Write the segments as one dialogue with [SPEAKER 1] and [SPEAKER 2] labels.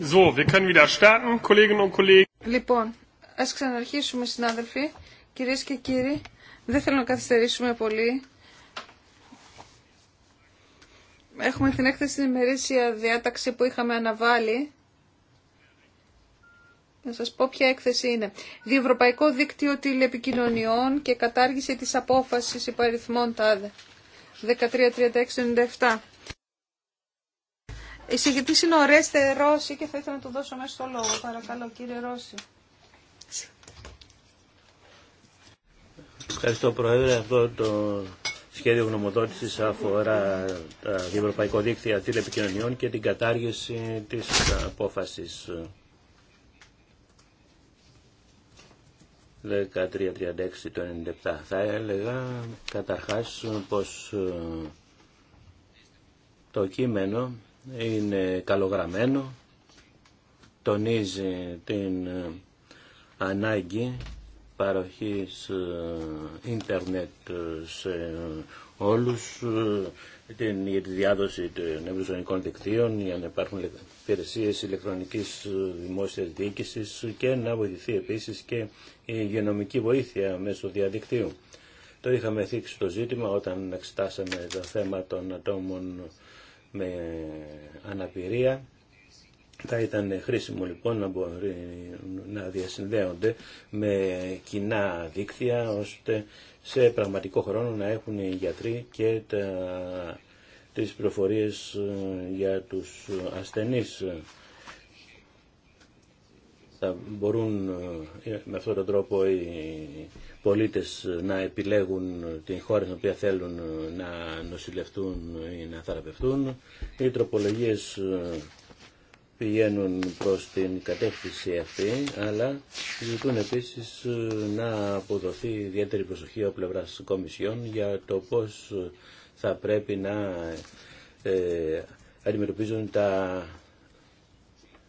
[SPEAKER 1] So, wir können wieder starten, Λοιπόν,
[SPEAKER 2] α ξαναρχίσουμε συνάδελφοι, κυρίες και κύριοι. Δεν θέλω να καθυστερήσουμε πολύ. Έχουμε την έκθεση στην ημερήσια διάταξη που είχαμε αναβάλει. Να σας πω ποια έκθεση είναι. Διευρωπαϊκό Δίκτυο Τηλεπικοινωνιών και κατάργηση της απόφασης υπαριθμών ΤΑΔΕ 133697. Εισηγητή είναι ο Ρέστε Ρώση και θα ήθελα να του δώσω μέσα στο λόγο. Παρακαλώ, κύριε Ρώση.
[SPEAKER 3] Ευχαριστώ, Πρόεδρε. Αυτό το σχέδιο γνωμοδότησης αφορά τα Ευρωπαϊκό Δίκτυο Τηλεπικοινωνιών και την κατάργηση της απόφασης 1336 το 97. Θα έλεγα καταρχάς πως το κείμενο είναι καλογραμμένο, τονίζει την ε, ανάγκη παροχής ε, ίντερνετ σε όλους ε, την, για τη διάδοση των ευρωζωνικών δικτύων για να υπάρχουν υπηρεσίε ηλεκτρονικής δημόσιας διοίκησης και να βοηθηθεί επίσης και η υγειονομική βοήθεια μέσω διαδικτύου. Το είχαμε θίξει το ζήτημα όταν εξετάσαμε το θέμα των ατόμων με αναπηρία. Θα ήταν χρήσιμο λοιπόν να να διασυνδέονται με κοινά δίκτυα ώστε σε πραγματικό χρόνο να έχουν οι γιατροί και τις προφορίες ε, για τους ασθενείς θα μπορούν ε, με αυτόν τον τρόπο οι πολίτες να επιλέγουν την χώρα στην οποία θέλουν ε, να νοσηλευτούν ή να θεραπευτούν. Οι τροπολογίες ε, πηγαίνουν προς την κατεύθυνση αυτή, αλλά ζητούν επίσης να αποδοθεί ιδιαίτερη προσοχή από πλευράς κομισιών για το πώς θα πρέπει να αντιμετωπίζουν τα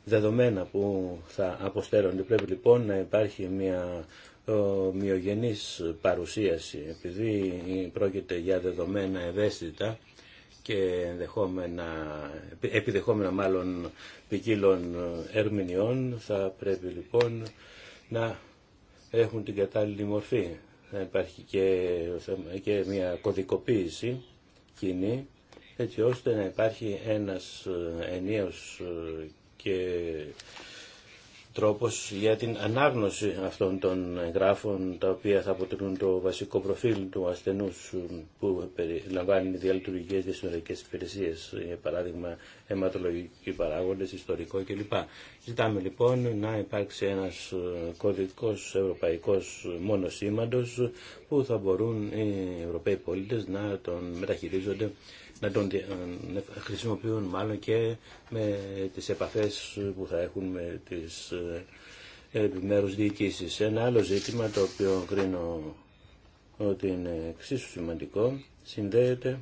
[SPEAKER 3] δεδομένα που θα αποστέλλονται. Πρέπει λοιπόν να υπάρχει μια μιογενής παρουσίαση επειδή πρόκειται για δεδομένα ευαίσθητα και ενδεχόμενα, επιδεχόμενα μάλλον ποικίλων ερμηνεών θα πρέπει λοιπόν να έχουν την κατάλληλη μορφή. Θα υπάρχει και, και μια κωδικοποίηση κοινή έτσι ώστε να υπάρχει ένας ενίος και τρόπος για την ανάγνωση αυτών των εγγράφων τα οποία θα αποτελούν το βασικό προφίλ του ασθενούς που περιλαμβάνει διαλειτουργικές και υπηρεσίε, υπηρεσίες, για παράδειγμα αιματολογικοί παράγοντες, ιστορικό κλπ. Ζητάμε λοιπόν να υπάρξει ένας κωδικός ευρωπαϊκός μόνο σήμαντος που θα μπορούν οι Ευρωπαίοι πολίτες να τον μεταχειρίζονται να τον χρησιμοποιούν μάλλον και με τις επαφές που θα έχουν με τις ε, επιμέρους διοικήσεις. Ένα άλλο ζήτημα το οποίο κρίνω ότι είναι εξίσου σημαντικό συνδέεται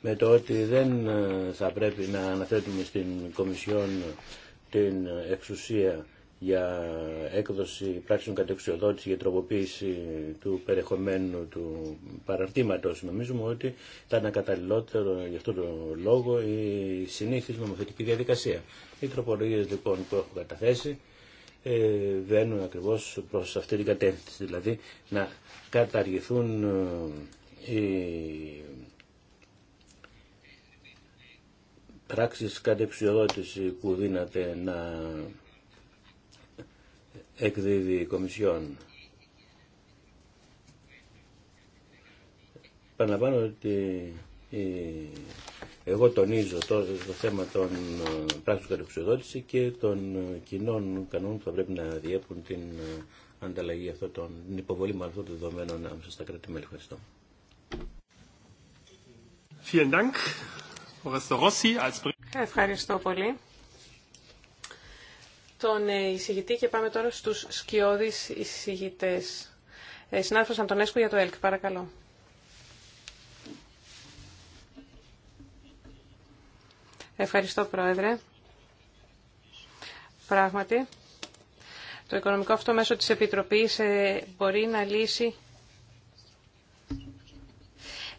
[SPEAKER 3] με το ότι δεν ε, θα πρέπει να αναθέτουμε στην Κομισιόν την εξουσία για έκδοση πράξεων κατεξιοδότηση για τροποποίηση του περιεχομένου του παραρτήματος. Νομίζουμε ότι θα είναι καταλληλότερο γι' αυτό το λόγο η συνήθι νομοθετική διαδικασία. Οι τροπολογίες λοιπόν που έχω καταθέσει ε, βαίνουν ακριβώς προς αυτή την κατεύθυνση, δηλαδή να καταργηθούν ε, οι πράξεις κατεξιοδότηση που δύναται να εκδίδει η Κομισιόν. Παναλαμβάνω ότι εγώ τονίζω το, θέμα των ε, πράξεων κατεξοδότηση και των ε, κοινών κανόνων που θα πρέπει να διέπουν την ε, ανταλλαγή αυτών των, την υποβολή με αυτών των δεδομένων άμεσα στα κράτη-μέλη. Ευχαριστώ.
[SPEAKER 4] Ευχαριστώ πολύ τον ε, εισηγητή και πάμε τώρα στους σκιώδεις εισηγητές. Ε, συνάδελφος Αντωνέσκου για το ΕΛΚ, παρακαλώ. Ευχαριστώ, Πρόεδρε. Πράγματι, το οικονομικό αυτό μέσω της Επιτροπής ε, μπορεί να λύσει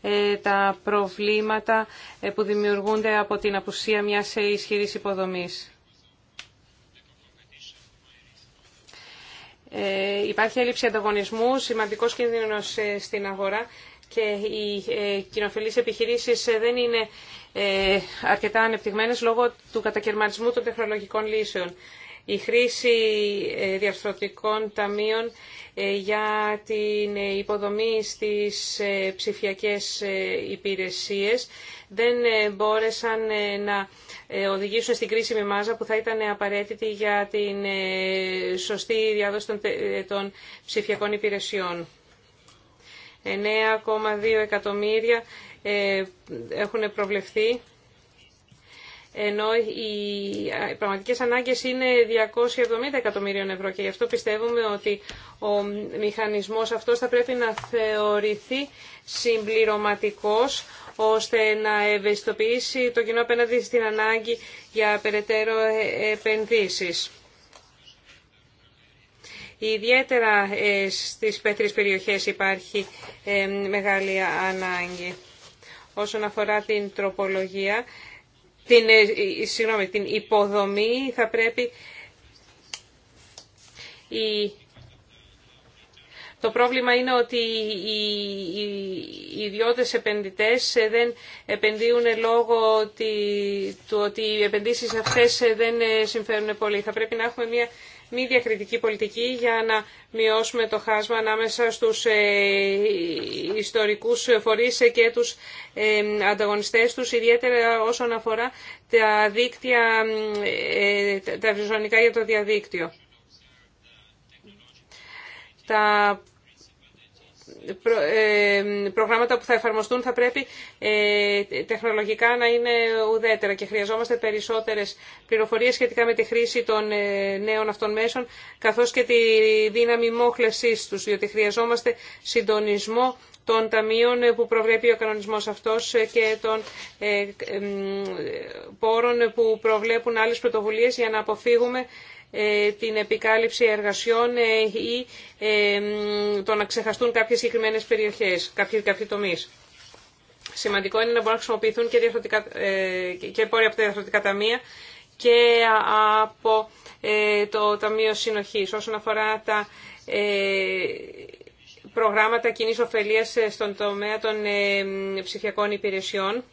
[SPEAKER 4] ε, τα προβλήματα που δημιουργούνται από την απουσία μιας ισχυρής υποδομής. Ε, υπάρχει έλλειψη ανταγωνισμού, σημαντικός κίνδυνος ε, στην αγορά και οι ε, κοινοφιλείς επιχειρήσεις δεν είναι αρκετά ανεπτυγμένες λόγω του κατακαιρματισμού των τεχνολογικών λύσεων. Η χρήση διαρθρωτικών ταμείων για την υποδομή στις ψηφιακές υπηρεσίες δεν μπόρεσαν να ε, οδηγήσουν στην κρίσιμη μάζα που θα ήταν απαραίτητη για την ε, σωστή διάδοση των ε, ψηφιακών υπηρεσιών. 9,2 εκατομμύρια έχουν προβλεφθεί ενώ οι πραγματικές ανάγκες είναι 270 εκατομμύριων ευρώ και γι' αυτό πιστεύουμε ότι ο μηχανισμός αυτός θα πρέπει να θεωρηθεί συμπληρωματικός ώστε να ευαισθητοποιήσει το κοινό απέναντι στην ανάγκη για περαιτέρω επενδύσεις. Ιδιαίτερα ε, στις πέτρες περιοχές υπάρχει ε, μεγάλη ανάγκη. Όσον αφορά την τροπολογία, την, ε, συγγνώμη, την υποδομή θα πρέπει η το πρόβλημα είναι ότι οι ιδιώτες επενδυτές δεν επενδύουν λόγω του ότι οι επενδύσεις αυτές δεν συμφέρουν πολύ. Θα πρέπει να έχουμε μια μη διακριτική πολιτική για να μειώσουμε το χάσμα ανάμεσα στους ε, ιστορικούς φορείς και τους ε, ανταγωνιστές τους, ιδιαίτερα όσον αφορά τα δίκτυα, ε, τα για το διαδίκτυο. Τα ε, προγράμματα που θα εφαρμοστούν θα πρέπει ε, τεχνολογικά να είναι ουδέτερα και χρειαζόμαστε περισσότερες πληροφορίες σχετικά με τη χρήση των ε, νέων αυτών μέσων καθώς και τη δύναμη μόχλεσής τους, διότι χρειαζόμαστε συντονισμό των ταμείων που προβλέπει ο κανονισμός αυτός και των πόρων που προβλέπουν άλλες πρωτοβουλίες για να αποφύγουμε ε, την επικάλυψη εργασιών ε, ή ε, το να ξεχαστούν κάποιες συγκεκριμένες περιοχές, κάποιοι, κάποιοι Σημαντικό είναι να μπορούν να χρησιμοποιηθούν και, και πόρια από τα διαφροντικά ταμεία και από το Ταμείο Συνοχής. Όσον αφορά τα προγράμματα κοινή ωφελία στον τομέα των ψηφιακών υπηρεσιών,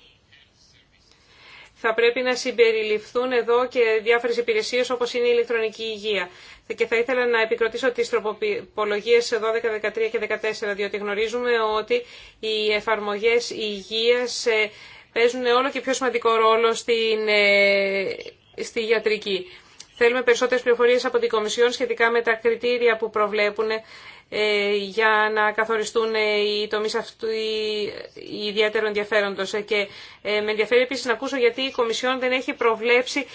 [SPEAKER 4] θα πρέπει να συμπεριληφθούν εδώ και διάφορες υπηρεσίες όπως είναι η ηλεκτρονική υγεία. Και θα ήθελα να επικροτήσω τις τροπολογίες 12, 13 και 14, διότι γνωρίζουμε ότι οι εφαρμογές υγείας ε, παίζουν όλο και πιο σημαντικό ρόλο στην, ε, στη γιατρική. Θέλουμε περισσότερε πληροφορίε από την Κομισιόν σχετικά με τα κριτήρια που προβλέπουν ε, για να καθοριστούν ε, οι τομεί αυτού ιδιαίτερου ενδιαφέροντος. Ε, και με ενδιαφέρει επίση να ακούσω γιατί η Κομισιόν δεν έχει προβλέψει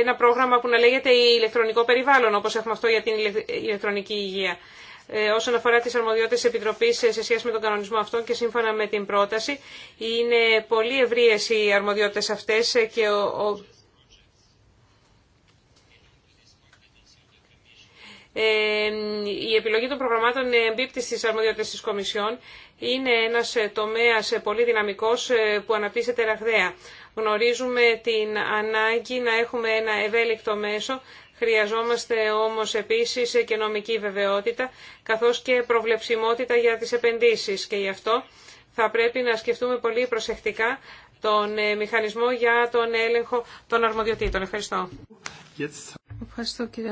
[SPEAKER 4] ένα πρόγραμμα που να λέγεται ηλεκτρονικό περιβάλλον, όπω έχουμε αυτό για την ηλεκτρονική υγεία. Όσον αφορά τις αρμοδιότητες επιτροπής σε σχέση με τον κανονισμό αυτό, και σύμφωνα με την πρόταση, είναι πολύ ευρείες οι αρμοδιότητες αυτέ. και ο η επιλογή των προγραμμάτων εμπίπτει στις αρμοδιότητες της Κομισιόν. Είναι ένας ε, τομέας ε, πολύ δυναμικός ε, που αναπτύσσεται ραγδαία. Γνωρίζουμε την ανάγκη να έχουμε ένα ευέλικτο μέσο Χρειαζόμαστε όμως επίσης και νομική βεβαιότητα, καθώς και προβλεψιμότητα για τις επενδύσεις και γι' αυτό θα πρέπει να σκεφτούμε πολύ προσεκτικά τον μηχανισμό για τον έλεγχο των αρμοδιοτήτων. Ευχαριστώ.
[SPEAKER 2] Ευχαριστώ κύριε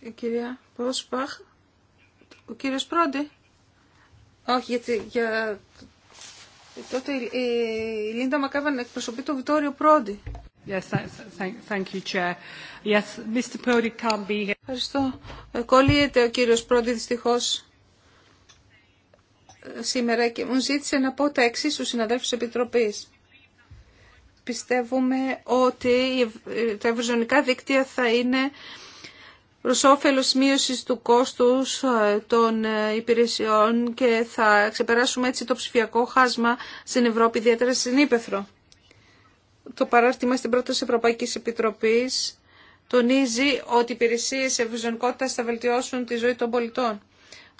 [SPEAKER 2] η κυρία Πόσπαχ, ο κύριος Πρόντι. Όχι, γιατί για... τότε η, η Λίντα Μακάβαν εκπροσωπεί τον Βιτόριο Πρόντι. Ευχαριστώ. Κολλείεται ο κύριος Πρόντι δυστυχώς ε, σήμερα και μου ζήτησε να πω τα εξής στους συναδέλφους της Επιτροπής πιστεύουμε ότι ε, τα ευρωζωνικά δίκτυα θα είναι προς όφελος μείωσης του κόστους ε, των ε, υπηρεσιών και θα ξεπεράσουμε έτσι το ψηφιακό χάσμα στην Ευρώπη, ιδιαίτερα στην Ήπεθρο. Το παράρτημα στην Πρώτη Ευρωπαϊκή Επιτροπή τονίζει ότι οι υπηρεσίες ευρυζωνικότητας θα βελτιώσουν τη ζωή των πολιτών.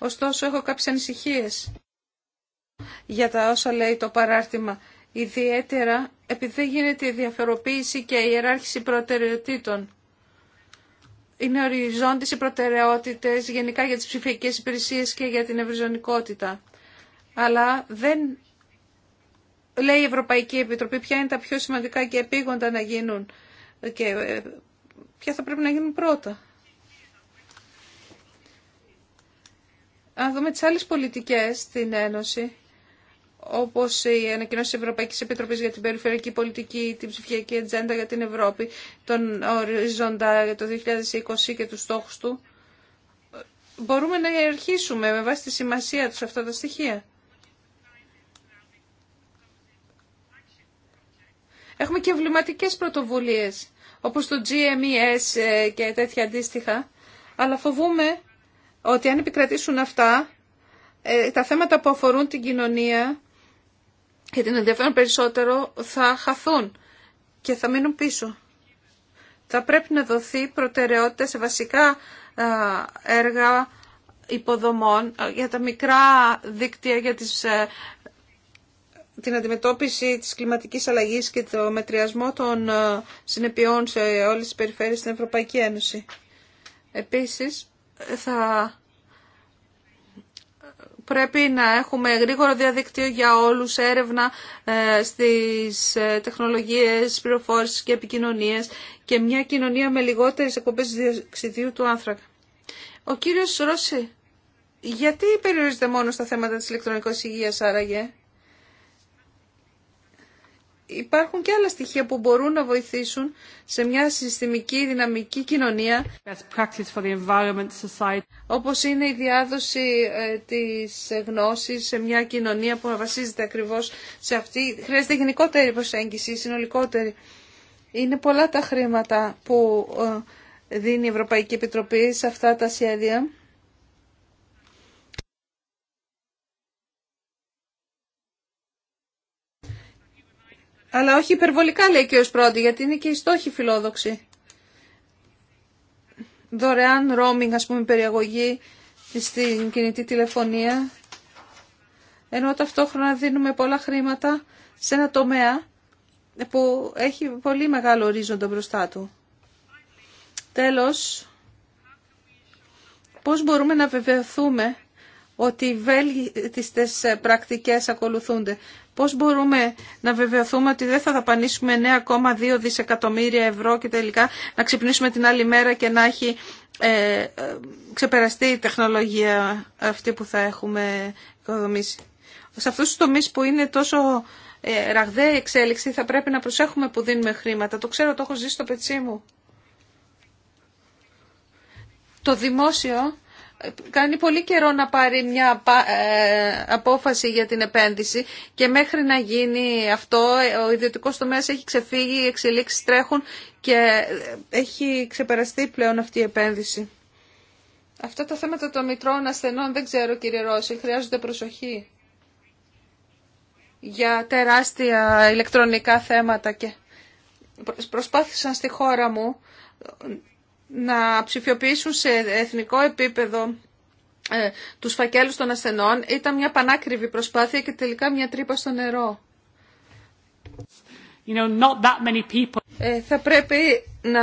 [SPEAKER 2] Ωστόσο, έχω κάποιες ανησυχίες για τα όσα λέει το παράρτημα. Ιδιαίτερα επειδή γίνεται η διαφοροποίηση και η ιεράρχηση προτεραιοτήτων είναι οριζόντιες οι προτεραιότητες γενικά για τις ψηφιακές υπηρεσίες και για την ευρυζωνικότητα. Αλλά δεν λέει η Ευρωπαϊκή Επιτροπή ποια είναι τα πιο σημαντικά και επίγοντα να γίνουν και ε, ποια θα πρέπει να γίνουν πρώτα. Αν δούμε τις άλλες πολιτικές στην Ένωση, όπω η ανακοινώσει τη Ευρωπαϊκή Επιτροπή για την Περιφερειακή Πολιτική, την ψηφιακή ατζέντα για την Ευρώπη, τον οριζόντα για το 2020 και του στόχου του. Μπορούμε να αρχίσουμε με βάση τη σημασία του αυτά τα στοιχεία. Έχουμε και εμβληματικέ πρωτοβουλίε, όπω το GMES ε, και τέτοια αντίστοιχα, αλλά φοβούμε ότι αν επικρατήσουν αυτά, ε, τα θέματα που αφορούν την κοινωνία και την ενδιαφέρον περισσότερο θα χαθούν και θα μείνουν πίσω. Θα πρέπει να δοθεί προτεραιότητα σε βασικά έργα υποδομών για τα μικρά δίκτυα για τις, ε, την αντιμετώπιση της κλιματικής αλλαγής και το μετριασμό των ε, συνεπειών σε όλες τις περιφέρειες στην Ευρωπαϊκή Ένωση. Επίσης, θα πρέπει να έχουμε γρήγορο διαδικτύο για όλους, έρευνα ε, στις ε, τεχνολογίες, πληροφόρησης και επικοινωνίες και μια κοινωνία με λιγότερες εκπομπές διοξιδίου του άνθρακα. Ο κύριος Ρώση, γιατί περιορίζεται μόνο στα θέματα της ηλεκτρονικής υγείας άραγε? υπάρχουν και άλλα στοιχεία που μπορούν να βοηθήσουν σε μια συστημική δυναμική κοινωνία όπως είναι η διάδοση ε, της γνώσης σε μια κοινωνία που βασίζεται ακριβώς σε αυτή. Χρειάζεται γενικότερη προσέγγιση, συνολικότερη. Είναι πολλά τα χρήματα που ε, δίνει η Ευρωπαϊκή Επιτροπή σε αυτά τα σχέδια Αλλά όχι υπερβολικά λέει και ως πρώτη, γιατί είναι και οι στόχοι φιλόδοξοι. Δωρεάν roaming, ας πούμε, περιαγωγή στην κινητή τηλεφωνία. Ενώ ταυτόχρονα δίνουμε πολλά χρήματα σε ένα τομέα που έχει πολύ μεγάλο ορίζοντα μπροστά του. Τέλος, πώς μπορούμε να βεβαιωθούμε ότι οι βέλτιστες πρακτικές ακολουθούνται. Πώς μπορούμε να βεβαιωθούμε ότι δεν θα δαπανίσουμε 9,2 δισεκατομμύρια ευρώ και τελικά να ξυπνήσουμε την άλλη μέρα και να έχει ε, ε, ξεπεραστεί η τεχνολογία αυτή που θα έχουμε οικοδομήσει. Σε αυτούς τους τομείς που είναι τόσο ε, ραγδαία η εξέλιξη θα πρέπει να προσέχουμε που δίνουμε χρήματα. Το ξέρω, το έχω ζήσει στο πετσί μου. Το δημόσιο κάνει πολύ καιρό να πάρει μια ε, απόφαση για την επένδυση και μέχρι να γίνει αυτό ο ιδιωτικός τομέας έχει ξεφύγει, οι εξελίξεις τρέχουν και έχει ξεπεραστεί πλέον αυτή η επένδυση. Αυτά τα θέματα των μητρών ασθενών δεν ξέρω κύριε Ρώση, χρειάζονται προσοχή για τεράστια ηλεκτρονικά θέματα και προσπάθησαν στη χώρα μου να ψηφιοποιήσουν σε εθνικό επίπεδο του ε, τους φακέλους των ασθενών ήταν μια πανάκριβη προσπάθεια και τελικά μια τρύπα στο νερό. You know, ε, θα πρέπει να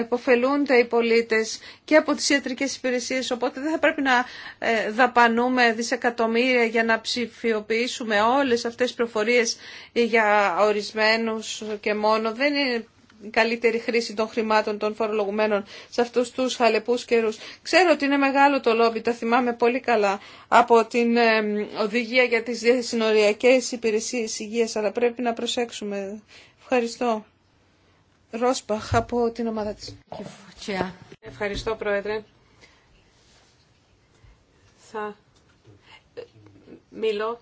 [SPEAKER 2] υποφελούνται οι πολίτες και από τις ιατρικές υπηρεσίες, οπότε δεν θα πρέπει να ε, δαπανούμε δισεκατομμύρια για να ψηφιοποιήσουμε όλες αυτές τις προφορίες για ορισμένους και μόνο. Δεν είναι καλύτερη χρήση των χρημάτων των φορολογουμένων σε αυτούς τους χαλεπούς καιρούς. Ξέρω ότι είναι μεγάλο το λόμπι, τα θυμάμαι πολύ καλά από την οδηγία για τις διασυνοριακές υπηρεσίες υγείας, αλλά πρέπει να προσέξουμε. Ευχαριστώ. Ρόσπαχ από την ομάδα της.
[SPEAKER 4] Ευχαριστώ, Πρόεδρε. Θα ε, μιλώ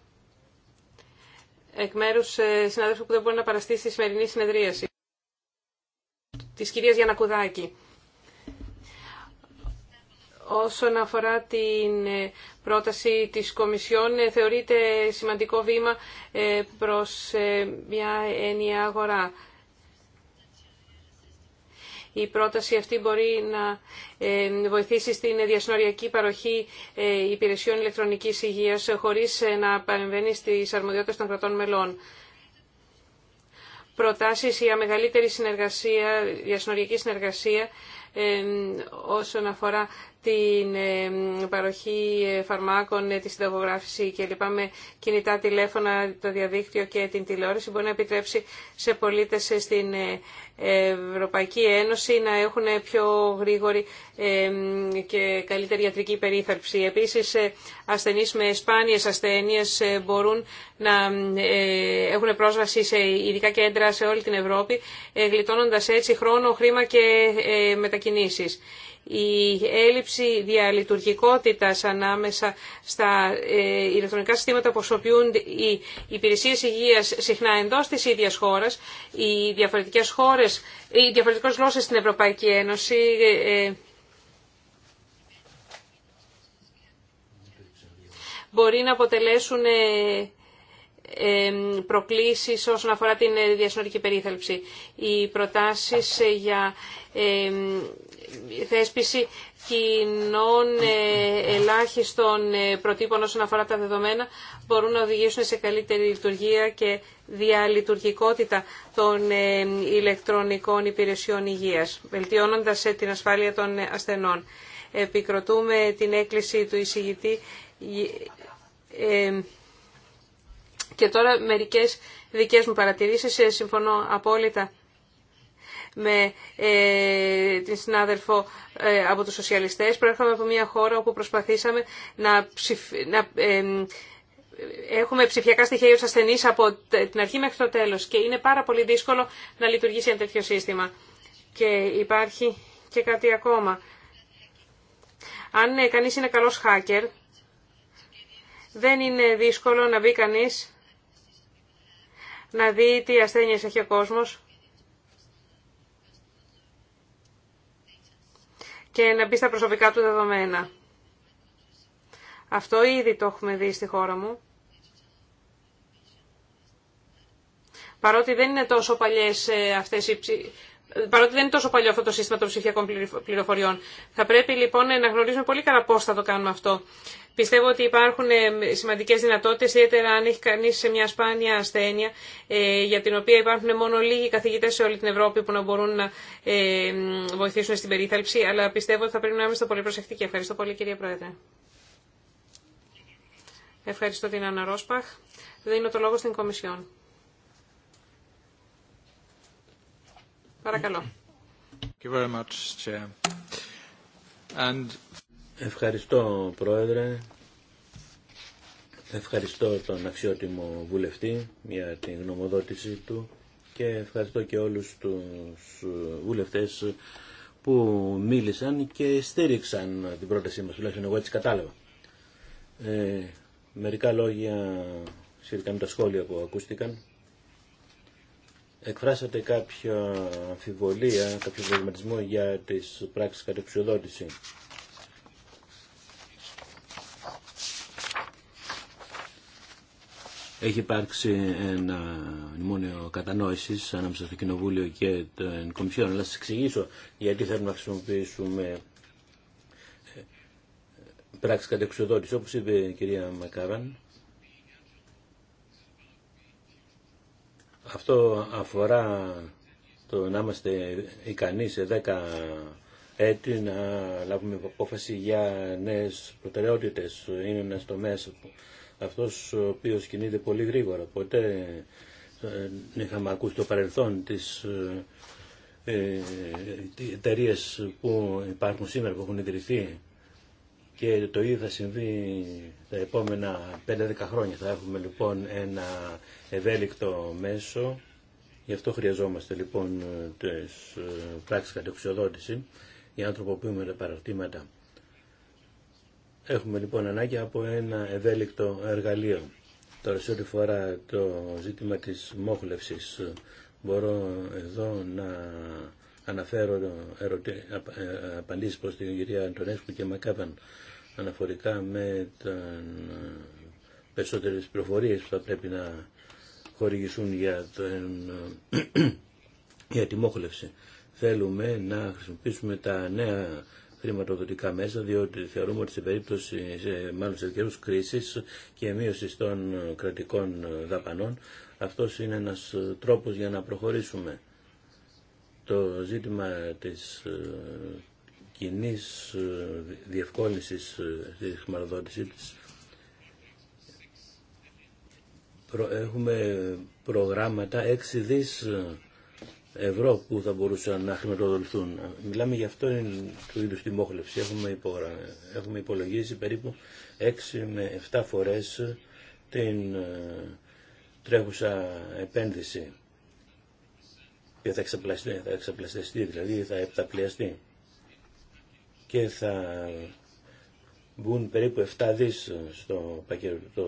[SPEAKER 4] εκ μέρους ε, συναδέλφου που δεν μπορεί να παραστεί στη σημερινή συνεδρίαση της κυρίας Γιανακουδάκη. Όσον αφορά την ε, πρόταση της Κομισιόν, ε, θεωρείται σημαντικό βήμα ε, προς μια έννοια αγορά. Η πρόταση αυτή μπορεί να βοηθήσει στην διασυνοριακή παροχή υπηρεσιών ηλεκτρονικής υγείας χωρίς να παρεμβαίνει στις αρμοδιότητες των κρατών μελών προτάσεις για μεγαλύτερη συνεργασία, για συνοριακή συνεργασία ε, όσον αφορά την ε, παροχή φαρμάκων, ε, τη συνταγογράφηση κλπ. με κινητά τηλέφωνα, το διαδίκτυο και την τηλεόραση μπορεί να επιτρέψει σε πολίτες ε, στην Ευρωπαϊκή Ένωση να έχουν πιο γρήγορη και καλύτερη ιατρική περίθαλψη. Επίσης, ασθενείς με σπάνιες ασθένειες μπορούν να έχουν πρόσβαση σε ειδικά κέντρα σε όλη την Ευρώπη, γλιτώνοντας έτσι χρόνο, χρήμα και μετακινήσεις η έλλειψη διαλειτουργικότητας ανάμεσα στα ε, ηλεκτρονικά συστήματα που χρησιμοποιούν οι υπηρεσίες υγείας συχνά εντός της ίδιας χώρας, οι διαφορετικές χώρες, οι γλώσσες στην Ευρωπαϊκή Ένωση, ε, ε, μπορεί να αποτελέσουν προκλήσεις όσον αφορά την διασυνορική περίθαλψη. Οι προτάσεις για θέσπιση κοινών ε, ελάχιστων ε, προτύπων όσον αφορά τα δεδομένα μπορούν να οδηγήσουν σε καλύτερη λειτουργία και διαλειτουργικότητα των ε, ηλεκτρονικών υπηρεσιών υγείας, βελτιώνοντας την ασφάλεια των ασθενών. Επικροτούμε την έκκληση του εισηγητή και τώρα μερικές δικές μου παρατηρήσεις. Συμφωνώ απόλυτα με ε, την συνάδελφο ε, από τους σοσιαλιστές. Προέρχομαι από μια χώρα όπου προσπαθήσαμε να, έχουμε ψηφιακά στοιχεία για από την αρχή μέχρι το τέλος και είναι πάρα πολύ δύσκολο να λειτουργήσει ένα τέτοιο σύστημα. Και υπάρχει και κάτι ακόμα. Αν ε, κανείς είναι καλός hacker, δεν είναι δύσκολο να μπει κανείς να δει τι ασθένειες έχει ο κόσμος και να μπει στα προσωπικά του δεδομένα. Αυτό ήδη το έχουμε δει στη χώρα μου. Παρότι δεν είναι τόσο παλιές ε, αυτές οι παρότι δεν είναι τόσο παλιό αυτό το σύστημα των ψηφιακών πληροφοριών. Θα πρέπει λοιπόν να γνωρίζουμε πολύ καλά πώ θα το κάνουμε αυτό. Πιστεύω ότι υπάρχουν σημαντικέ δυνατότητε, ιδιαίτερα αν έχει κανεί σε μια σπάνια ασθένεια, ε, για την οποία υπάρχουν μόνο λίγοι καθηγητέ σε όλη την Ευρώπη που να μπορούν να ε, βοηθήσουν στην περίθαλψη. Αλλά πιστεύω ότι θα πρέπει να είμαστε πολύ προσεκτικοί. Ευχαριστώ πολύ, κύριε Πρόεδρε. Ευχαριστώ την Άννα Ρόσπαχ. Δίνω το λόγο στην Κομισιόν.
[SPEAKER 3] Ευχαριστώ, Πρόεδρε. Ευχαριστώ τον αξιότιμο βουλευτή για την γνωμοδότηση του και ευχαριστώ και όλους τους βουλευτές που μίλησαν και στήριξαν την πρότασή μας, τουλάχιστον εγώ έτσι κατάλαβα. Ε, μερικά λόγια σχετικά με τα σχόλια που ακούστηκαν εκφράσατε κάποια αμφιβολία, κάποιο προβληματισμό για τις πράξεις κατεξοδότηση. Έχει υπάρξει ένα μνημόνιο κατανόηση ανάμεσα στο Κοινοβούλιο και την Κομισιόν. Αλλά σα εξηγήσω γιατί θέλουμε να χρησιμοποιήσουμε ε, πράξη κατεξοδότηση. Όπω είπε η κυρία Μακάβαν, Αυτό αφορά το να είμαστε ικανοί σε 10 έτη να λάβουμε απόφαση για νέες προτεραιότητες. Είναι ένας τομέας αυτός ο οποίος κινείται πολύ γρήγορα. Ποτέ ε, είχαμε ακούσει το παρελθόν τις ε, ε, εταιρείε που υπάρχουν σήμερα, που έχουν ιδρυθεί και το ίδιο θα συμβεί τα επόμενα 5-10 χρόνια. Θα έχουμε λοιπόν ένα ευέλικτο μέσο, γι' αυτό χρειαζόμαστε λοιπόν τις ε, πράξεις κατεξοδότηση για να τροποποιούμε τα παρακτήματα. Έχουμε λοιπόν ανάγκη από ένα ευέλικτο εργαλείο. Τώρα σε ό,τι φορά το ζήτημα της μόχλευσης μπορώ εδώ να αναφέρω ερωτε... Ε, απαντήσεις προς την κυρία Αντωνέσκου και Μακάβαν αναφορικά με τα ε, περισσότερες πληροφορίες που θα πρέπει να χορηγηθούν για, τον, ε, τη μόχλευση. Θέλουμε να χρησιμοποιήσουμε τα νέα χρηματοδοτικά μέσα, διότι θεωρούμε ότι σε περίπτωση, μάλλον σε καιρούς κρίσης και μείωση των κρατικών δαπανών, αυτός είναι ένας τρόπος για να προχωρήσουμε. Το ζήτημα της ε, κοινή ε, διευκόλυνση ε, τη χρηματοδότησή τη. Έχουμε προγράμματα 6 δι ε, ευρώ που θα μπορούσαν να χρηματοδοτηθούν. Μιλάμε γι' αυτό του είδου τη μόχλευση. Έχουμε, υπογρα... Έχουμε υπολογίσει περίπου 6 με 7 φορέ την τρέχουσα επένδυση και θα εξαπλαστεί, θα εξαπλαστεί δηλαδή θα επταπλιαστεί και θα μπουν περίπου 7 δις στο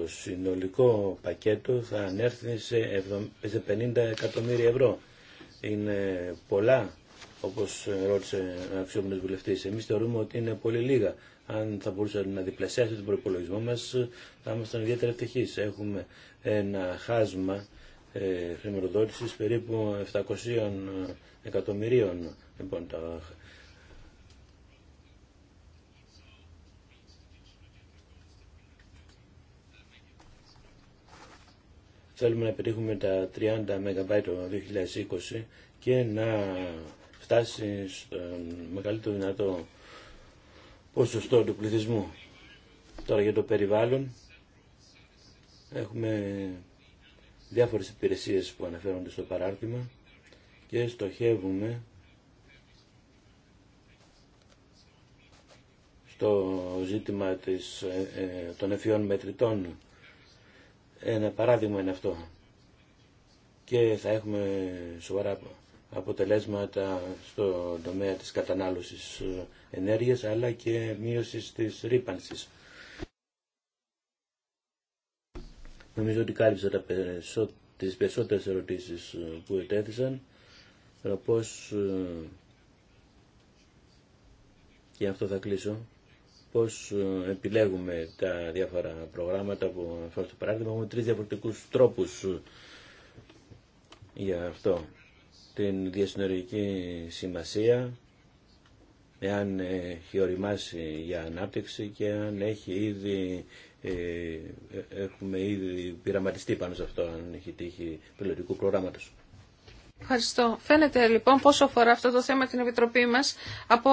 [SPEAKER 3] συνολικό πακέτο θα ανέρθει σε 50 εκατομμύρια ευρώ. Είναι πολλά, όπως ρώτησε ο αξιόμενος βουλευτής. Εμείς θεωρούμε ότι είναι πολύ λίγα. Αν θα μπορούσατε να διπλασιάσει τον προπολογισμό μας, θα ήμασταν ιδιαίτερα ευτυχείς. Έχουμε ένα χάσμα ε, περίπου 700 εκατομμυρίων. Λοιπόν, τα Θέλουμε να πετύχουμε τα 30 MB το 2020 και να φτάσει στο μεγαλύτερο δυνατό ποσοστό του πληθυσμού. Τώρα για το περιβάλλον έχουμε διάφορες υπηρεσίες που αναφέρονται στο παράρτημα και στοχεύουμε στο ζήτημα της, ε, ε, των εφιών μετρητών ένα παράδειγμα είναι αυτό. Και θα έχουμε σοβαρά αποτελέσματα στο τομέα της κατανάλωσης ε, ενέργειας αλλά και μείωσης της ρήπανσης. Νομίζω ότι κάλυψα τα περισσό, τις περισσότερες ερωτήσεις ε, που ετέθησαν. Ε, και αυτό θα κλείσω πώς ε, επιλέγουμε τα διάφορα προγράμματα που αυτό το παράδειγμα έχουμε τρεις διαφορετικούς τρόπους ε, για αυτό. Την διασυνοριακή σημασία, εάν έχει οριμάσει για ανάπτυξη και αν έχει ήδη, ε, έχουμε ήδη πειραματιστεί πάνω σε αυτό, αν έχει τύχει πιλωτικού προγράμματος.
[SPEAKER 2] Ευχαριστώ. Φαίνεται λοιπόν πόσο αφορά αυτό το θέμα την Επιτροπή μας από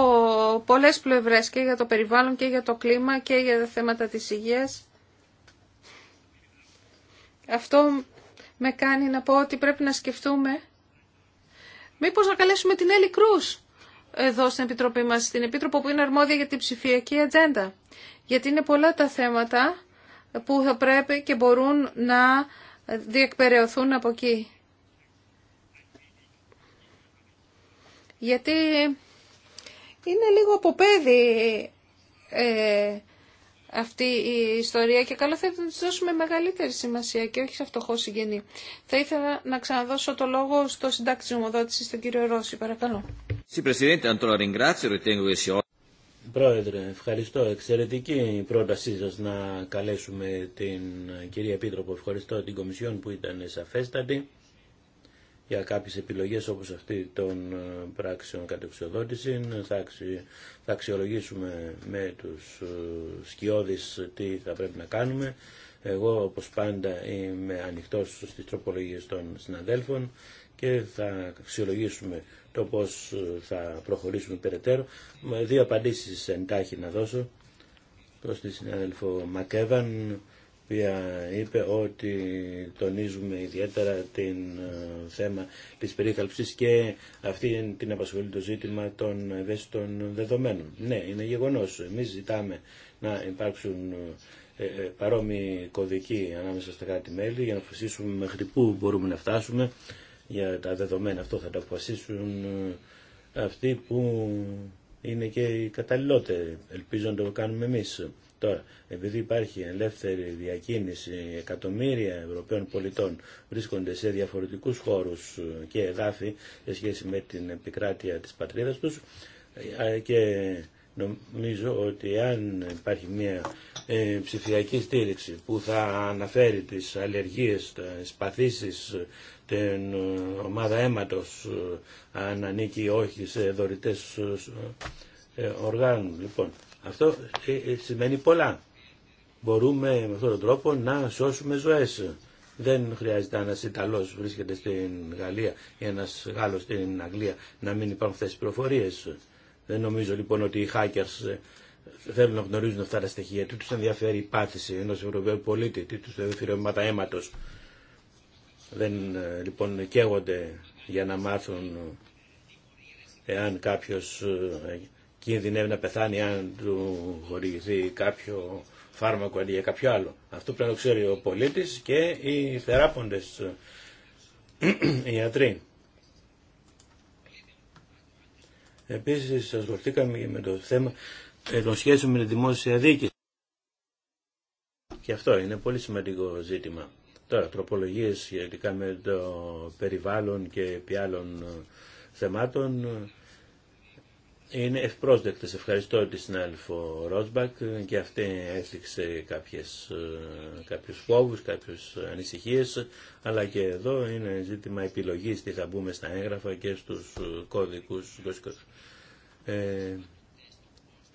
[SPEAKER 2] πολλές πλευρές και για το περιβάλλον και για το κλίμα και για τα θέματα της υγεία. Αυτό με κάνει να πω ότι πρέπει να σκεφτούμε μήπως να καλέσουμε την Έλλη Κρούς εδώ στην Επιτροπή μας, την Επίτροπο που είναι αρμόδια για την ψηφιακή ατζέντα. Γιατί είναι πολλά τα θέματα που θα πρέπει και μπορούν να διεκπεραιωθούν από εκεί. γιατί είναι λίγο παιδί ε, αυτή η ιστορία και καλό θα ήταν να της δώσουμε μεγαλύτερη σημασία και όχι σε φτωχό συγγενή. Θα ήθελα να ξαναδώσω το λόγο στο συντάκτη νομοδότηση, στον κύριο Ρώση, παρακαλώ.
[SPEAKER 3] Πρόεδρε, ευχαριστώ. Εξαιρετική η πρότασή σας να καλέσουμε την κυρία Επίτροπο. Ευχαριστώ την Κομισιόν που ήταν σαφέστατη για κάποιες επιλογές όπως αυτή των ε, πράξεων κατεξοδότηση. Θα αξιολογήσουμε με τους ε, σκιώδεις τι θα πρέπει να κάνουμε. Εγώ όπως πάντα είμαι ανοιχτός στις τροπολογίες των συναδέλφων και θα αξιολογήσουμε το πώς ε, θα προχωρήσουμε περαιτέρω. Δύο απαντήσεις εντάχει να δώσω προς τη συνάδελφο Μακέβαν οποία είπε ότι τονίζουμε ιδιαίτερα την ε, θέμα της περίθαλψης και αυτή την απασχολεί το ζήτημα των ευαίσθητων δεδομένων. Ναι, είναι γεγονός. Εμείς ζητάμε να υπάρξουν ε, ε, παρόμοιοι κωδικοί ανάμεσα στα κράτη-μέλη για να αποφασίσουμε μέχρι πού μπορούμε να φτάσουμε για τα δεδομένα. Αυτό θα τα αποφασίσουν αυτοί που είναι και οι καταλληλότεροι. Ελπίζω να το κάνουμε εμείς. Τώρα, επειδή υπάρχει ελεύθερη διακίνηση, εκατομμύρια Ευρωπαίων πολιτών βρίσκονται σε διαφορετικούς χώρους και εδάφη σε σχέση με την επικράτεια της πατρίδας τους ε, και νομίζω ότι αν υπάρχει μια ε, ψηφιακή στήριξη που θα αναφέρει τις αλλεργίες, τις παθήσεις, την ε, ομάδα αίματος, ε, αν ανήκει ή όχι σε δωρητές οργάνων. Λοιπόν, αυτό ε, ε, σημαίνει πολλά. Μπορούμε με αυτόν τον τρόπο να σώσουμε ζωές. Δεν χρειάζεται ένα Ιταλό βρίσκεται στην Γαλλία ή ένα Γάλλο στην Αγγλία να μην υπάρχουν αυτέ τι πληροφορίε. Δεν νομίζω λοιπόν ότι οι hackers ε, θέλουν να γνωρίζουν αυτά τα στοιχεία. Τι του ενδιαφέρει η πάθηση ενό Ευρωπαίου πολίτη, τι του ενδιαφέρει αίματα αίματο. Δεν λοιπόν καίγονται για να μάθουν εάν κάποιο κινδυνεύει να πεθάνει αν του χορηγηθεί κάποιο φάρμακο αντί για κάποιο άλλο. Αυτό πρέπει να το ξέρει ο πολίτης και οι θεράποντες, οι ιατροί. Επίσης ασχοληθήκαμε με το θέμα ε, των σχέσεων με τη δημόσια δίκη. Και αυτό είναι πολύ σημαντικό ζήτημα. Τώρα, τροπολογίες σχετικά με το περιβάλλον και επί ε, θεμάτων είναι ευπρόσδεκτες. Ευχαριστώ τη συνάδελφο Ρόσμπακ και αυτή έθιξε κάποιες, ε, κάποιους φόβους, κάποιες ανησυχίες, αλλά και εδώ είναι ζήτημα επιλογής τι θα μπούμε στα έγγραφα και στους ε, κώδικους Ε,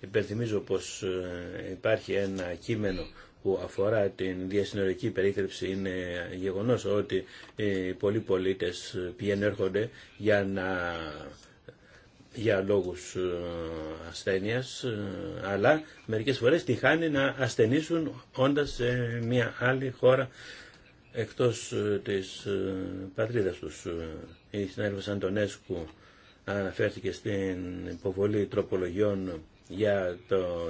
[SPEAKER 3] υπενθυμίζω πως ε, υπάρχει ένα κείμενο που αφορά την διασυνορική περίθαλψη είναι γεγονός ότι οι πολλοί πολίτες πηγαίνουν για να για λόγους ε, ασθένειας, ε, αλλά μερικές φορές τη χάνει να ασθενήσουν όντας σε μια άλλη χώρα εκτός ε, της πατρίδας τους. Η συνάδελφος Αντωνέσκου αναφέρθηκε στην υποβολή τροπολογιών για το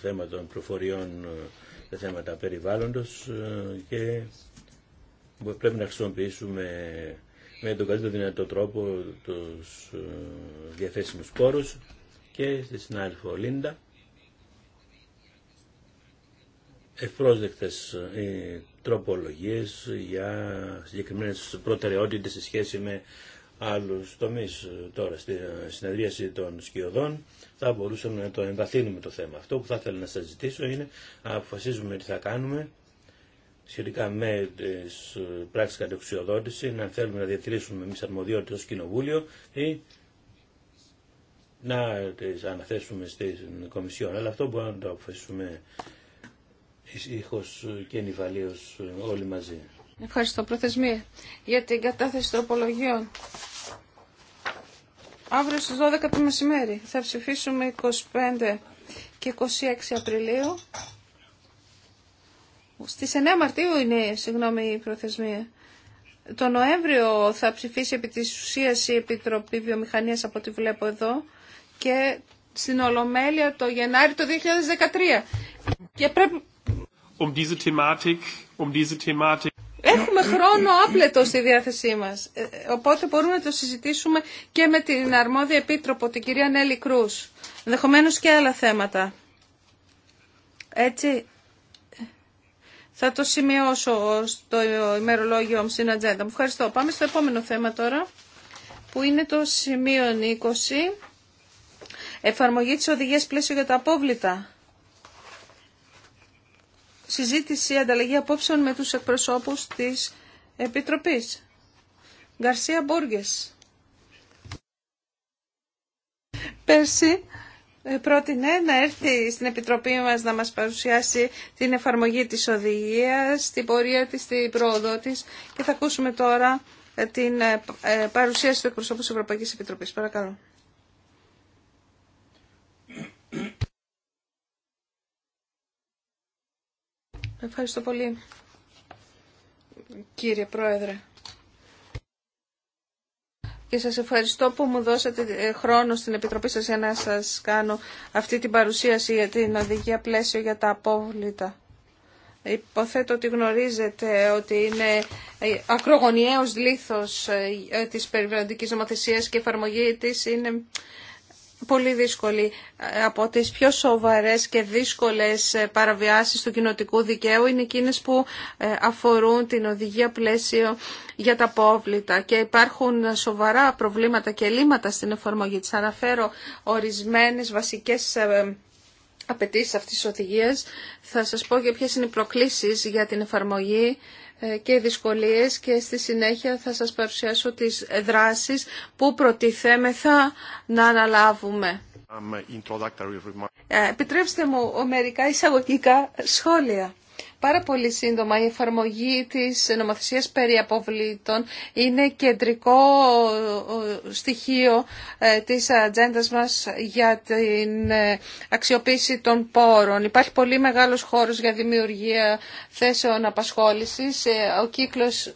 [SPEAKER 3] θέμα των προφοριών τα θέματα περιβάλλοντος και πρέπει να χρησιμοποιήσουμε με τον καλύτερο δυνατό τρόπο τους ε, διαθέσιμους πόρους και στη συνάδελφο Λίντα. Ευπρόσδεκτες ε, τροπολογίες για συγκεκριμένες προτεραιότητες σε σχέση με άλλους τομείς τώρα στη ε, συνεδρίαση των σκιωδών θα μπορούσαμε να το εμβαθύνουμε το θέμα. Αυτό που θα ήθελα να σας ζητήσω είναι να αποφασίζουμε τι θα κάνουμε σχετικά με τι ε, πράξει κατεξιοδότηση, να θέλουμε να διατηρήσουμε εμεί αρμοδιότητες ω κοινοβούλιο ή να τι αναθέσουμε στην Κομισιόν. Αλλά αυτό μπορούμε να το αποφασίσουμε ήχο και νυφαλίω όλοι μαζί.
[SPEAKER 2] Ευχαριστώ προθεσμία για την κατάθεση τροπολογιών. Αύριο στις 12 το μεσημέρι θα ψηφίσουμε 25 και 26 Απριλίου. Στις 9 Μαρτίου είναι, συγγνώμη, η προθεσμία. Το Νοέμβριο θα ψηφίσει επί της ουσίας η Επιτροπή Βιομηχανίας από ό,τι βλέπω εδώ και στην Ολομέλεια το Γενάρη το 2013. Και
[SPEAKER 1] um diese thematik, um diese thematik. Έχουμε
[SPEAKER 2] χρόνο άπλετο στη διάθεσή μας, ε, ε, οπότε μπορούμε να το συζητήσουμε και με την αρμόδια επίτροπο, την κυρία Νέλη Κρούς, ενδεχομένω και άλλα θέματα. Έτσι, θα το σημειώσω στο ημερολόγιο μου στην ατζέντα μου. Ευχαριστώ. Πάμε στο επόμενο θέμα τώρα που είναι το σημείο 20. Εφαρμογή της οδηγίας πλαίσιο για τα απόβλητα. Συζήτηση, ανταλλαγή απόψεων με τους εκπροσώπους της Επιτροπής. Γκαρσία Μπούργκες. Πέρσι ε, πρότεινε να έρθει στην Επιτροπή μας να μας παρουσιάσει την εφαρμογή της οδηγίας, την πορεία της, την πρόοδο της και θα ακούσουμε τώρα ε, την ε, παρουσίαση του εκπροσώπου της Ευρωπαϊκής Επιτροπής. Παρακαλώ. Ευχαριστώ πολύ, κύριε Πρόεδρε και σας ευχαριστώ που μου δώσατε ε, χρόνο στην Επιτροπή σας για να σας κάνω αυτή την παρουσίαση για την οδηγία πλαίσιο για τα απόβλητα. Υποθέτω ότι γνωρίζετε ότι είναι ε, ακρογωνιαίος λίθος ε, της περιβαλλοντικής νομοθεσίας και εφαρμογή της είναι πολύ δύσκολη ε, από τις πιο σοβαρές και δύσκολες ε, παραβιάσεις του κοινοτικού δικαίου είναι εκείνες που ε, αφορούν την οδηγία πλαίσιο για τα πόβλητα και υπάρχουν σοβαρά προβλήματα και λύματα στην εφαρμογή της. Αναφέρω ορισμένες βασικές απαιτήσει αυτής της οδηγίας. Θα σας πω για ποιες είναι οι προκλήσεις για την εφαρμογή ε, και δυσκολίες και στη συνέχεια θα σας παρουσιάσω τις δράσεις που προτιθέμεθα να αναλάβουμε. Um, ε, επιτρέψτε μου μερικά εισαγωγικά σχόλια. Πάρα πολύ σύντομα η εφαρμογή της νομοθεσίας περί αποβλήτων είναι κεντρικό ε, στοιχείο ε, της ατζέντα μας για την ε, αξιοποίηση των πόρων. Υπάρχει πολύ μεγάλος χώρος για δημιουργία θέσεων απασχόλησης. Ο κύκλος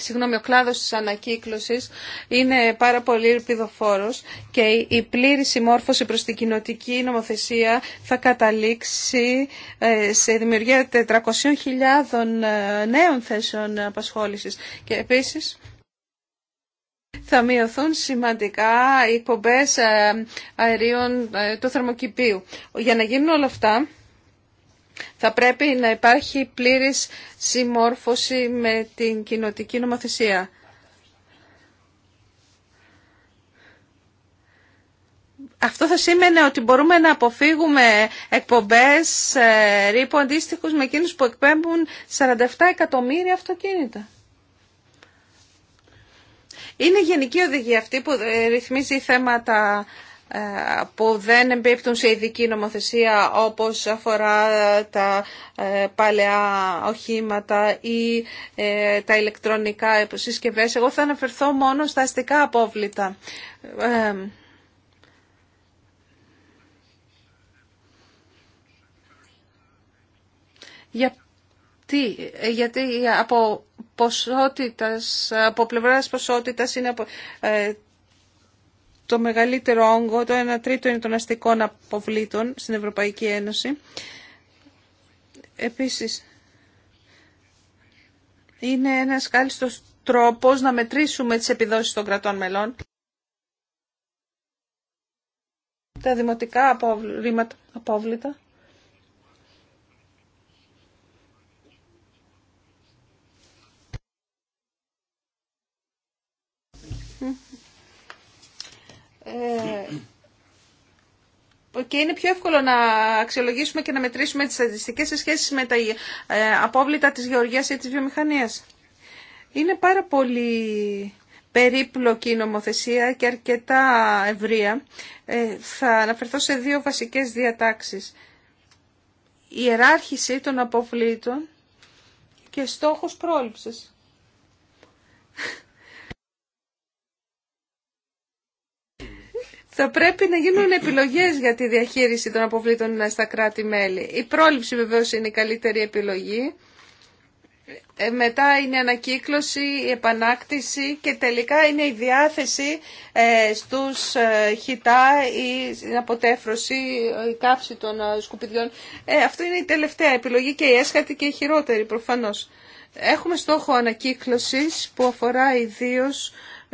[SPEAKER 2] συγγνώμη, ο κλάδος της ανακύκλωσης είναι πάρα πολύ ελπιδοφόρος και η πλήρη συμμόρφωση προς την κοινοτική νομοθεσία θα καταλήξει ε, σε δημιουργία 400.000 ε, νέων θέσεων απασχόλησης. Και επίσης θα μειωθούν σημαντικά οι εκπομπές ε, αερίων του θερμοκηπίου. Για να γίνουν όλα αυτά, θα πρέπει να υπάρχει πλήρης συμμόρφωση με την κοινοτική νομοθεσία. Αυτό θα σήμαινε ότι μπορούμε να αποφύγουμε εκπομπές ε, ρήπου αντίστοιχους με εκείνους που εκπέμπουν 47 εκατομμύρια αυτοκίνητα. Είναι γενική οδηγία αυτή που ε, ρυθμίζει θέματα ε, που δεν εμπίπτουν σε ειδική νομοθεσία όπως αφορά τα ε, παλαιά οχήματα ή ε, τα ηλεκτρονικά συσκευές. Εγώ θα αναφερθώ μόνο στα αστικά απόβλητα. Γιατί, γιατί από ποσότητας, από πλευράς ποσότητας είναι από το μεγαλύτερο όγκο, το 1 τρίτο είναι των αστικών αποβλήτων στην Ευρωπαϊκή Ένωση. Επίσης, είναι ένας κάλλιστος τρόπος να μετρήσουμε τις επιδόσεις των κρατών μελών. Τα δημοτικά απόβληματα, απόβλητα Ε, και είναι πιο εύκολο να αξιολογήσουμε και να μετρήσουμε τις στατιστικές σε σχέση με τα ε, απόβλητα της γεωργίας ή της βιομηχανίας. Είναι πάρα πολύ περίπλοκη η νομοθεσία και αρκετά ευρεία. Ε, θα αναφερθώ σε δύο βασικές διατάξεις. Η ιεράρχηση των αποβλήτων και στόχος πρόληψης. θα πρέπει να γίνουν επιλογές για τη διαχείριση των αποβλήτων στα κράτη-μέλη. Η πρόληψη βεβαίω είναι η καλύτερη επιλογή. Ε, μετά είναι η ανακύκλωση, η επανάκτηση και τελικά είναι η διάθεση ε, στους ε, η αποτέφρωση, ε, η κάψη των σκουπιδιών. Αυτή είναι η καψη των σκουπιδιων αυτο επιλογή και η έσχατη και η χειρότερη προφανώς. Έχουμε στόχο ανακύκλωσης που αφορά ιδίως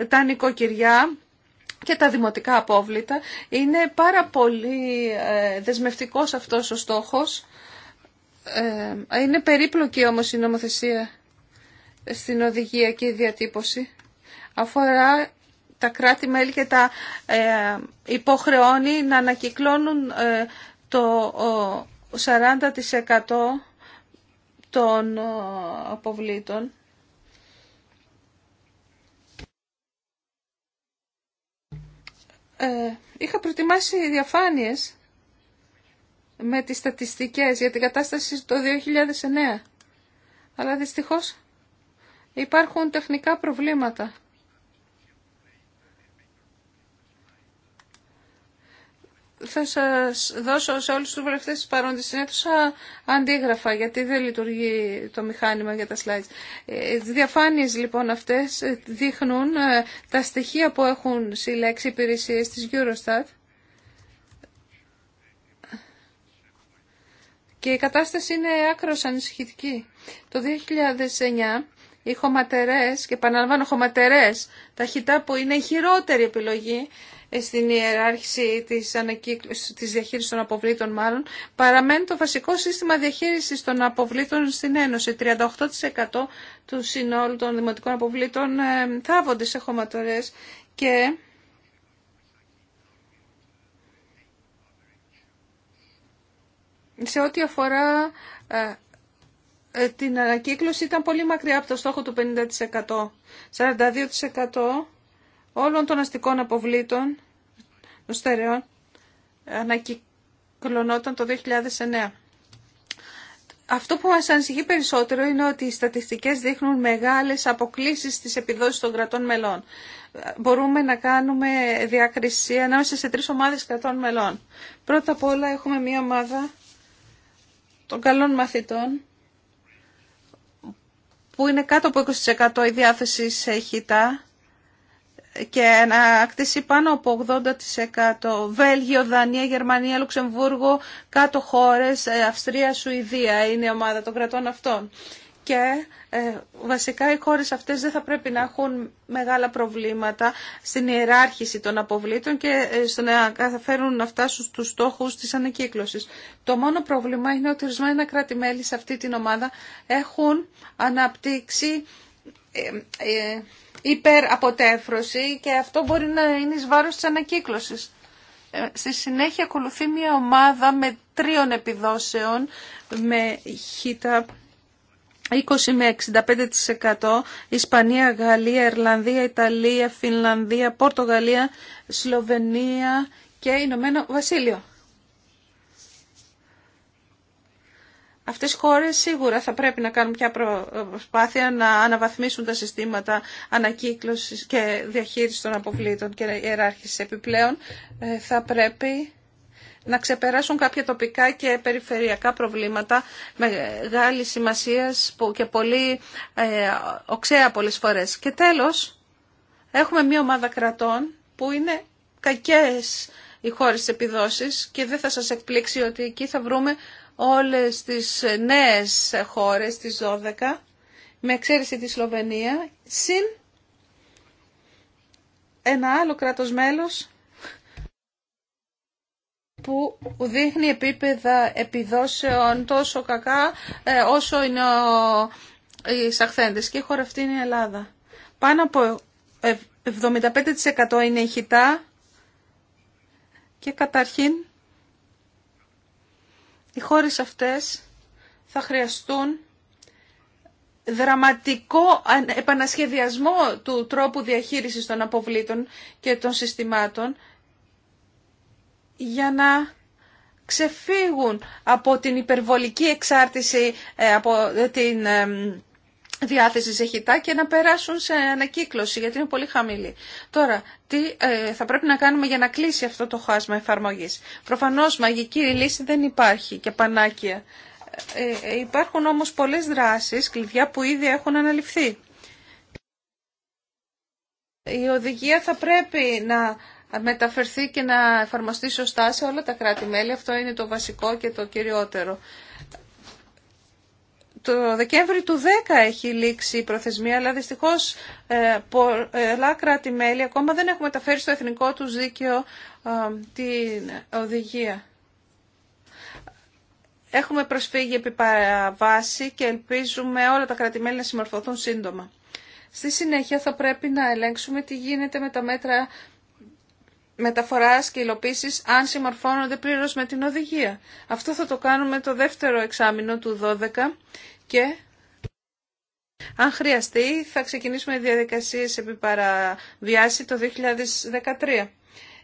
[SPEAKER 2] τα νοικοκυριά και τα δημοτικά απόβλητα. Είναι πάρα πολύ ε, δεσμευτικός αυτός ο στόχος. Ε, είναι περίπλοκη όμως η νομοθεσία στην οδηγία και η διατύπωση. Αφορά τα κράτη-μέλη και τα ε, υποχρεώνει να ανακυκλώνουν το 40% των αποβλήτων Ε, είχα προετοιμάσει διαφάνειες με τις στατιστικές για την κατάσταση το 2009. Αλλά δυστυχώς υπάρχουν τεχνικά προβλήματα. θα σα δώσω σε όλους του βουλευτέ τη παρόντης στην αντίγραφα, γιατί δεν λειτουργεί το μηχάνημα για τα slides. Οι ε, διαφάνειες λοιπόν αυτές δείχνουν ε, τα στοιχεία που έχουν συλλέξει οι υπηρεσίες της Eurostat και η κατάσταση είναι άκρο ανησυχητική. Το 2009 οι χωματερές, και επαναλαμβάνω χωματερές, τα που είναι η χειρότερη επιλογή, ε, στην ιεράρχηση της, της διαχείρισης των αποβλήτων μάλλον, παραμένει το βασικό σύστημα διαχείρισης των αποβλήτων στην Ένωση. 38% του συνόλου των δημοτικών αποβλήτων ε, θάβονται σε χωματορές και... Σε ό,τι αφορά ε, την ανακύκλωση ήταν πολύ μακριά από το στόχο του 50%. 42% όλων των αστικών αποβλήτων των ανακυκλωνόταν το 2009. Αυτό που μας ανησυχεί περισσότερο είναι ότι οι στατιστικές δείχνουν μεγάλες αποκλίσεις στις επιδόσεις των κρατών μελών. Μπορούμε να κάνουμε διακρισία ανάμεσα σε τρεις ομάδες κρατών μελών. Πρώτα απ' όλα έχουμε μία ομάδα των καλών μαθητών που είναι κάτω από 20% η διάθεση σε χιτά και να κτίσει πάνω από 80%. Βέλγιο, Δανία, Γερμανία, Λουξεμβούργο, κάτω χώρες, ε, Αυστρία, Σουηδία είναι η ομάδα των κρατών αυτών. Και ε, βασικά οι χώρες αυτές δεν θα πρέπει να έχουν μεγάλα προβλήματα στην ιεράρχηση των αποβλήτων και ε, στο να καταφέρουν να φτάσουν στους στόχους της ανακύκλωσης. Το μόνο πρόβλημα είναι ότι ορισμένα κράτη-μέλη σε αυτή την ομάδα έχουν αναπτύξει υπεραποτέφρωση και αυτό μπορεί να είναι εις βάρος της ανακύκλωσης. Ε, στη συνέχεια ακολουθεί μια ομάδα με τρίων επιδόσεων με χίτα 20 με 65% Ισπανία, Γαλλία, Ιρλανδία, Ιταλία, Φινλανδία, Πορτογαλία, Σλοβενία και Ηνωμένο Βασίλειο. Αυτές οι χώρες σίγουρα θα πρέπει να κάνουν πια προσπάθεια να αναβαθμίσουν τα συστήματα ανακύκλωσης και διαχείρισης των αποβλήτων και ιεράρχησης. Επιπλέον ε, θα πρέπει να ξεπεράσουν κάποια τοπικά και περιφερειακά προβλήματα μεγάλη σημασία και πολύ ε, οξέα πολλές φορές. Και τέλος, έχουμε μια ομάδα κρατών που είναι κακές οι χώρες επιδόσεις και δεν θα σας εκπλήξει ότι εκεί θα βρούμε όλες τις νέες χώρες, τις 12, με εξαίρεση τη Σλοβενία, συν ένα άλλο κράτος μέλος που δείχνει επίπεδα επιδόσεων τόσο κακά ε, όσο είναι οι Σαχθέντες Και η χώρα αυτή είναι η Ελλάδα. Πάνω από 75% είναι ηχητά και καταρχήν οι χώρες αυτές θα χρειαστούν δραματικό επανασχεδιασμό του τρόπου διαχείρισης των αποβλήτων και των συστημάτων για να ξεφύγουν από την υπερβολική εξάρτηση ε, από την διάθεση χιτά και να περάσουν σε ανακύκλωση γιατί είναι πολύ χαμηλή. Τώρα, τι ε, θα πρέπει να κάνουμε για να κλείσει αυτό το χάσμα εφαρμογή. Προφανώ, μαγική λύση δεν υπάρχει και πανάκια. Ε, ε, υπάρχουν όμως πολλές δράσεις, κλειδιά που ήδη έχουν αναλυφθεί. Η οδηγία θα πρέπει να μεταφερθεί και να εφαρμοστεί σωστά σε όλα τα κράτη-μέλη. Αυτό είναι το βασικό και το κυριότερο. Το Δεκέμβρη του 10 έχει λήξει η προθεσμία, αλλά δυστυχώς ε, ε, πολλά κράτη-μέλη ακόμα δεν έχουν μεταφέρει στο εθνικό του δίκαιο ε, την οδηγία. Έχουμε προσφύγει επί παραβάση και ελπίζουμε όλα τα κράτη-μέλη να συμμορφωθούν σύντομα. Στη συνέχεια θα πρέπει να ελέγξουμε τι γίνεται με τα μέτρα μεταφοράς και υλοποίησης αν συμμορφώνονται πλήρως με την οδηγία. Αυτό θα το κάνουμε το δεύτερο εξάμεινο του 12 και αν χρειαστεί θα ξεκινήσουμε διαδικασίες επί παραβιάση το 2013.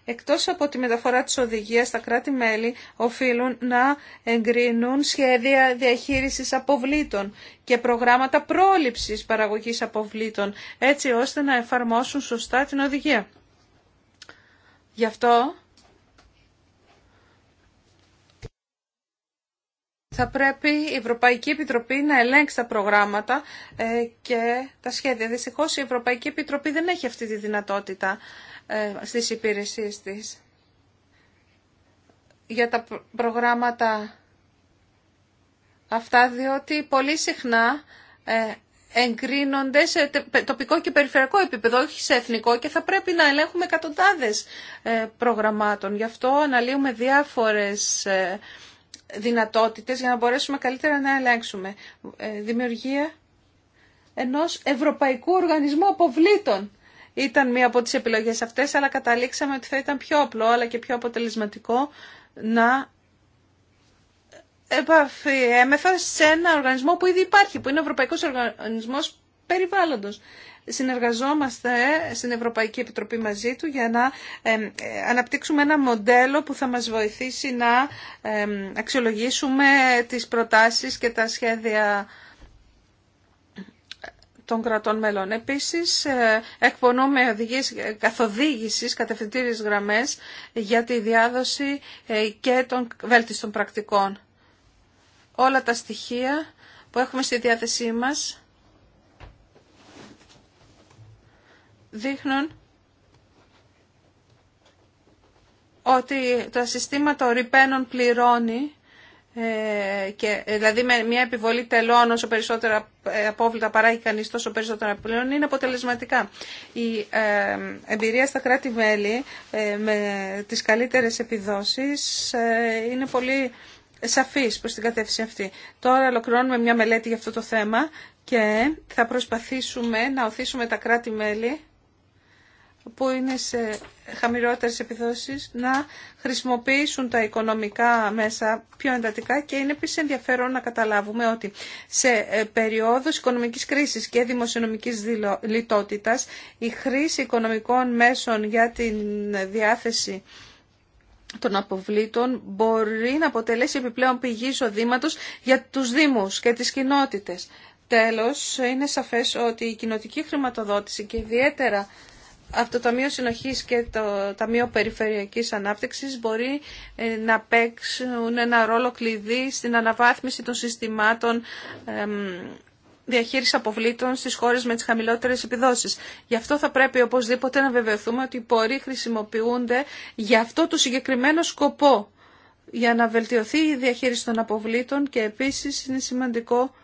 [SPEAKER 2] Εκτός από τη μεταφορά της οδηγίας, τα κράτη-μέλη οφείλουν να εγκρίνουν σχέδια διαχείρισης αποβλήτων και προγράμματα πρόληψης παραγωγής αποβλήτων, έτσι ώστε να εφαρμόσουν σωστά την οδηγία. Γι' αυτό θα πρέπει η Ευρωπαϊκή Επιτροπή να ελέγξει τα προγράμματα ε, και τα σχέδια. Δυστυχώ η Ευρωπαϊκή Επιτροπή δεν έχει αυτή τη δυνατότητα ε, στις υπηρεσίες της. Για τα προγράμματα αυτά, διότι πολύ συχνά ε, εγκρίνονται σε τοπικό και περιφερειακό επίπεδο, όχι σε εθνικό και θα πρέπει να ελέγχουμε εκατοντάδες προγραμμάτων. Γι' αυτό αναλύουμε διάφορες δυνατότητες για να μπορέσουμε καλύτερα να ελέγξουμε. Ε, δημιουργία ενός ευρωπαϊκού οργανισμού αποβλήτων ήταν μία από τις επιλογές αυτές, αλλά καταλήξαμε ότι θα ήταν πιο απλό αλλά και πιο αποτελεσματικό να επαφιέμεθα σε ένα οργανισμό που ήδη υπάρχει, που είναι ο Ευρωπαϊκός Οργανισμός Περιβάλλοντος συνεργαζόμαστε στην Ευρωπαϊκή Επιτροπή μαζί του για να ε, αναπτύξουμε ένα μοντέλο που θα μας βοηθήσει να αξιολογήσουμε τις προτάσεις και τα σχέδια των κρατών μελών. Επίσης, ε, εκπονούμε οδηγίες καθοδήγησης, κατευθυντήριες γραμμές για τη διάδοση ε, και των βέλτιστων πρακτικών. Όλα τα στοιχεία που έχουμε στη διάθεσή μας δείχνουν ότι το σύστημα το ρηπαίνων πληρώνει ε, και, ε, δηλαδή με μια επιβολή τελών όσο περισσότερα ε, απόβλητα παράγει κανείς τόσο περισσότερα πληρώνει, είναι αποτελεσματικά. Η εμπειρία στα κράτη-μέλη με τις καλύτερες επιδόσεις είναι πολύ σαφής προς την κατεύθυνση αυτή. Τώρα ολοκληρώνουμε μια μελέτη για αυτό το θέμα και θα προσπαθήσουμε να οθήσουμε τα κράτη-μέλη που είναι σε χαμηλότερες επιδόσεις να χρησιμοποιήσουν τα οικονομικά μέσα πιο εντατικά και είναι επίσης ενδιαφέρον να καταλάβουμε ότι σε ε, περίοδους οικονομικής κρίσης και δημοσιονομικής λιτότητας η χρήση οικονομικών μέσων για την διάθεση των αποβλήτων μπορεί να αποτελέσει επιπλέον πηγή εισοδήματο για τους Δήμους και τις κοινότητες. Τέλος, είναι σαφές ότι η κοινοτική χρηματοδότηση και ιδιαίτερα αυτό το Ταμείο Συνοχής και το Ταμείο Περιφερειακής Ανάπτυξης μπορεί ε, να παίξουν ένα ρόλο κλειδί στην αναβάθμιση των συστημάτων διαχείριση αποβλήτων στις χώρες με τις χαμηλότερες επιδόσεις. Γι' αυτό θα πρέπει οπωσδήποτε να βεβαιωθούμε ότι οι πορεί χρησιμοποιούνται για αυτό το συγκεκριμένο σκοπό για να βελτιωθεί η διαχείριση των αποβλήτων και επίσης είναι σημαντικό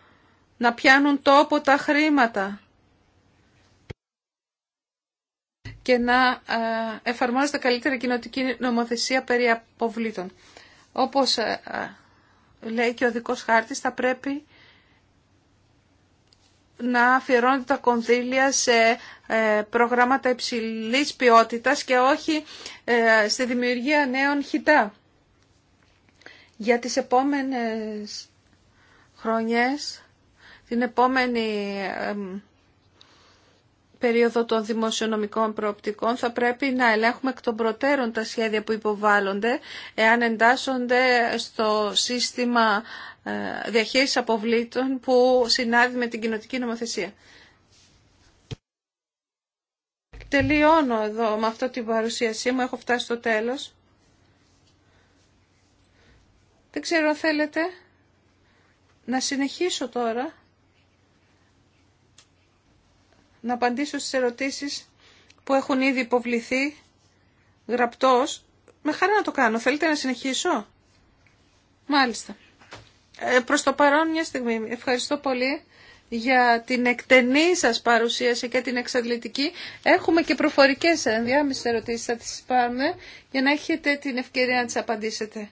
[SPEAKER 2] να πιάνουν τόπο τα χρήματα και να ε, εφαρμόζεται καλύτερα κοινοτική νομοθεσία περί αποβλήτων. Όπως ε, ε, λέει και ο δικός χάρτης, θα πρέπει να αφιερώνεται τα κονδύλια σε προγράμματα υψηλής ποιότητας και όχι στη δημιουργία νέων χιτά. Για τις επόμενες χρονιές, την επόμενη περίοδο των δημοσιονομικών προοπτικών θα πρέπει να ελέγχουμε εκ των προτέρων τα σχέδια που υποβάλλονται εάν εντάσσονται στο σύστημα ε, διαχείρισης αποβλήτων που συνάδει με την κοινοτική νομοθεσία. Τελειώνω εδώ με αυτό την παρουσίασή μου. Έχω φτάσει στο τέλος. Δεν ξέρω θέλετε να συνεχίσω τώρα να απαντήσω στις ερωτήσεις που έχουν ήδη υποβληθεί γραπτός. Με χαρά να το κάνω. Θέλετε να συνεχίσω? Μάλιστα. Ε, προς το παρόν μια στιγμή. Ευχαριστώ πολύ για την εκτενή σας παρουσίαση και την εξαντλητική. Έχουμε και προφορικές ενδιάμεσες ερωτήσεις, θα τις πάμε για να έχετε την ευκαιρία να τις απαντήσετε.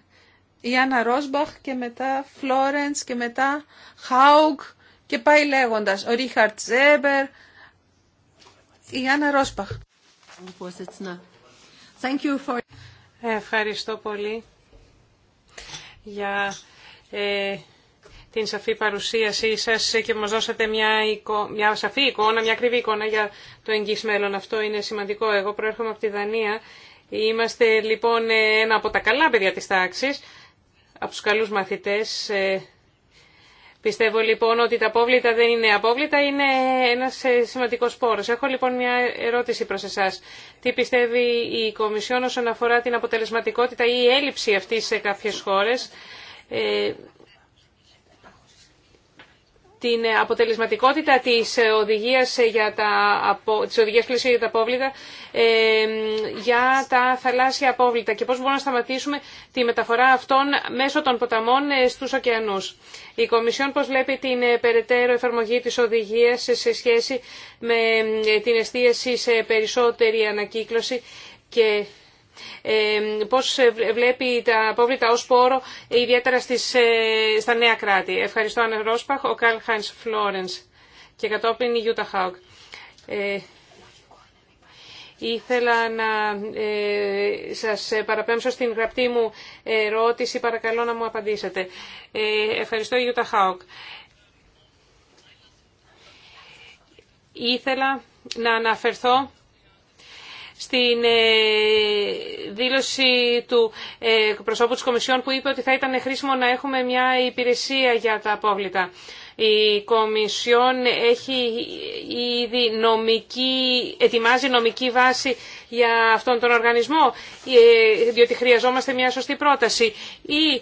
[SPEAKER 2] Η Άννα Ρόσμπαχ και μετά Φλόρεντς και μετά Χάουγκ και πάει λέγοντας. Ο Ρίχαρτ Ζέμπερ,
[SPEAKER 4] Ευχαριστώ πολύ για ε, την σαφή παρουσίασή σας και μας δώσατε μια, μια σαφή εικόνα, μια ακριβή εικόνα για το εγγύς μέλλον. Αυτό είναι σημαντικό. Εγώ προέρχομαι από τη Δανία. Είμαστε λοιπόν ένα από τα καλά παιδιά της τάξης, από τους καλούς μαθητές. Ε, Πιστεύω λοιπόν ότι τα απόβλητα δεν είναι απόβλητα, είναι ένας ε, σημαντικός πόρος. Έχω λοιπόν μια ερώτηση προς εσάς. Τι πιστεύει η Κομισιόν όσον αφορά την αποτελεσματικότητα ή η έλλειψη αυτής σε κάποιες χώρες ε, την αποτελεσματικότητα της οδηγίας, για τα, της οδηγίας για τα απόβλητα για τα θαλάσσια απόβλητα και πώς μπορούμε να σταματήσουμε τη μεταφορά αυτών μέσω των ποταμών ε, στους ωκεανούς. Η Κομισιόν πώς βλέπει την ε, περαιτέρω εφαρμογή της οδηγίας σε σχέση με ε, την εστίαση σε περισσότερη ανακύκλωση και πώς βλέπει τα απόβλητα ως πόρο ιδιαίτερα στις, ε, στα νέα κράτη. Ευχαριστώ Άννα Ρόσπαχ, ο Καρλ Χάινς Φλόρενς και κατόπιν η Γιούτα Χάουκ. Ε, ήθελα να ε, σας παραπέμψω στην γραπτή μου ερώτηση. Παρακαλώ να μου απαντήσετε. Ε, ευχαριστώ, Ιούτα Χάουκ. Ήθελα να αναφερθώ στην ε, δήλωση του ε, προσώπου της Κομισιόν που είπε ότι θα ήταν χρήσιμο να έχουμε μια υπηρεσία για τα απόβλητα. Η Κομισιόν έχει ήδη νομική, ετοιμάζει νομική βάση για αυτόν τον οργανισμό, ε, διότι χρειαζόμαστε μια σωστή πρόταση. Ή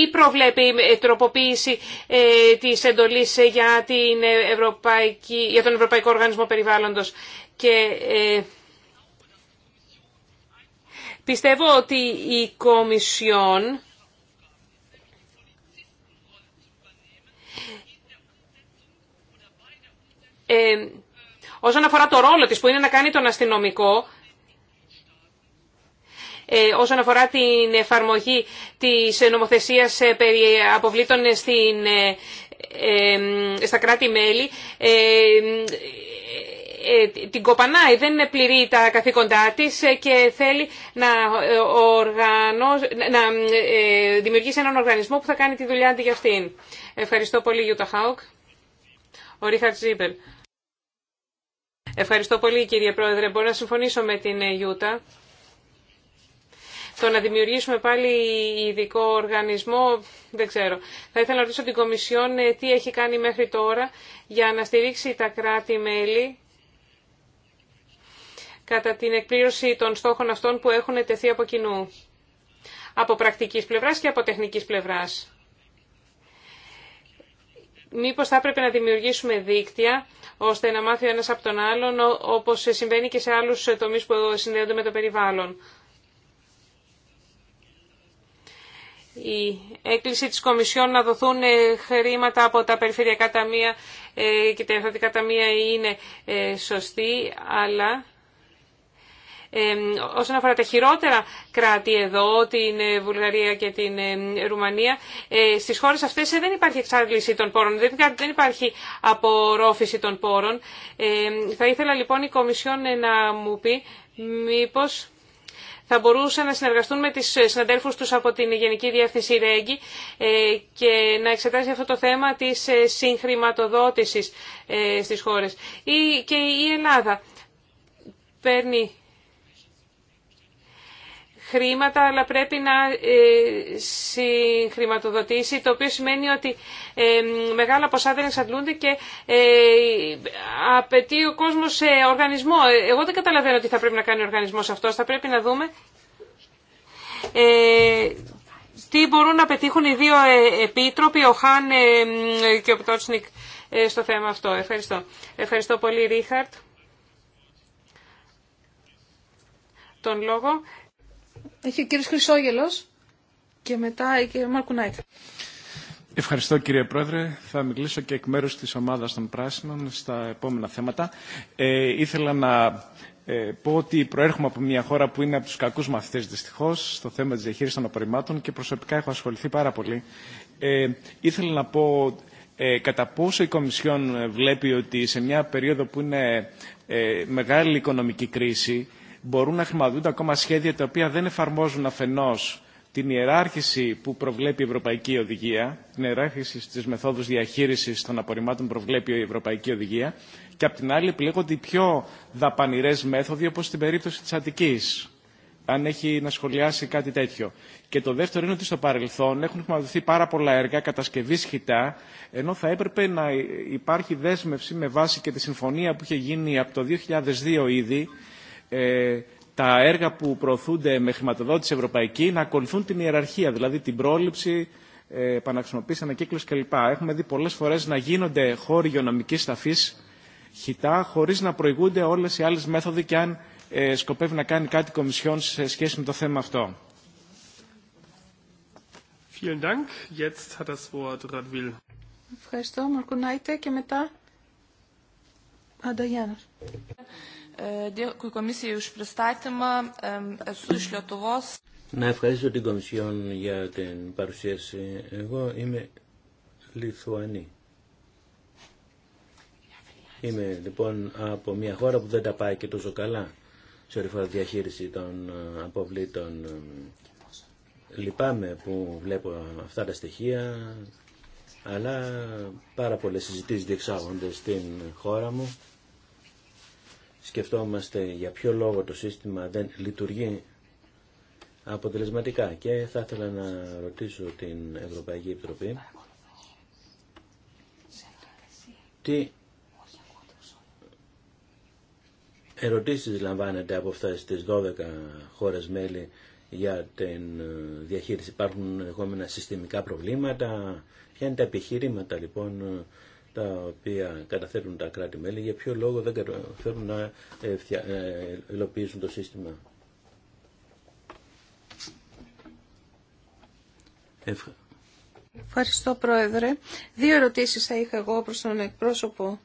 [SPEAKER 4] ή προβλέπει ε, τροποποίηση ε, της εντολής για, για τον Ευρωπαϊκό Οργανισμό Περιβάλλοντος. Και ε, πιστεύω ότι η Κομισιόν όσον αφορά το ρόλο της που είναι να κάνει τον αστυνομικό ε, όσον αφορά την εφαρμογή της νομοθεσίας ε, περί αποβλήτων στην, ε, στα κράτη-μέλη την κοπανάει, δεν πληρεί τα καθήκοντά της και θέλει να, να δημιουργήσει έναν οργανισμό που θα κάνει τη δουλειά αντί για αυτήν. Ευχαριστώ πολύ Γιούτα Χάουκ. Ο Ρίχαρτ Ευχαριστώ πολύ κύριε Πρόεδρε. Μπορώ να συμφωνήσω με την Γιούτα το να δημιουργήσουμε πάλι ειδικό οργανισμό, δεν ξέρω. Θα ήθελα να ρωτήσω την Κομισιόν ε, τι έχει κάνει μέχρι τώρα για να στηρίξει τα κράτη-μέλη κατά την εκπλήρωση των στόχων αυτών που έχουν τεθεί από κοινού. Από πρακτικής πλευράς και από τεχνικής πλευράς. Μήπως θα έπρεπε να δημιουργήσουμε δίκτυα ώστε να μάθει ο ένας από τον άλλον, όπως συμβαίνει και σε άλλους τομείς που συνδέονται με το περιβάλλον. η έκκληση της Κομισιόν να δοθούν ε, χρήματα από τα περιφερειακά ταμεία ε, και τα εθνικά ταμεία είναι ε, σωστή, αλλά όσον αφορά τα χειρότερα κράτη εδώ, την Βουλγαρία και την Ρουμανία, στις χώρες αυτές δεν υπάρχει εξάρτηση των πόρων, δεν υπάρχει απορρόφηση των πόρων. Θα ήθελα λοιπόν η Κομισιόν να μου πει μήπως θα μπορούσαν να συνεργαστούν με τις ε, συναδέλφους τους από την Γενική Διεύθυνση Ρέγγι ε, και να εξετάσει αυτό το θέμα της ε, συγχρηματοδότησης στις χώρες. Και η Ελλάδα παίρνει χρήματα, αλλά πρέπει να ε, συγχρηματοδοτήσει, το οποίο σημαίνει ότι ε, μεγάλα ποσά δεν εξαντλούνται και ε, απαιτεί ο κόσμος οργανισμό. Εγώ δεν καταλαβαίνω τι θα πρέπει να κάνει ο οργανισμός αυτός. Θα πρέπει να δούμε τι μπορούν να πετύχουν οι δύο επίτροποι, ο Χάν και ο Πτότσνικ, στο θέμα αυτό. Ευχαριστώ. Ευχαριστώ πολύ, Ρίχαρτ. Τον λόγο
[SPEAKER 2] έχει ο κύριο Χρυσόγελο και μετά η κυρία Μάρκου Νάιτ.
[SPEAKER 5] Ευχαριστώ κύριε Πρόεδρε. Θα μιλήσω και εκ μέρους της ομάδας των Πράσινων στα επόμενα θέματα. Ε, ήθελα να ε, πω ότι προέρχομαι από μια χώρα που είναι από τους κακούς μαθητές δυστυχώς στο θέμα της διαχείρισης των απορριμμάτων και προσωπικά έχω ασχοληθεί πάρα πολύ. Ε, ήθελα να πω ε, κατά πόσο η Κομισιόν ε, βλέπει ότι σε μια περίοδο που είναι μεγάλη οικονομική κρίση μπορούν να χρηματοδοτούνται ακόμα σχέδια τα οποία δεν εφαρμόζουν αφενός την ιεράρχηση που προβλέπει η Ευρωπαϊκή Οδηγία, την ιεράρχηση στις μεθόδους διαχείρισης των απορριμμάτων που προβλέπει η Ευρωπαϊκή Οδηγία και απ' την άλλη επιλέγονται οι πιο δαπανηρές μέθοδοι όπως στην περίπτωση της Αττικής αν έχει να σχολιάσει κάτι τέτοιο. Και το δεύτερο είναι ότι στο παρελθόν έχουν χρηματοδοτηθεί πάρα πολλά έργα κατασκευή χιτά, ενώ θα έπρεπε να υπάρχει δέσμευση με βάση και τη συμφωνία που είχε γίνει από το 2002 ήδη ε, τα έργα που προωθούνται με χρηματοδότηση ευρωπαϊκή να ακολουθούν την ιεραρχία, δηλαδή την πρόληψη, ε, επαναξενοποίηση, ανακύκλωση κλπ. Έχουμε δει πολλές φορές να γίνονται χώροι υγειονομική ταφή χιτά χωρίς να προηγούνται όλες οι άλλες μέθοδοι και αν ε, σκοπεύει να κάνει κάτι η Κομισιόν σε σχέση με το θέμα αυτό.
[SPEAKER 3] Να ευχαριστήσω την Κομισιόν για την παρουσίαση. Εγώ είμαι Λιθουανή. Είμαι λοιπόν από μια χώρα που δεν τα πάει και τόσο καλά σε ορυφά διαχείριση των ε, αποβλήτων. Λυπάμαι που βλέπω αυτά τα στοιχεία, αλλά πάρα πολλές συζητήσεις διεξάγονται στην χώρα μου σκεφτόμαστε για ποιο λόγο το σύστημα δεν λειτουργεί αποτελεσματικά. Και θα ήθελα να ρωτήσω την Ευρωπαϊκή Επιτροπή τι ερωτήσεις λαμβάνεται από αυτές τις 12 χώρες μέλη για την διαχείριση. Υπάρχουν ενδεχόμενα συστημικά προβλήματα. Ποια είναι τα επιχειρήματα λοιπόν τα οποία καταθέτουν τα κράτη-μέλη, για ποιο λόγο δεν καταφέρουν να ε, ε, υλοποιήσουν το σύστημα.
[SPEAKER 2] Ευχαριστώ, Πρόεδρε. Δύο ερωτήσεις θα είχα εγώ προς τον εκπρόσωπο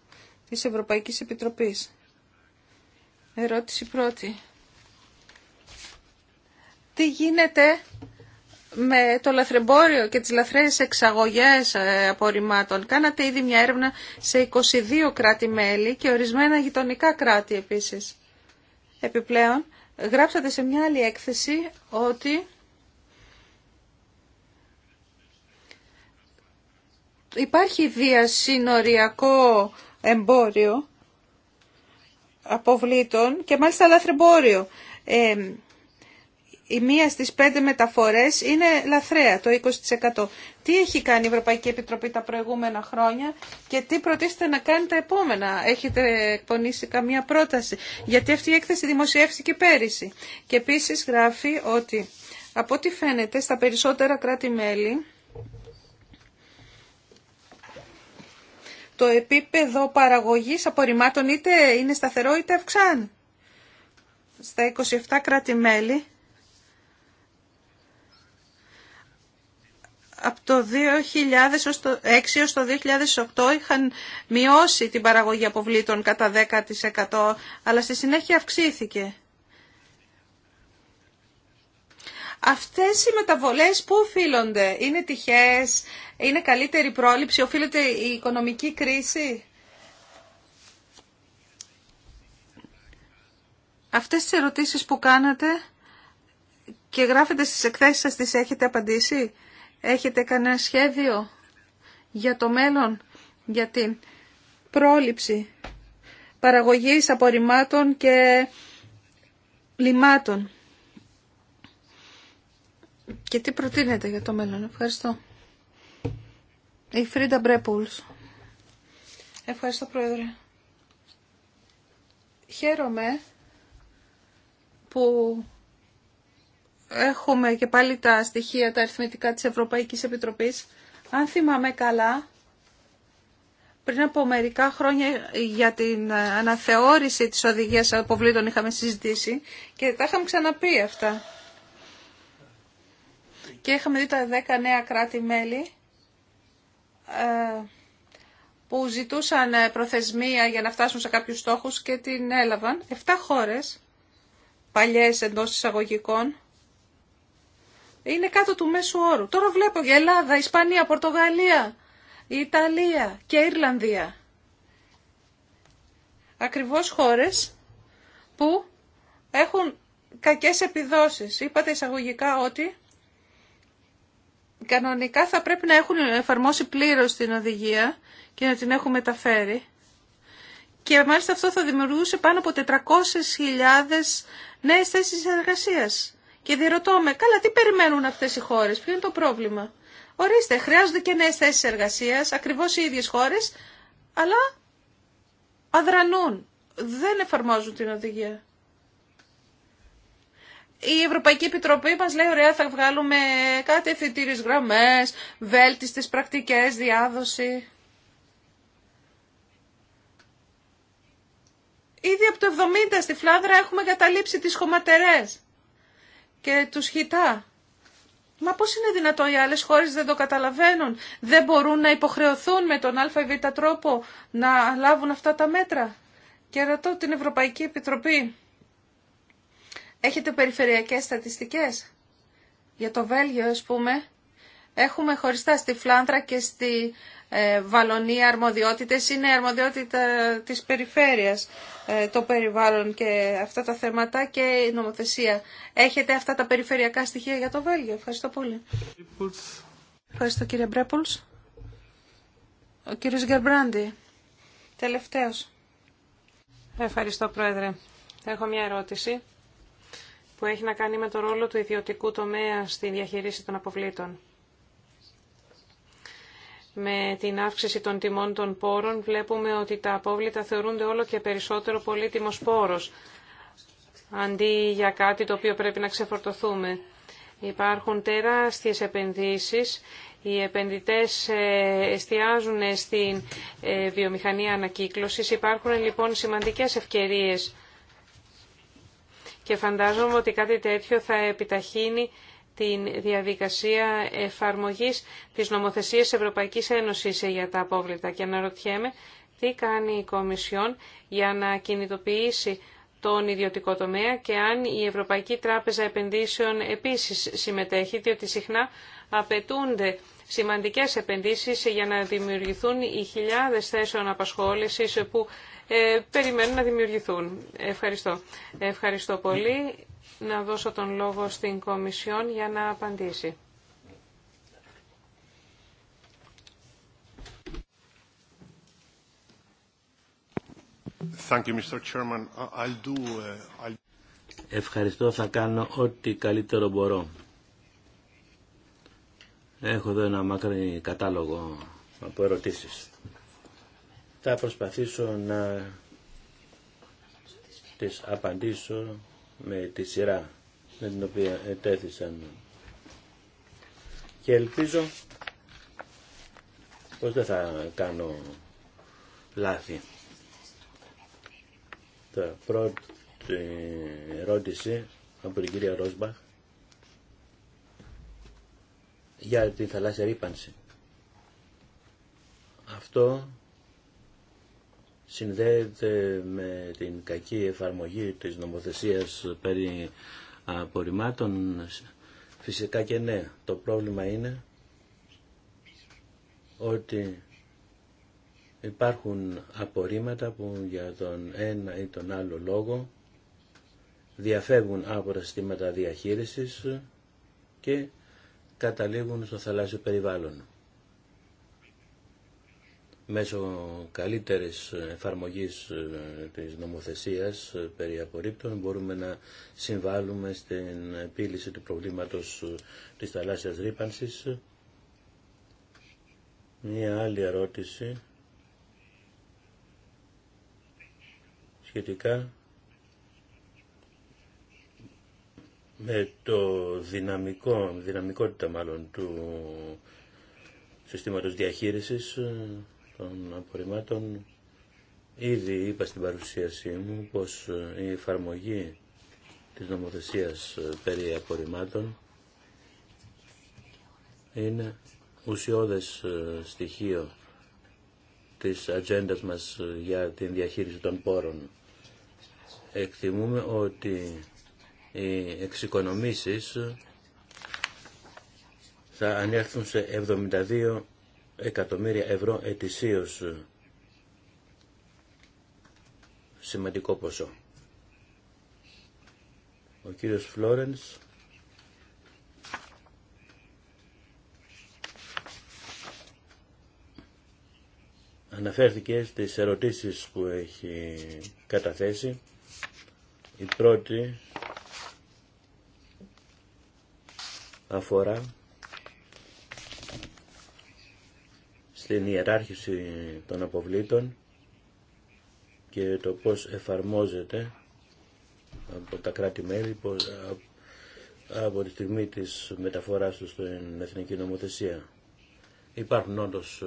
[SPEAKER 2] της Ευρωπαϊκής Επιτροπής. Ερώτηση πρώτη. Τι γίνεται με το λαθρεμπόριο και τις λαθρές εξαγωγές ε, απορριμμάτων. Κάνατε ήδη μια έρευνα σε 22 κράτη-μέλη και ορισμένα γειτονικά κράτη επίσης. Επιπλέον, γράψατε σε μια άλλη έκθεση ότι υπάρχει διασύνοριακό εμπόριο αποβλήτων και μάλιστα λαθρεμπόριο. Ε, η μία στις πέντε μεταφορές είναι λαθρέα, το 20%. Τι έχει κάνει η Ευρωπαϊκή Επιτροπή τα προηγούμενα χρόνια και τι προτίστε να κάνει τα επόμενα. Έχετε εκπονήσει καμία πρόταση. Γιατί αυτή η έκθεση δημοσιεύτηκε πέρυσι. Και επίσης γράφει ότι από ό,τι φαίνεται στα περισσότερα κράτη-μέλη το επίπεδο παραγωγής απορριμμάτων είτε είναι σταθερό είτε αυξάνει. Στα 27 κράτη-μέλη από το 2006 έως το 2008 είχαν μειώσει την παραγωγή αποβλήτων κατά 10% αλλά στη συνέχεια αυξήθηκε. Αυτές οι μεταβολές που οφείλονται, είναι τυχές, είναι καλύτερη πρόληψη, οφείλεται η οικονομική κρίση. Αυτές τις ερωτήσεις που κάνατε και γράφετε στις εκθέσεις σας τις έχετε απαντήσει. Έχετε κανένα σχέδιο για το μέλλον, για την πρόληψη παραγωγής απορριμμάτων και λιμάτων. Και τι προτείνετε για το μέλλον. Ευχαριστώ. Η Φρίντα Μπρέπουλς. Ευχαριστώ Πρόεδρε. Χαίρομαι που έχουμε και πάλι τα στοιχεία, τα αριθμητικά της Ευρωπαϊκής Επιτροπής. Αν θυμάμαι καλά, πριν από μερικά χρόνια για την αναθεώρηση της οδηγίας αποβλήτων είχαμε συζητήσει και τα είχαμε ξαναπεί αυτά. Και είχαμε δει τα 10 νέα κράτη-μέλη ε, που ζητούσαν ε, προθεσμία για να φτάσουν σε κάποιους στόχους και την έλαβαν. 7 χώρες, παλιές εντός εισαγωγικών, είναι κάτω του μέσου όρου. Τώρα βλέπω για Ελλάδα, Ισπανία, Πορτογαλία, Ιταλία και Ιρλανδία. Ακριβώς χώρες που έχουν κακές επιδόσεις. Είπατε εισαγωγικά ότι κανονικά θα πρέπει να έχουν εφαρμόσει πλήρως την οδηγία και να την έχουν μεταφέρει. Και μάλιστα αυτό θα δημιουργούσε πάνω από 400.000 νέες θέσεις εργασίας και διερωτώ με, καλά τι περιμένουν αυτέ οι χώρε, ποιο είναι το πρόβλημα. Ορίστε, χρειάζονται και νέε θέσει εργασία, ακριβώ οι ίδιες χώρες, αλλά αδρανούν, δεν εφαρμόζουν την οδηγία. Η Ευρωπαϊκή Επιτροπή μα λέει, ωραία, θα βγάλουμε κάτι εφητήριε γραμμέ, βέλτιστες πρακτικέ, διάδοση. Ήδη από το 70 στη Φλάδρα έχουμε καταλήψει τις χωματερές και τους χιτά. Μα πώς είναι δυνατόν οι άλλες χώρες δεν το καταλαβαίνουν, δεν μπορούν να υποχρεωθούν με τον ΑΒ τρόπο να λάβουν αυτά τα μέτρα. Και ρωτώ την Ευρωπαϊκή Επιτροπή, έχετε περιφερειακές στατιστικές για το Βέλγιο ας πούμε, έχουμε χωριστά στη Φλάντρα και στη ε, Βαλονία αρμοδιότητες είναι αρμοδιότητα της περιφέρειας ε, το περιβάλλον και αυτά τα θέματα και η νομοθεσία. Έχετε αυτά τα περιφερειακά στοιχεία για το Βέλγιο. Ευχαριστώ πολύ. Ευχαριστώ κύριε Μπρέπουλς. Ο κύριος Γκερμπράντι,
[SPEAKER 4] τελευταίος. Ευχαριστώ πρόεδρε. Έχω μια ερώτηση που έχει να κάνει με το ρόλο του ιδιωτικού τομέα στη διαχείριση των αποβλήτων με την αύξηση των τιμών των πόρων βλέπουμε ότι τα απόβλητα θεωρούνται όλο και περισσότερο πολύτιμος πόρος αντί για κάτι το οποίο πρέπει να ξεφορτωθούμε. Υπάρχουν τεράστιες επενδύσεις. Οι επενδυτές ε, εστιάζουν στην ε, βιομηχανία ανακύκλωσης. Υπάρχουν λοιπόν σημαντικές ευκαιρίες και φαντάζομαι ότι κάτι τέτοιο θα επιταχύνει την διαδικασία εφαρμογής της νομοθεσίας Ευρωπαϊκής Ένωσης για τα απόβλητα και αναρωτιέμαι τι κάνει η Κομισιόν για να κινητοποιήσει τον ιδιωτικό τομέα και αν η Ευρωπαϊκή Τράπεζα Επενδύσεων επίσης συμμετέχει, διότι συχνά απαιτούνται σημαντικές επενδύσεις για να δημιουργηθούν οι χιλιάδες θέσεων απασχόλησης που ε, περιμένουν να δημιουργηθούν. Ευχαριστώ. Ευχαριστώ πολύ να δώσω τον λόγο στην Κομισιόν για να απαντήσει.
[SPEAKER 1] Uh,
[SPEAKER 3] Ευχαριστώ, θα κάνω ό,τι καλύτερο μπορώ. Έχω εδώ ένα μακρύ κατάλογο από ερωτήσεις. Θα προσπαθήσω να τις απαντήσω με τη σειρά με την οποία ετέθησαν και ελπίζω πως δεν θα κάνω λάθη. Τα πρώτη ερώτηση από την κυρία Ρόσμπαχ για τη θαλάσσια ρήπανση. Αυτό συνδέεται με την κακή εφαρμογή της νομοθεσίας περί απορριμμάτων. Φυσικά και ναι, το πρόβλημα είναι ότι υπάρχουν απορρίμματα που για τον ένα ή τον άλλο λόγο διαφεύγουν άπορα τα συστήματα διαχείρισης και καταλήγουν στο θαλάσσιο περιβάλλον μέσω καλύτερης εφαρμογής ε, της νομοθεσίας ε, περί απορρίπτων μπορούμε να συμβάλλουμε στην επίλυση του προβλήματος ε, της θαλάσσιας ρήπανσης. Μία άλλη ερώτηση σχετικά με το δυναμικό, δυναμικότητα μάλλον του συστήματος διαχείρισης των απορριμμάτων ήδη είπα στην παρουσίασή μου πως ε, η εφαρμογή της νομοθεσίας ε, περί απορριμμάτων είναι ουσιώδες ε, στοιχείο της ατζέντα μας για την διαχείριση των πόρων. Εκτιμούμε ότι οι εξοικονομήσεις θα ανέλθουν σε 72 εκατομμύρια ευρώ ετησίως σημαντικό ποσό. Ο κύριος Φλόρενς αναφέρθηκε στις ερωτήσεις που έχει καταθέσει. Η πρώτη αφορά την ιεράρχηση των αποβλήτων και το πώς εφαρμόζεται από τα κράτη-μέλη από τη στιγμή της μεταφοράς του στην Εθνική Νομοθεσία. Υπάρχουν όντως ε,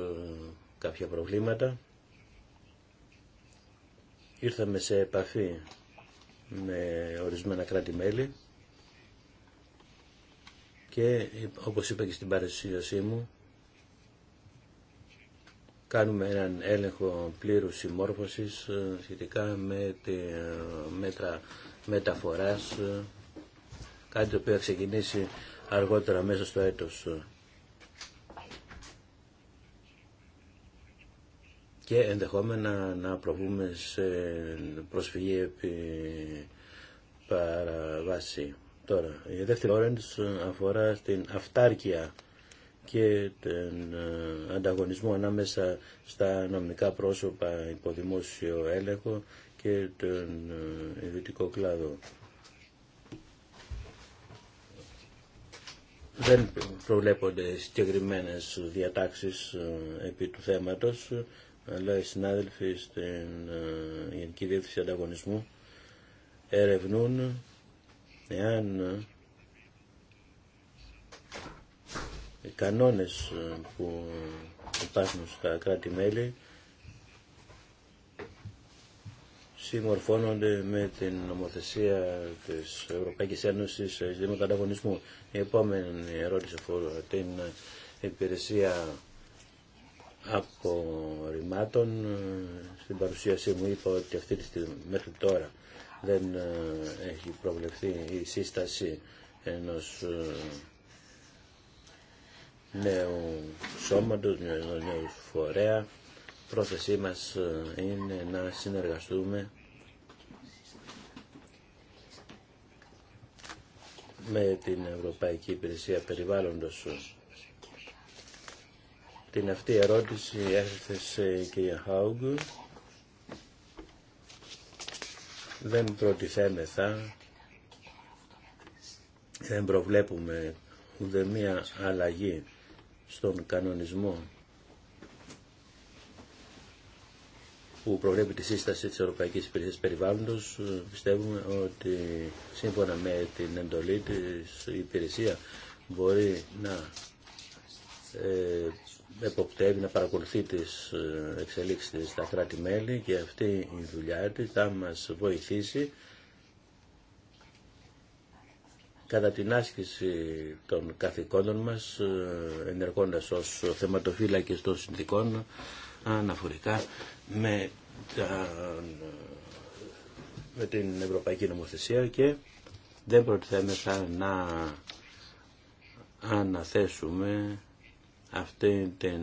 [SPEAKER 3] κάποια προβλήματα. Ήρθαμε σε επαφή με ορισμένα κράτη-μέλη και όπως είπα και στην παρουσίασή μου κάνουμε έναν έλεγχο πλήρους συμμόρφωσης ε, σχετικά με τη ε, μέτρα μεταφοράς, ε, κάτι το οποίο θα ξεκινήσει αργότερα μέσα στο έτος. Και ενδεχόμενα να προβούμε σε προσφυγή επί παραβάση. Τώρα, η δεύτερη όρεντς αφορά στην αυτάρκεια και τον ε, ανταγωνισμό ανάμεσα στα νομικά πρόσωπα υποδημόσιο έλεγχο και τον ε, ιδιωτικό κλάδο. Δεν προβλέπονται συγκεκριμένε διατάξεις ε, επί του θέματος, αλλά οι συνάδελφοι στην Γενική Διεύθυνση Ανταγωνισμού ερευνούν εάν κανόνες ε, που υπάρχουν στα κράτη-μέλη συμμορφώνονται με την νομοθεσία της Ευρωπαϊκής Ένωσης σε ζητήματα ανταγωνισμού. Η επόμενη ερώτηση αφορά την υπηρεσία απορριμμάτων. Στην παρουσίασή μου είπα ότι αυτή τη στιγμή μέχρι τώρα δεν ε, έχει προβλεφθεί η σύσταση ενός ε, νέου σώματος, νέου φορέα. Πρόθεσή μας ε, είναι να συνεργαστούμε με την Ευρωπαϊκή Υπηρεσία Περιβάλλοντος. Την αυτή ερώτηση έρχεται η κυρία Χάουγκ. Δεν προτιθέμεθα, δεν προβλέπουμε ούτε μία αλλαγή στον κανονισμό που προβλέπει τη σύσταση της Ευρωπαϊκής Υπηρεσίας Περιβάλλοντος πιστεύουμε ότι σύμφωνα με την εντολή της η υπηρεσία μπορεί να ε, να παρακολουθεί τις ε, εξελίξεις της στα κράτη-μέλη και αυτή η δουλειά της θα μας βοηθήσει κατά την άσκηση των καθηκόντων μας, ε, ενεργώντας ως θεματοφύλακες των συνδικών αναφορικά με, με την Ευρωπαϊκή Νομοθεσία και δεν προτιθέμεθα να αναθέσουμε αυτή την,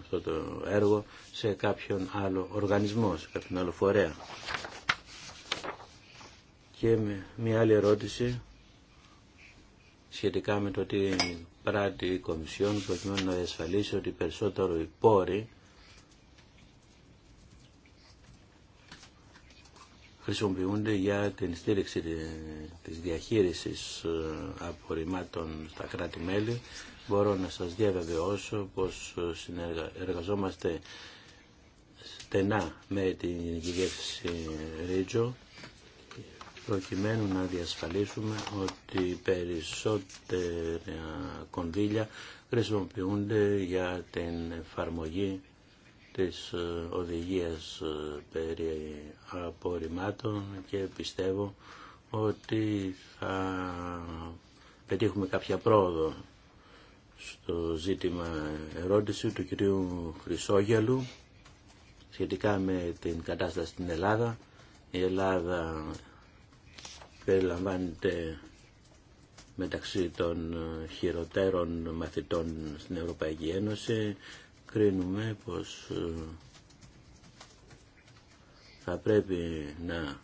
[SPEAKER 3] αυτό το έργο σε κάποιον άλλο οργανισμό, σε κάποιον άλλο φορέα. Και μια άλλη ερώτηση σχετικά με το ότι πράττει η Κομισιόν προκειμένου να διασφαλίσει ότι περισσότερο οι πόροι χρησιμοποιούνται για την στήριξη της διαχείρισης ε, απορριμμάτων στα κράτη-μέλη. Μπορώ να σας διαβεβαιώσω πως ε, εργαζόμαστε στενά με την Γενική Διεύθυνση Ρίτζο προκειμένου να διασφαλίσουμε ότι περισσότερα κονδύλια χρησιμοποιούνται για την εφαρμογή της ε, οδηγίας ε, περί απορριμμάτων και πιστεύω ότι θα πετύχουμε κάποια πρόοδο στο ζήτημα ερώτηση του κυρίου Χρυσόγελου σχετικά με την κατάσταση στην Ελλάδα. Η Ελλάδα περιλαμβάνεται μεταξύ των ε, χειροτέρων μαθητών στην Ευρωπαϊκή Ένωση, κρίνουμε πως ε, θα πρέπει να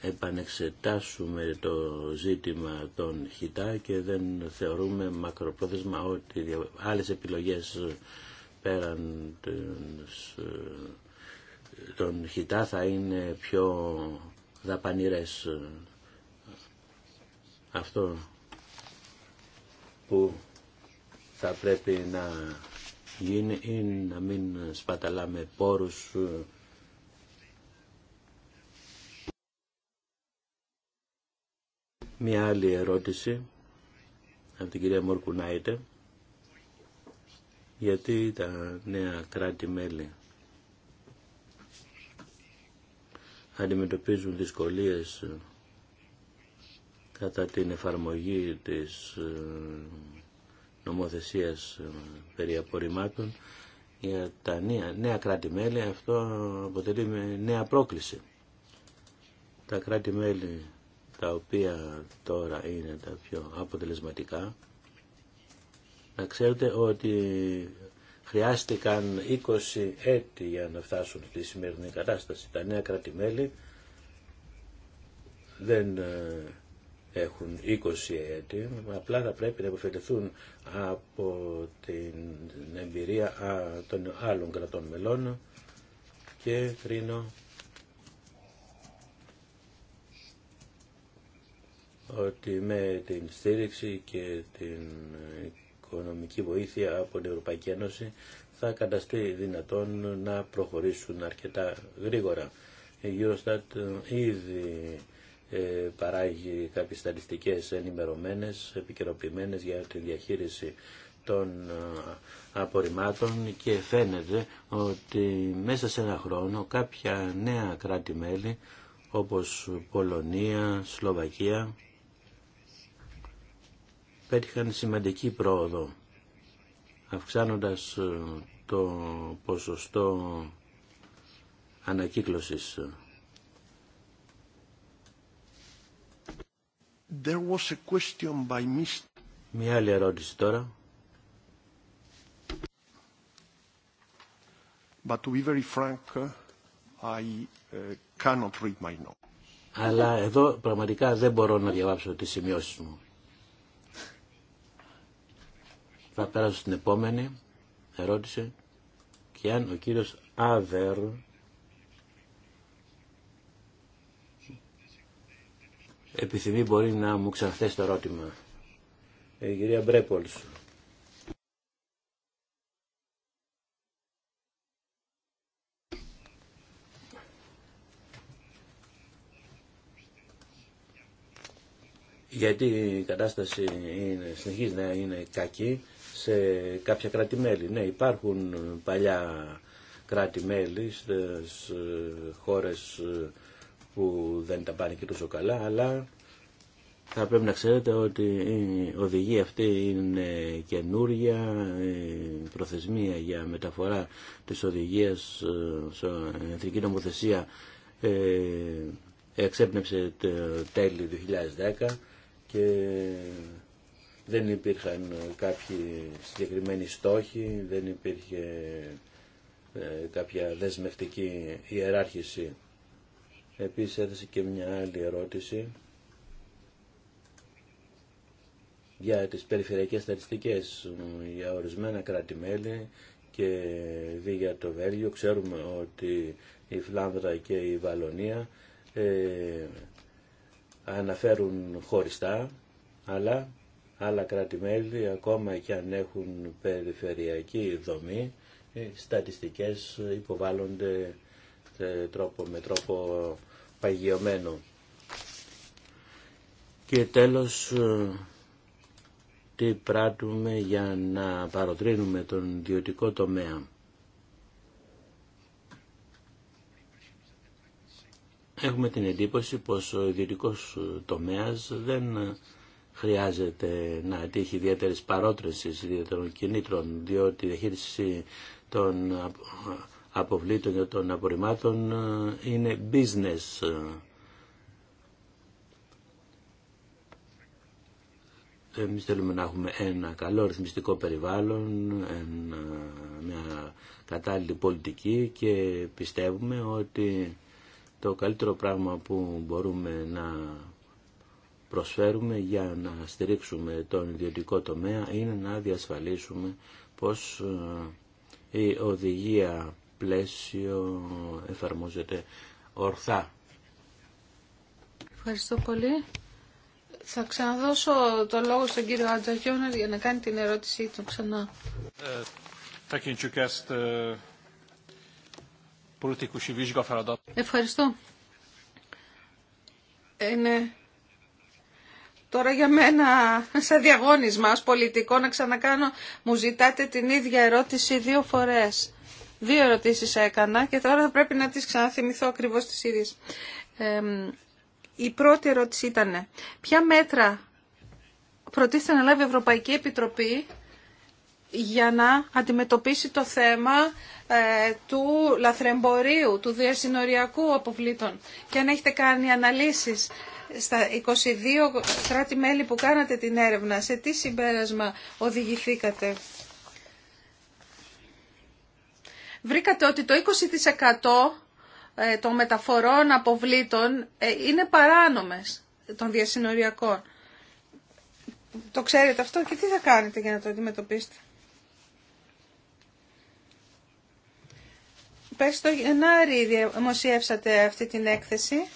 [SPEAKER 3] επανεξετάσουμε το ζήτημα των χιτά και δεν θεωρούμε μακροπρόθεσμα ότι άλλες επιλογές πέραν της ε, των χιτά θα είναι πιο δαπανηρές. Αυτό που θα πρέπει να γίνει είναι να μην σπαταλάμε πόρους Μία άλλη ερώτηση από την κυρία Μορκουνάιτε γιατί τα νέα κράτη-μέλη αντιμετωπίζουν δυσκολίες ε, κατά την εφαρμογή της ε, νομοθεσίας ε, περί απορριμμάτων για τα νέα, νέα κράτη-μέλη αυτό αποτελεί νέα πρόκληση. Τα κράτη-μέλη τα οποία τώρα είναι τα πιο αποτελεσματικά να ξέρετε ότι Χρειάστηκαν 20 έτη για να φτάσουν στη σημερινή κατάσταση. Τα νέα κρατημέλη δεν ε, έχουν 20 έτη, απλά θα πρέπει να υποφεληθούν από την εμπειρία των άλλων κρατών μελών και κρίνω ότι με την στήριξη και την οικονομική βοήθεια από την Ευρωπαϊκή Ένωση θα καταστεί δυνατόν να προχωρήσουν αρκετά γρήγορα. Η Eurostat ε, ήδη ε, παράγει κάποιες στατιστικές ενημερωμένες, επικαιροποιημένες για τη διαχείριση των ε, απορριμμάτων και φαίνεται ότι μέσα σε ένα χρόνο κάποια νέα κράτη-μέλη όπως Πολωνία, Σλοβακία πέτυχαν σημαντική πρόοδο αυξάνοντας ε, το ποσοστό ανακύκλωσης.
[SPEAKER 5] There was a question by
[SPEAKER 3] Μια άλλη ερώτηση τώρα. But to
[SPEAKER 5] be very frank, ε, I ε, cannot read my notes.
[SPEAKER 3] Αλλά εδώ πραγματικά δεν μπορώ να διαβάσω τις σημειώσεις μου. Θα περάσω στην επόμενη ερώτηση και αν ο κύριος Άβερ επιθυμεί μπορεί να μου ξαναθέσει το ερώτημα. Ε, η κυρία Μπρέπολς. γιατί η κατάσταση είναι, συνεχίζει να είναι κακή σε κάποια κράτη-μέλη. Ναι, υπάρχουν παλιά κράτη-μέλη ε, χώρες ε, που δεν τα πάνε και τόσο καλά, αλλά θα πρέπει να ξέρετε ότι η οδηγία αυτή είναι καινούρια, η προθεσμία για μεταφορά της οδηγίας ε, σε εθνική νομοθεσία εξέπνευσε το 2010 και δεν υπήρχαν κάποιοι συγκεκριμένοι στόχοι, δεν υπήρχε ε, κάποια δεσμευτική ιεράρχηση. Επίσης έθεσε και μια άλλη ερώτηση για τις περιφερειακές στατιστικές για ορισμένα κράτη-μέλη και δι για το Βέλγιο. Ξέρουμε ότι η Φλάνδρα και η Βαλονία ε, αναφέρουν χωριστά, αλλά άλλα κράτη-μέλη, ακόμα και αν έχουν περιφερειακή δομή, οι ε, στατιστικές υποβάλλονται ε, τρόπο, με τρόπο παγιωμένο. Και τέλος, ε, τι πράττουμε για να παροτρύνουμε τον ιδιωτικό τομέα. Έχουμε την εντύπωση πως ο ιδιωτικός τομέας δεν χρειάζεται να τύχει ιδιαίτερη παρότρεση ιδιαίτερων κινήτρων, διότι η διαχείριση των αποβλήτων και των απορριμμάτων ε, είναι business. Εμείς θέλουμε να έχουμε ένα καλό ρυθμιστικό περιβάλλον, ένα, μια κατάλληλη πολιτική και πιστεύουμε ότι το καλύτερο πράγμα που μπορούμε να προσφέρουμε για να στηρίξουμε τον ιδιωτικό τομέα είναι να διασφαλίσουμε πως ε, η οδηγία πλαίσιο εφαρμόζεται ορθά.
[SPEAKER 2] Ευχαριστώ πολύ. Θα ξαναδώσω το λόγο στον κύριο Αντζαχιόνερ για να κάνει την ερώτησή του ξανά.
[SPEAKER 1] Ε, ε,
[SPEAKER 2] Ευχαριστώ. Είναι Τώρα για μένα, σαν διαγώνισμα ως πολιτικό, να ξανακάνω, μου ζητάτε την ίδια ερώτηση δύο φορές. Δύο ερωτήσεις έκανα και τώρα θα πρέπει να τις ξαναθυμηθώ ακριβώς τις ίδιες. η πρώτη ερώτηση ήταν, ποια μέτρα προτίθεται να λάβει η Ευρωπαϊκή Επιτροπή για να αντιμετωπίσει το θέμα ε, του λαθρεμπορίου, του διασυνοριακού αποβλήτων και αν έχετε κάνει αναλύσεις στα 22 κράτη-μέλη που κάνατε την έρευνα, σε τι συμπέρασμα οδηγηθήκατε. Βρήκατε ότι το 20% ε, των μεταφορών αποβλήτων ε, είναι παράνομες των διασυνοριακών. Το ξέρετε αυτό και τι θα κάνετε για να το αντιμετωπίσετε. Πέρσι το Γενάρη δημοσιεύσατε αυτή την έκθεση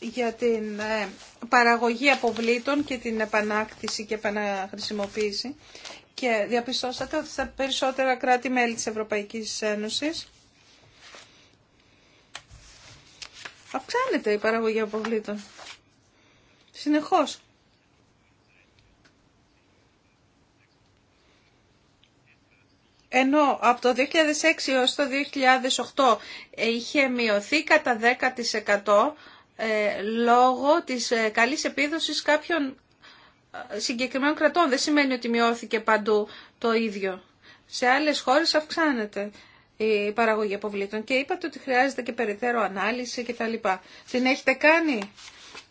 [SPEAKER 2] για την ε, παραγωγή αποβλήτων και την επανάκτηση και επαναχρησιμοποίηση και διαπιστώσατε ότι στα περισσότερα κράτη-μέλη της Ευρωπαϊκής Ένωσης αυξάνεται η παραγωγή αποβλήτων. Συνεχώς. ενώ από το 2006 έως το 2008 είχε μειωθεί κατά 10% ε, λόγω της ε, καλής επίδοσης κάποιων ε, συγκεκριμένων κρατών. Δεν σημαίνει ότι μειώθηκε παντού το ίδιο. Σε άλλες χώρες αυξάνεται η παραγωγή αποβλήτων και είπατε ότι χρειάζεται και περαιτέρω ανάλυση κτλ. Την έχετε κάνει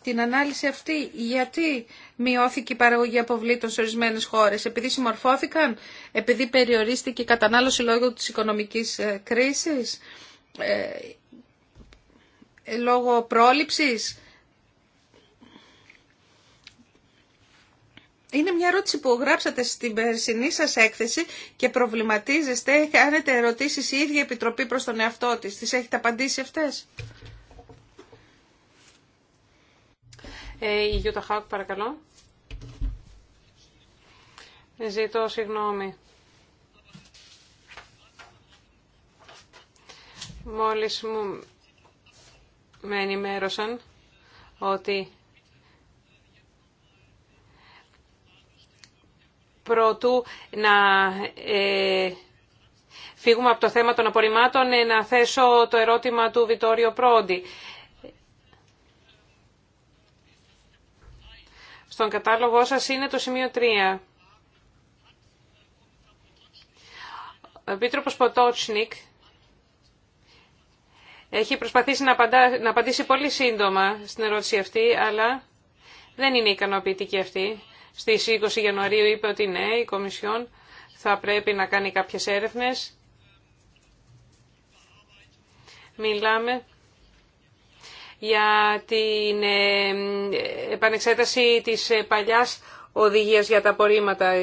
[SPEAKER 2] την ανάλυση αυτή γιατί μειώθηκε η παραγωγή αποβλήτων σε ορισμένες χώρες, επειδή συμμορφώθηκαν, επειδή περιορίστηκε η κατανάλωση λόγω της οικονομικής κρίσης λόγω πρόληψης. Είναι μια ερώτηση που γράψατε στην περσινή σας έκθεση και προβληματίζεστε, κάνετε ερωτήσεις η ίδια Επιτροπή προς τον εαυτό της. Τις έχετε απαντήσει αυτές.
[SPEAKER 4] Ε, η Γιούτα παρακαλώ. Ζητώ συγγνώμη. Μόλις μου με ενημέρωσαν ότι πρώτου να ε, φύγουμε από το θέμα των απορριμμάτων, ε, να θέσω το ερώτημα του Βιτόριο Πρόντι. Στον κατάλογό σας είναι το σημείο 3. Ο Επίτροπος Ποτότσνικ έχει προσπαθήσει να, να απαντήσει πολύ σύντομα στην ερώτηση αυτή, αλλά δεν είναι ικανοποιητική αυτή. Στις 20 Ιανουαρίου είπε ότι ναι, η Κομισιόν θα πρέπει να κάνει κάποιες έρευνες. Μιλάμε για την ε, επανεξέταση της ε, παλιάς οδηγίας για τα απορρίμματα,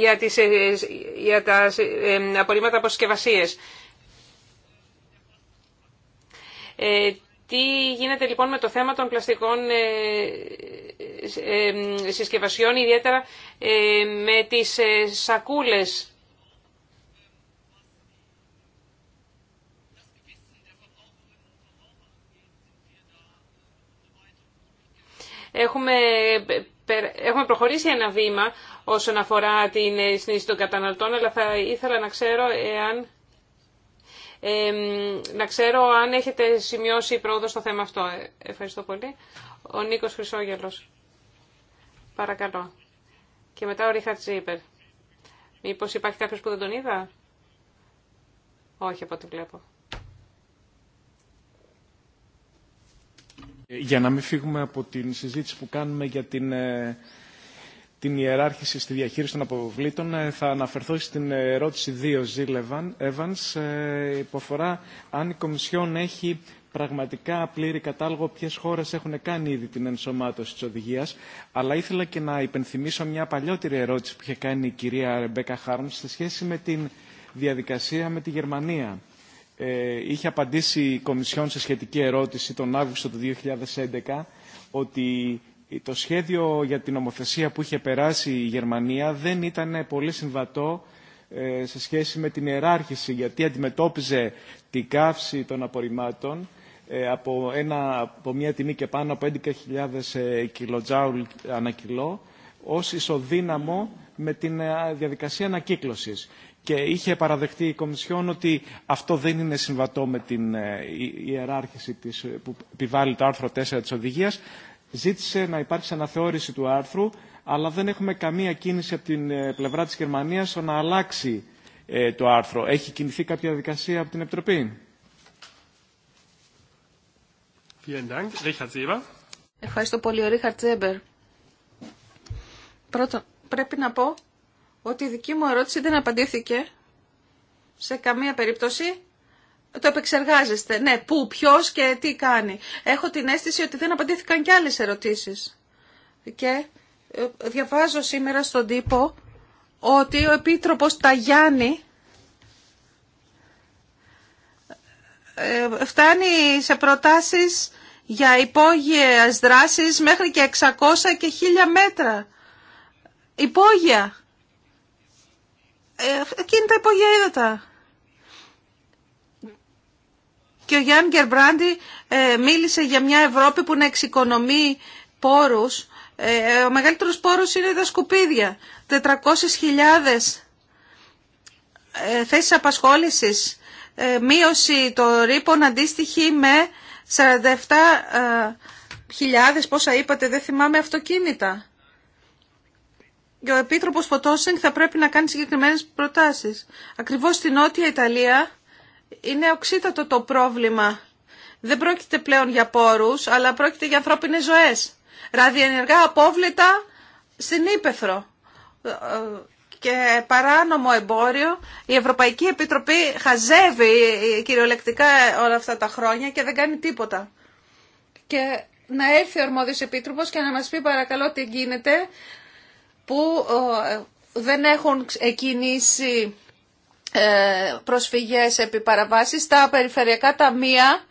[SPEAKER 4] για, τις, ε, για τα απορρίμματα από ε, τι γίνεται λοιπόν με το θέμα των πλαστικών ε, ε, συσκευασιών, ιδιαίτερα με τις σακούλες. Έχουμε, έχουμε προχωρήσει ένα βήμα όσον αφορά την συνείδηση των καταναλωτών, αλλά θα ήθελα να ξέρω εάν να ξέρω αν έχετε σημειώσει πρόοδο στο θέμα αυτό. Ε, ευχαριστώ πολύ. Ο Νίκος Χρυσόγελος. Παρακαλώ. Και μετά ο Ρίχαρτ Ζήπερ. Μήπως υπάρχει κάποιος που δεν τον είδα. Όχι από ό,τι βλέπω.
[SPEAKER 5] Ε, για να μην φύγουμε από την συζήτηση που κάνουμε για την ε, την ιεράρχηση στη διαχείριση των αποβλήτων, ε, θα αναφερθώ στην ερώτηση 2 Ζήλ Evans, ε, που αφορά αν η Κομισιόν έχει πραγματικά πλήρη κατάλογο ποιες χώρες έχουν κάνει ήδη την ενσωμάτωση της οδηγίας, αλλά ήθελα και να υπενθυμίσω μια παλιότερη ερώτηση που είχε κάνει η κυρία Ρεμπέκα Χάρμ σε σχέση με την διαδικασία με τη Γερμανία. Ε, είχε απαντήσει η Κομισιόν σε σχετική ερώτηση τον Αύγουστο του 2011 ότι το σχέδιο για την νομοθεσία που είχε περάσει η Γερμανία δεν ήταν πολύ συμβατό ε, σε σχέση με την ιεράρχηση γιατί αντιμετώπιζε την καύση των απορριμμάτων ε, από, ένα, από μια τιμή και πάνω από 11.000 ε, κιλοτζάουλ ανά κιλό ως ισοδύναμο με την διαδικασία ανακύκλωσης. Και είχε παραδεχτεί η Κομισιόν ότι αυτό δεν είναι συμβατό με την ιεράρχηση της, που επιβάλλει το άρθρο 4 της οδηγίας, ζήτησε να υπάρξει αναθεώρηση του άρθρου, αλλά δεν έχουμε καμία κίνηση από την ε, πλευρά της Γερμανίας στο να αλλάξει ε, το άρθρο. Έχει κινηθεί κάποια διαδικασία από την Επιτροπή.
[SPEAKER 2] Ευχαριστώ πολύ, ο Ρίχαρτ Τζέμπερ. Πρώτον, πρέπει να πω ότι η δική μου ερώτηση δεν απαντήθηκε σε καμία περίπτωση το επεξεργάζεστε. Ναι, πού, ποιο και τι κάνει. Έχω την αίσθηση ότι δεν απαντήθηκαν κι άλλες ερωτήσεις. Και ε, διαβάζω σήμερα στον τύπο ότι ο Επίτροπος Ταγιάννη ε, φτάνει σε προτάσεις για υπόγειες δράσεις μέχρι και 600 και 1000 μέτρα. Υπόγεια. Ε, εκείνη τα υπόγεια είδατα και ο Γιάνν Γκερμπράντι ε, μίλησε για μια Ευρώπη που να εξοικονομεί πόρους. Ε, ο μεγαλύτερος πόρος είναι τα σκουπίδια. 400.000 ε, θέσεις απασχόλησης, μείωση των ρήπων αντίστοιχη με 47.000, πόσα είπατε, δεν θυμάμαι, αυτοκίνητα. Και ο Επίτροπος Φωτόσινγκ θα πρέπει να κάνει συγκεκριμένες προτάσεις. Ακριβώς στη Νότια Ιταλία είναι οξύτατο το πρόβλημα. Δεν πρόκειται πλέον για πόρους, αλλά πρόκειται για ανθρώπινες ζωές. Ραδιενεργά απόβλητα στην Ήπεθρο και παράνομο εμπόριο. Η Ευρωπαϊκή Επιτροπή χαζεύει κυριολεκτικά όλα αυτά τα χρόνια και δεν κάνει τίποτα. Και να έρθει ο Ορμόδιος Επίτροπος και να μας πει παρακαλώ τι γίνεται που ε, δεν έχουν εκκινήσει ε, προσφυγές επί παραβάσεις, τα περιφερειακά ταμεία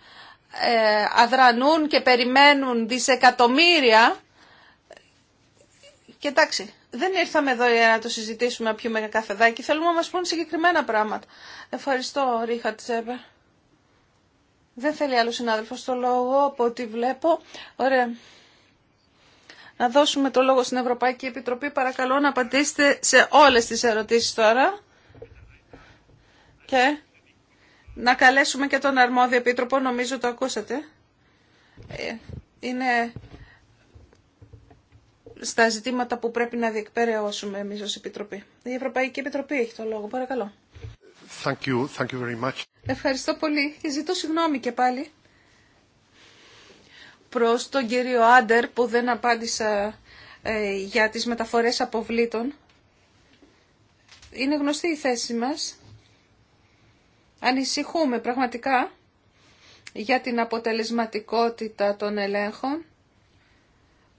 [SPEAKER 2] ε, αδρανούν και περιμένουν δισεκατομμύρια. και Κοιτάξτε, δεν ήρθαμε εδώ για να το συζητήσουμε να πιούμε ένα καφεδάκι. Θέλουμε να μας πούν συγκεκριμένα πράγματα. Ευχαριστώ, Ρίχα Τσέπερ Δεν θέλει άλλο συνάδελφο το λόγο από ό,τι βλέπω. Ωραία. Να δώσουμε το λόγο στην Ευρωπαϊκή Επιτροπή. Παρακαλώ να απαντήσετε σε όλες τις ερωτήσεις τώρα και να καλέσουμε και τον αρμόδιο επίτροπο, νομίζω το ακούσατε. Ε, είναι στα ζητήματα που πρέπει να διεκπαιρεώσουμε εμείς ως Επιτροπή. Η Ευρωπαϊκή Επιτροπή έχει το λόγο. Παρακαλώ.
[SPEAKER 1] Thank you. Thank you very much.
[SPEAKER 2] Ευχαριστώ πολύ ζητώ συγγνώμη και πάλι προς τον κύριο Άντερ που δεν απάντησα ε, για τις μεταφορές αποβλήτων. Είναι γνωστή η θέση μας Ανησυχούμε πραγματικά για την αποτελεσματικότητα των ελέγχων,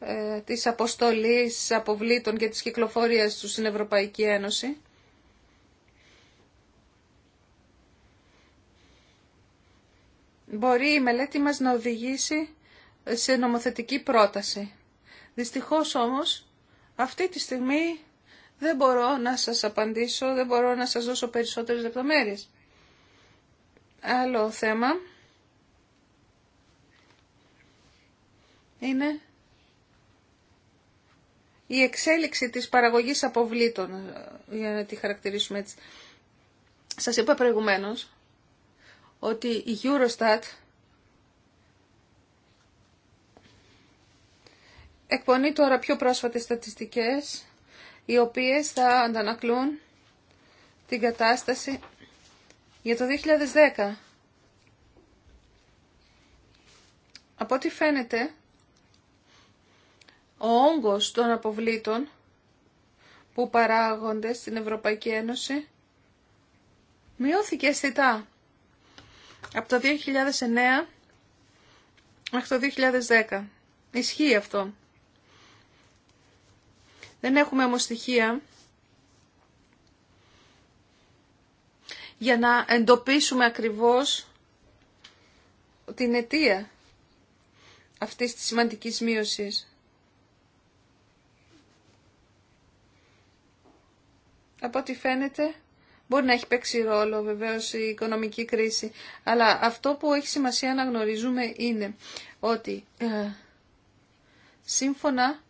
[SPEAKER 2] ε, της αποστολής αποβλήτων και της κυκλοφορίας του στην Ευρωπαϊκή Ένωση. Μπορεί η μελέτη μας να οδηγήσει σε νομοθετική πρόταση. Δυστυχώς όμως, αυτή τη στιγμή δεν μπορώ να σας απαντήσω, δεν μπορώ να σας δώσω περισσότερες λεπτομέρειες. Άλλο θέμα είναι η εξέλιξη της παραγωγής αποβλήτων, για να τη χαρακτηρίσουμε έτσι. Σας είπα προηγουμένως ότι η Eurostat εκπονεί τώρα πιο πρόσφατες στατιστικές, οι οποίες θα αντανακλούν την κατάσταση για το 2010. Από ό,τι φαίνεται, ο όγκος των αποβλήτων που παράγονται στην Ευρωπαϊκή Ένωση μειώθηκε αισθητά από το 2009 μέχρι το 2010. Ισχύει αυτό. Δεν έχουμε όμως στοιχεία για να εντοπίσουμε ακριβώς την αιτία αυτής της σημαντικής μείωσης. Από ό,τι φαίνεται, μπορεί να έχει παίξει ρόλο βεβαίως η οικονομική κρίση, αλλά αυτό που έχει σημασία να γνωρίζουμε είναι ότι ε, σύμφωνα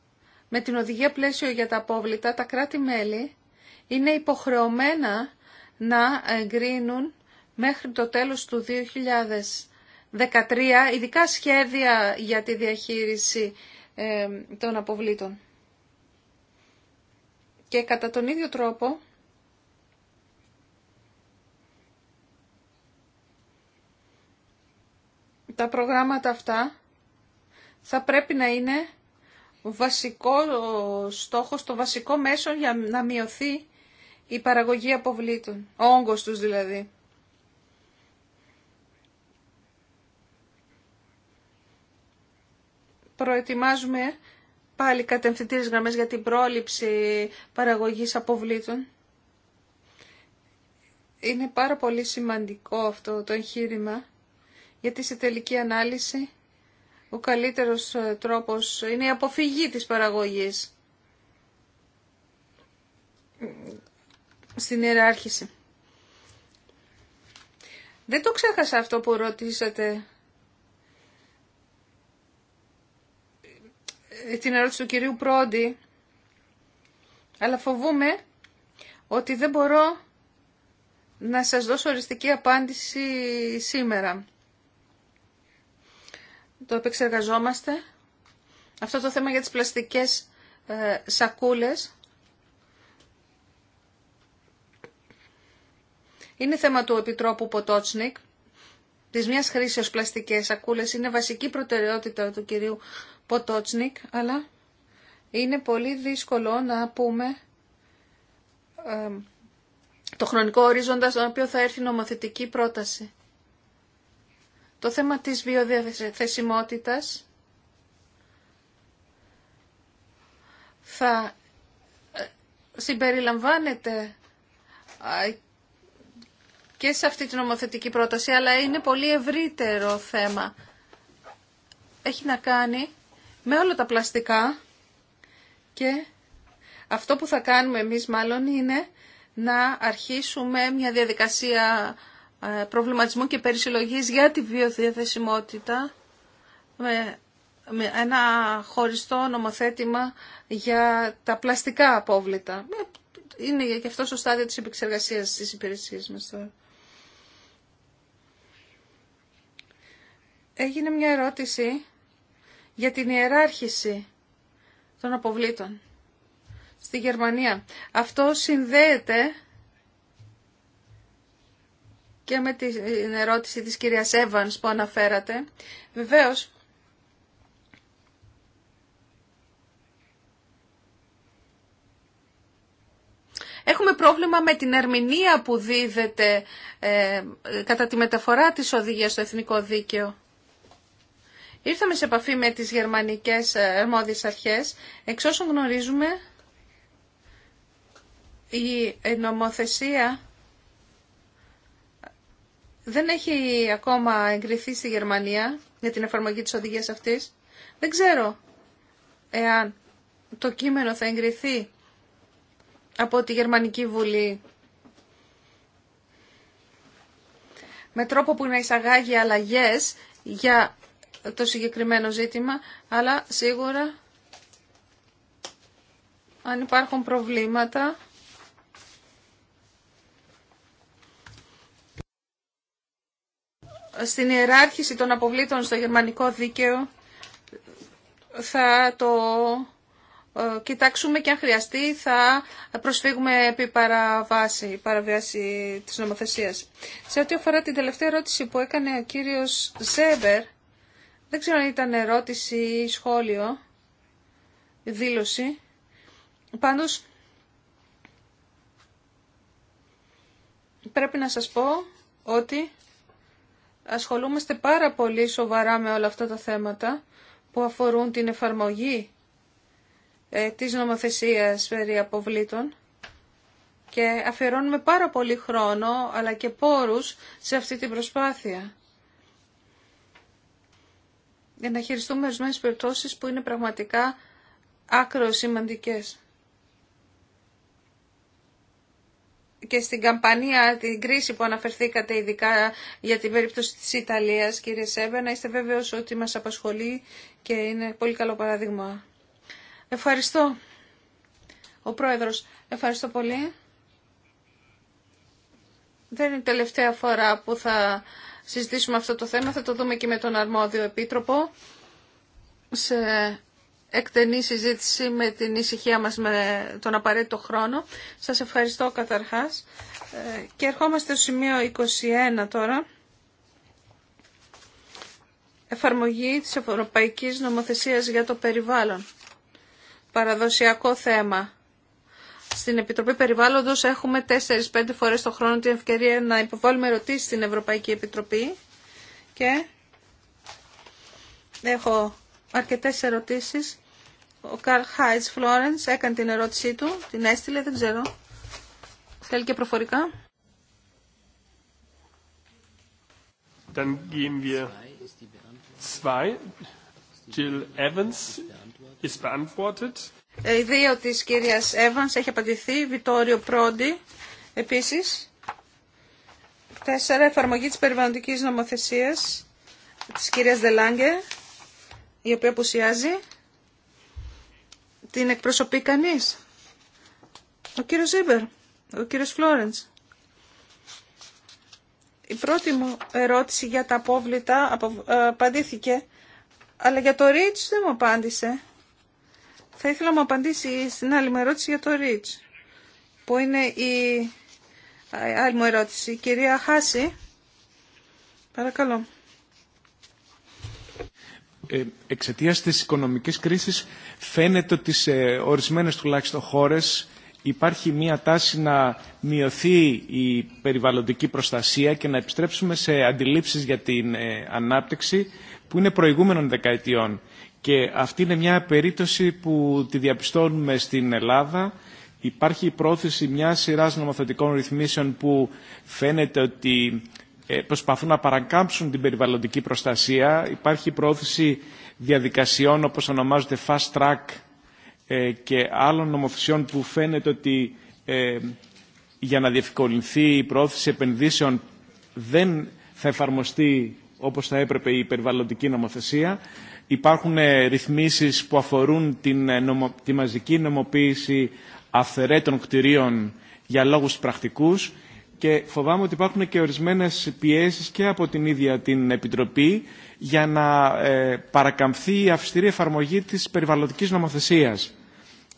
[SPEAKER 2] με την οδηγία πλαίσιο για τα απόβλητα, τα κράτη-μέλη είναι υποχρεωμένα να εγκρίνουν μέχρι το τέλος του 2013 ειδικά σχέδια για τη διαχείριση ε, των αποβλήτων. Και κατά τον ίδιο τρόπο τα προγράμματα αυτά θα πρέπει να είναι βασικό στόχος, το βασικό μέσο για να μειωθεί η παραγωγή αποβλήτων, ο όγκος τους δηλαδή. Προετοιμάζουμε πάλι κατευθυντήρες γραμμές για την πρόληψη παραγωγής αποβλήτων. Είναι πάρα πολύ σημαντικό αυτό το εγχείρημα, γιατί σε τελική ανάλυση ο καλύτερος ε, τρόπος είναι η αποφυγή της παραγωγής στην ιεράρχηση. Δεν το ξέχασα αυτό που ρωτήσατε. Ε, την ερώτηση του κυρίου Πρόντι. Αλλά φοβούμαι ότι δεν μπορώ να σας δώσω οριστική απάντηση σήμερα. Το επεξεργαζόμαστε. Αυτό το θέμα για τις πλαστικές ε, σακούλες Είναι θέμα του Επιτρόπου Ποτότσνικ. Της μιας ω πλαστικέ σακούλες είναι βασική προτεραιότητα του κυρίου Ποτότσνικ, αλλά είναι πολύ δύσκολο να πούμε το χρονικό ορίζοντα στον οποίο θα έρθει νομοθετική πρόταση. Το θέμα της βιοδιαθεσιμότητας θα ε, συμπεριλαμβάνεται και σε αυτή την νομοθετική πρόταση, αλλά είναι πολύ ευρύτερο θέμα. Έχει να κάνει με όλα τα πλαστικά και αυτό που θα κάνουμε εμείς μάλλον είναι να αρχίσουμε μια διαδικασία ε, προβληματισμού και περισυλλογής για τη βιοδιαθεσιμότητα με ένα χωριστό νομοθέτημα για τα πλαστικά απόβλητα. Ε, είναι και αυτό στο στάδιο της επεξεργασίας της υπηρεσίας μας τώρα. έγινε μια ερώτηση για την ιεράρχηση των αποβλήτων στη Γερμανία. Αυτό συνδέεται και με την ερώτηση της κυρίας Εύανς που αναφέρατε. Βεβαίως, Έχουμε πρόβλημα με την ερμηνεία που δίδεται ε, κατά τη μεταφορά της οδηγίας στο εθνικό δίκαιο. Ήρθαμε σε επαφή με τις γερμανικές ε, αρμόδιες αρχές. Εξ όσων γνωρίζουμε, η ε, νομοθεσία δεν έχει ακόμα εγκριθεί στη Γερμανία για την εφαρμογή της οδηγίας αυτής. Δεν ξέρω εάν το κείμενο θα εγκριθεί από τη Γερμανική Βουλή με τρόπο που να εισαγάγει αλλαγές για το συγκεκριμένο ζήτημα, αλλά σίγουρα αν υπάρχουν προβλήματα... Στην ιεράρχηση των αποβλήτων στο γερμανικό δίκαιο θα το ε, κοιτάξουμε και αν χρειαστεί θα προσφύγουμε επί παραβάση, παραβιάση της νομοθεσίας. Σε ό,τι αφορά την τελευταία ερώτηση που έκανε ο κύριος Ζέμπερ, δεν ξέρω αν ήταν ερώτηση ή σχόλιο, δήλωση. Πάντως, πρέπει να σας πω ότι ασχολούμαστε πάρα πολύ σοβαρά με όλα αυτά τα θέματα που αφορούν την εφαρμογή ε, της νομοθεσίας περί αποβλήτων και αφιερώνουμε πάρα πολύ χρόνο αλλά και πόρους σε αυτή την προσπάθεια για να χειριστούμε ορισμένε περιπτώσει που είναι πραγματικά άκρο σημαντικέ. Και στην καμπανία, την κρίση που αναφερθήκατε ειδικά για την περίπτωση της Ιταλίας, κύριε Σέβε, να είστε βέβαιος ότι μας απασχολεί και είναι πολύ καλό παράδειγμα. Ευχαριστώ. Ο Πρόεδρος, ευχαριστώ πολύ. Δεν είναι η τελευταία φορά που θα συζητήσουμε αυτό το θέμα. Θα το δούμε και με τον αρμόδιο επίτροπο σε εκτενή συζήτηση με την ησυχία μας με τον απαραίτητο χρόνο. Σας ευχαριστώ καταρχάς. Ε, και ερχόμαστε στο σημείο 21 τώρα. Εφαρμογή της Ευρωπαϊκής Νομοθεσίας για το Περιβάλλον. Παραδοσιακό θέμα στην Επιτροπή Περιβάλλοντος έχουμε 4-5 φορές το χρόνο την ευκαιρία να υποβάλουμε ερωτήσεις στην Ευρωπαϊκή Επιτροπή και έχω αρκετές ερωτήσεις. Ο Καρλ Χάιτς Φλόρενς έκανε την ερώτησή του, την έστειλε, δεν ξέρω. Θέλει και προφορικά.
[SPEAKER 1] Dann gehen wir zwei. Jill Evans ist beantwortet.
[SPEAKER 2] Οι ε, δύο της κύρια Εύαν έχει απαντηθεί, Βιτόριο Πρόντι επίσης. Τέσσερα, εφαρμογή τη περιβαλλοντικής νομοθεσίας της κυρίας Δελάγκε, η οποία απουσιάζει. Την εκπροσωπεί κανεί. Ο κύριος Ζίμπερ, ο κύριος Φλόρεντ. Η πρώτη μου ερώτηση για τα απόβλητα ε, απαντήθηκε, αλλά για το Ρίτς δεν μου απάντησε. Θα ήθελα να μου απαντήσει στην άλλη μου ερώτηση για το Ρίτς, που είναι η άλλη μου ερώτηση. Κυρία Χάση, παρακαλώ.
[SPEAKER 5] Ε, Εξαιτία τη οικονομική κρίση, φαίνεται ότι σε ορισμένε τουλάχιστον χώρε υπάρχει μία τάση να μειωθεί η περιβαλλοντική προστασία και να επιστρέψουμε σε αντιλήψεις για την ε, ανάπτυξη που είναι προηγούμενων δεκαετιών. Και αυτή είναι μια περίπτωση που τη διαπιστώνουμε στην Ελλάδα. Υπάρχει η πρόθεση μια σειρά νομοθετικών ρυθμίσεων που φαίνεται ότι ε, προσπαθούν να παρακάμψουν την περιβαλλοντική προστασία. Υπάρχει η πρόθεση διαδικασιών όπως ονομάζονται fast track ε, και άλλων νομοθεσιών που φαίνεται ότι ε, για να διευκολυνθεί η πρόθεση επενδύσεων δεν θα εφαρμοστεί όπως θα έπρεπε η περιβαλλοντική νομοθεσία. Υπάρχουν ε, ρυθμίσεις που αφορούν την ε, νομο, τη μαζική νομοποίηση αυθερέτων κτηρίων για λόγους πρακτικούς και φοβάμαι ότι υπάρχουν και ορισμένες πιέσεις και από την ίδια την Επιτροπή για να ε, παρακαμφθεί η αυστηρή εφαρμογή της περιβαλλοντικής νομοθεσίας.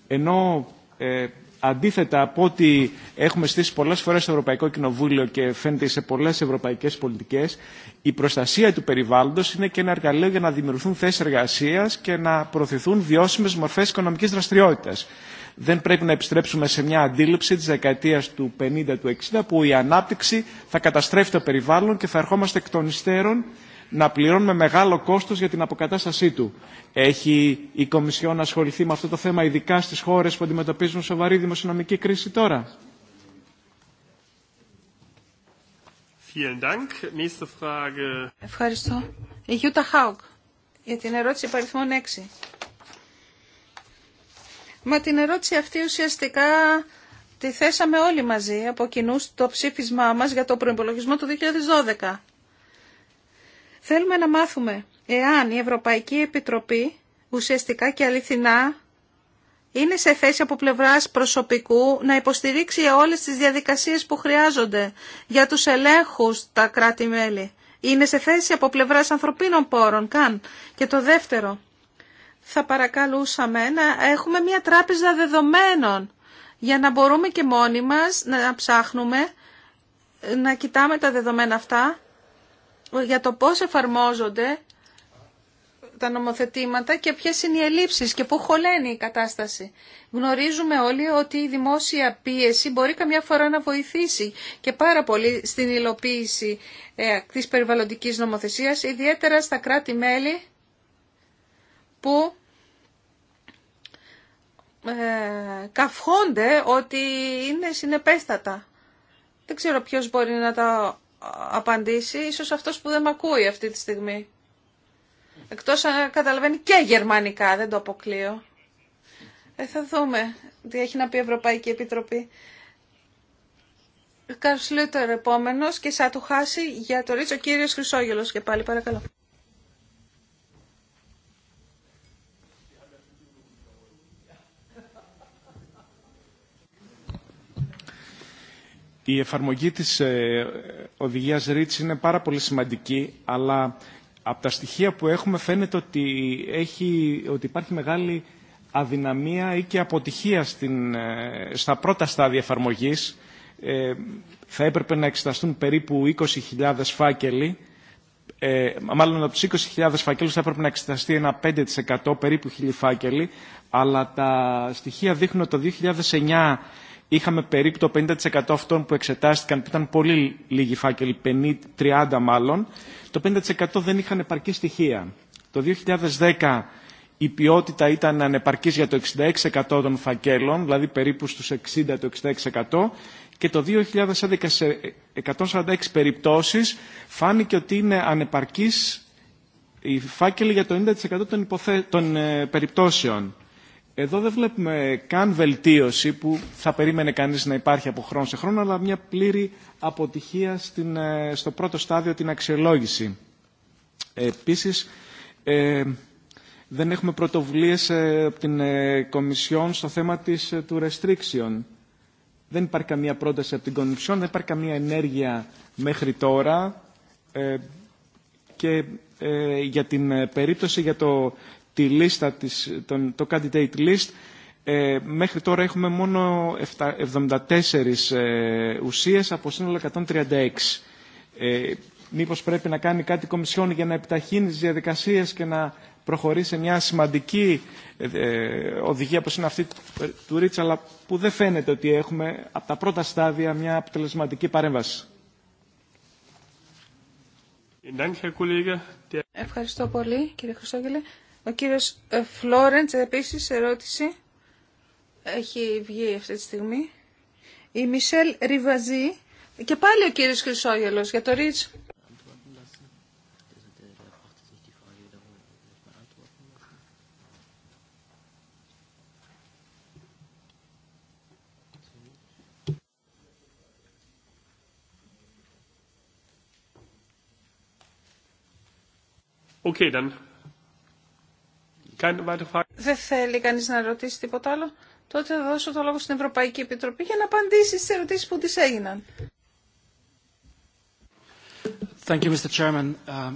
[SPEAKER 5] Ενώ ε, αντίθετα από ό,τι έχουμε στήσει πολλές φορές στο Ευρωπαϊκό Κοινοβούλιο και φαίνεται σε πολλές ευρωπαϊκές πολιτικές, η προστασία του περιβάλλοντος είναι και ένα εργαλείο για να δημιουργηθούν θέσεις εργασίας και να προωθηθούν βιώσιμες μορφές οικονομικής δραστηριότητας. Δεν πρέπει να επιστρέψουμε σε μια αντίληψη της δεκαετίας του 50 του 60 που η ανάπτυξη θα καταστρέφει το περιβάλλον και θα ερχόμαστε εκ των υστέρων να πληρώνουμε μεγάλο κόστος για την αποκατάστασή του. Έχει η Κομισιόν ασχοληθεί με αυτό το θέμα ειδικά στις χώρες που αντιμετωπίζουν σοβαρή δημοσιονομική κρίση τώρα.
[SPEAKER 2] Ευχαριστώ. Η Γιούτα Χάουκ, για την ερώτηση παριθμών 6. Μα την ερώτηση αυτή ουσιαστικά τη θέσαμε όλοι μαζί από κοινού το ψήφισμά μας για το προϋπολογισμό του 2012. Θέλουμε να μάθουμε εάν η Ευρωπαϊκή Επιτροπή ουσιαστικά και αληθινά είναι σε θέση από πλευράς προσωπικού να υποστηρίξει όλες τις διαδικασίες που χρειάζονται για τους ελέγχους τα κράτη-μέλη. Είναι σε θέση από πλευράς ανθρωπίνων πόρων, καν. Και το δεύτερο, θα παρακαλούσαμε να έχουμε μια τράπεζα δεδομένων για να μπορούμε και μόνοι μας να ψάχνουμε, να κοιτάμε τα δεδομένα αυτά για το πώς εφαρμόζονται τα νομοθετήματα και ποιες είναι οι ελλείψεις και πού χωλαίνει η κατάσταση. Γνωρίζουμε όλοι ότι η δημόσια πίεση μπορεί καμιά φορά να βοηθήσει και πάρα πολύ στην υλοποίηση ε, της περιβαλλοντικής νομοθεσίας, ιδιαίτερα στα κράτη-μέλη που ε, καυχόνται ότι είναι συνεπέστατα. Δεν ξέρω ποιος μπορεί να τα απαντήσει, ίσως αυτός που δεν με ακούει αυτή τη στιγμή. Εκτός αν καταλαβαίνει και γερμανικά, δεν το αποκλείω. Ε, θα δούμε τι έχει να πει η Ευρωπαϊκή Επιτροπή. Κάρλος Λούτερ επόμενος και σαν του χάσει για το ρίτσο κύριος Χρυσόγελος και πάλι παρακαλώ.
[SPEAKER 5] Η εφαρμογή της ε, οδηγίας ριτς είναι πάρα πολύ σημαντική, αλλά από τα στοιχεία που έχουμε φαίνεται ότι, έχει, ότι υπάρχει μεγάλη αδυναμία ή και αποτυχία στην, ε, στα πρώτα στάδια εφαρμογή. Ε, θα έπρεπε να εξεταστούν περίπου 20.000 φάκελοι. Ε, μάλλον από τους 20.000 φάκελους θα έπρεπε να εξεταστεί ένα 5% περίπου 1.000 φάκελοι. Αλλά τα στοιχεία δείχνουν ότι το 2009 είχαμε περίπου το 50% αυτών που εξετάστηκαν, που ήταν πολύ λίγοι φάκελοι, 30 μάλλον, το 50% δεν είχαν επαρκή στοιχεία. Το 2010 η ποιότητα ήταν ανεπαρκής για το 66% των φακέλων, δηλαδή περίπου στους 60% το 66%, και το 2011 σε 146 περιπτώσεις φάνηκε ότι είναι ανεπαρκής η φάκελη για το 90% των, των ε, περιπτώσεων. Εδώ δεν βλέπουμε καν βελτίωση που θα περίμενε κανείς να υπάρχει από χρόνο σε χρόνο, αλλά μια πλήρη αποτυχία στην, ε, στο πρώτο στάδιο την αξιολόγηση. Επίσης, ε, δεν έχουμε πρωτοβουλίες ε, από την Κομισιόν στο θέμα της, του restriction. Δεν υπάρχει καμία πρόταση από την Κομισιόν, δεν υπάρχει καμία ενέργεια μέχρι τώρα. και για την περίπτωση για το τη λίστα της, το candidate list ε, μέχρι τώρα έχουμε μόνο 74 ε, ουσίες από σύνολο 136. Ε, μήπως πρέπει να κάνει κάτι η Κομισιόν για να επιταχύνει τις διαδικασίες και να προχωρήσει μια σημαντική ε, οδηγία όπως είναι αυτή του Ρίτσα αλλά που δεν φαίνεται ότι έχουμε από τα πρώτα στάδια μια αποτελεσματική παρέμβαση.
[SPEAKER 1] Ευχαριστώ
[SPEAKER 2] πολύ κύριε Χρυσόγγελε ο κύριος ε, Φλόρεντς επίσης ερώτηση έχει βγει αυτή τη στιγμή. Η Μισελ Ριβαζή και πάλι ο κύριος Χρυσόγελος για το Ρίτς. Okay, δεν θέλει κανείς να ρωτήσει τίποτα άλλο. Τότε θα δώσω το λόγο στην Ευρωπαϊκή Επιτροπή για να απαντήσει στις ερωτήσεις που της έγιναν.
[SPEAKER 5] Um,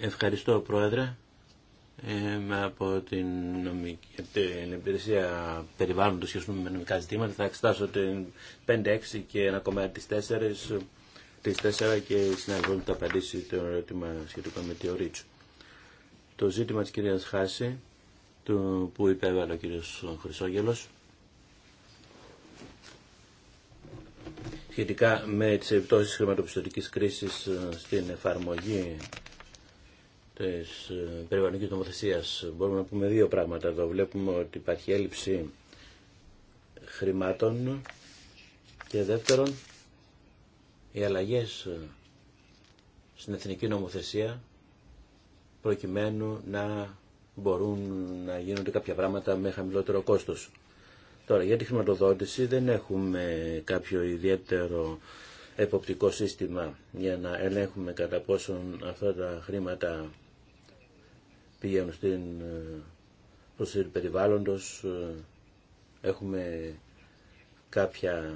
[SPEAKER 3] Ευχαριστώ, Πρόεδρε. Είμαι από την, νομική, την υπηρεσία περιβάλλοντος και με νομικά ζητήματα. Θα εξετάσω την 5-6 και ένα κομμάτι της 4, της 4 και συνεργούν τα απαντήσεις το ερώτημα σχετικά με τη ορίτσου. Το ζήτημα της κυρίας Χάση, του που υπέβαλε ο κύριος Χρυσόγελος, σχετικά με τις επιπτώσεις χρηματοπιστωτικής κρίσης ε, στην εφαρμογή της ε, περιβαλλοντικής νομοθεσίας. Μπορούμε να πούμε δύο πράγματα εδώ. Βλέπουμε ότι υπάρχει έλλειψη χρημάτων και δεύτερον οι αλλαγές ε, στην εθνική νομοθεσία προκειμένου να μπορούν να γίνονται κάποια πράγματα με χαμηλότερο κόστος. Τώρα, για τη χρηματοδότηση δεν έχουμε κάποιο ιδιαίτερο εποπτικό σύστημα για να ελέγχουμε κατά πόσον αυτά τα χρήματα πηγαίνουν στην προσφύρη περιβάλλοντος. Έχουμε κάποια